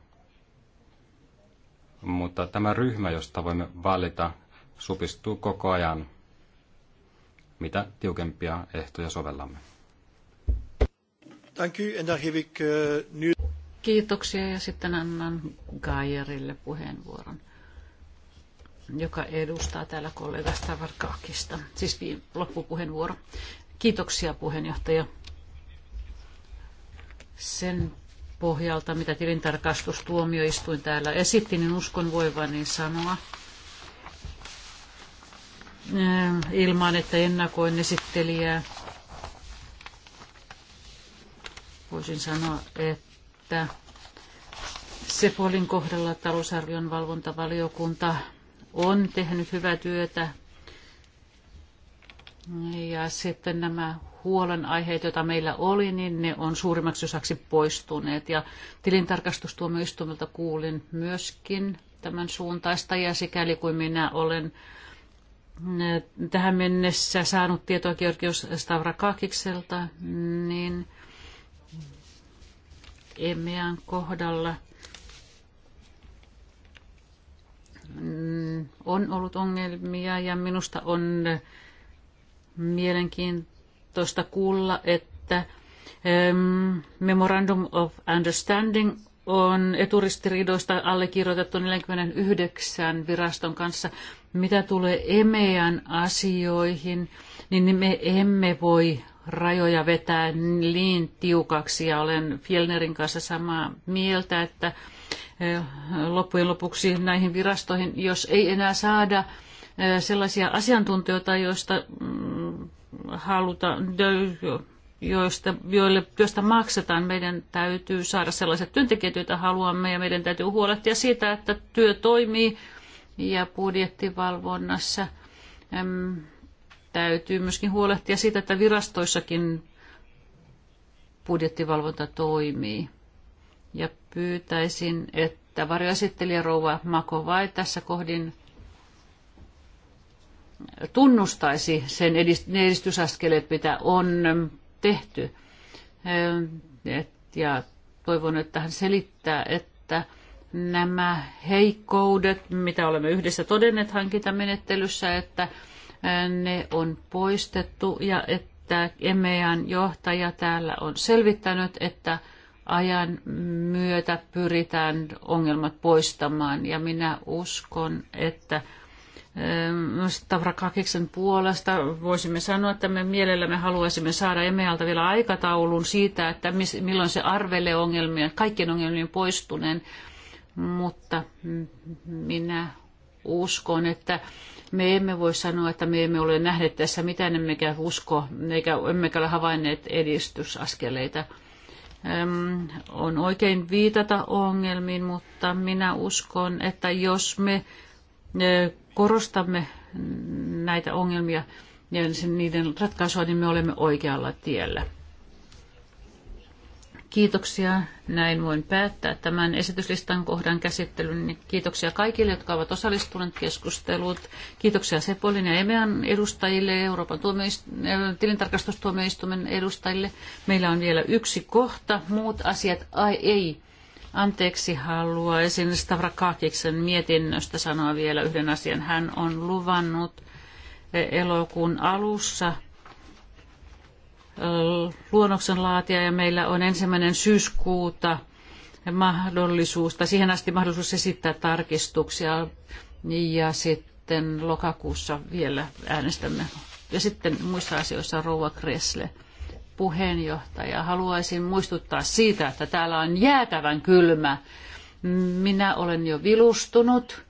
Mutta tämä ryhmä, josta voimme valita, supistuu koko ajan, mitä tiukempia ehtoja sovellamme. Thank you, and Kiitoksia ja sitten annan Gaierille puheenvuoron, joka edustaa täällä kollega Stavarkakista. Siis loppupuheenvuoro. Kiitoksia puheenjohtaja. Sen pohjalta, mitä tilintarkastustuomioistuin täällä esitti, niin uskon voivani sanoa eh, ilman, että ennakoin esittelijää. Voisin sanoa, että että Sepolin kohdalla talousarvion valvontavaliokunta on tehnyt hyvää työtä. Ja sitten nämä huolenaiheet, joita meillä oli, niin ne on suurimmaksi osaksi poistuneet. Ja tilintarkastustuomioistuimelta kuulin myöskin tämän suuntaista, ja sikäli kuin minä olen tähän mennessä saanut tietoa Georgios Stavrakakikselta, niin EMEAn kohdalla mm, on ollut ongelmia ja minusta on mielenkiintoista kuulla, että Memorandum of Understanding on eturistiriidoista allekirjoitettu 49 viraston kanssa. Mitä tulee EMEAn asioihin, niin me emme voi rajoja vetää niin tiukaksi ja olen Fjellnerin kanssa samaa mieltä, että eh, loppujen lopuksi näihin virastoihin, jos ei enää saada eh, sellaisia asiantuntijoita, joista mm, haluta, joista, joille, joista maksetaan, meidän täytyy saada sellaiset työntekijät, joita haluamme ja meidän täytyy huolehtia siitä, että työ toimii ja budjettivalvonnassa täytyy myöskin huolehtia siitä, että virastoissakin budjettivalvonta toimii. Ja pyytäisin, että varjoesittelijä Rouva Makovai tässä kohdin tunnustaisi sen edist- ne edistysaskeleet, mitä on tehty. Ehm, ja toivon, että hän selittää, että nämä heikkoudet, mitä olemme yhdessä todenneet hankintamenettelyssä, että ne on poistettu ja että EMEAn johtaja täällä on selvittänyt, että ajan myötä pyritään ongelmat poistamaan ja minä uskon, että eh, Tavrakakiksen puolesta voisimme sanoa, että me mielellämme haluaisimme saada Emealta vielä aikataulun siitä, että milloin se arvelee ongelmien kaikkien ongelmien poistuneen, mutta mm, minä Uskon, että me emme voi sanoa, että me emme ole nähneet tässä mitään, emmekä usko, eikä, emmekä ole havainneet edistysaskeleita. Öm, on oikein viitata ongelmiin, mutta minä uskon, että jos me korostamme näitä ongelmia ja niiden ratkaisua, niin me olemme oikealla tiellä. Kiitoksia. Näin voin päättää tämän esityslistan kohdan käsittelyn. Kiitoksia kaikille, jotka ovat osallistuneet keskusteluun. Kiitoksia Sepolin ja EMEAN edustajille, Euroopan tuomioist- äh, tilintarkastustuomioistuimen edustajille. Meillä on vielä yksi kohta. Muut asiat, ai ei. Anteeksi, haluaisin Stavrakakiksen mietinnöstä sanoa vielä yhden asian. Hän on luvannut eh, elokuun alussa – luonnoksen laatia ja meillä on ensimmäinen syyskuuta mahdollisuus, tai siihen asti mahdollisuus esittää tarkistuksia ja sitten lokakuussa vielä äänestämme. Ja sitten muissa asioissa Rouva Kresle puheenjohtaja. Haluaisin muistuttaa siitä, että täällä on jäätävän kylmä. Minä olen jo vilustunut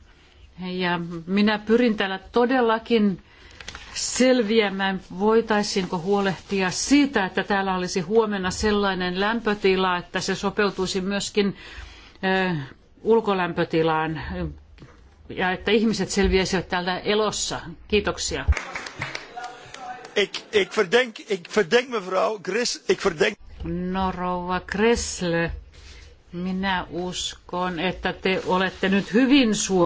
ja minä pyrin täällä todellakin selviämään, voitaisiinko huolehtia siitä, että täällä olisi huomenna sellainen lämpötila, että se sopeutuisi myöskin ulkolämpötilaan ja että ihmiset selviäisivät täältä elossa. Kiitoksia. Ik, ik verdenk, ik verdenk mevrouw Gris, ik verdenk... No rouva Kressle, minä uskon, että te olette nyt hyvin suo...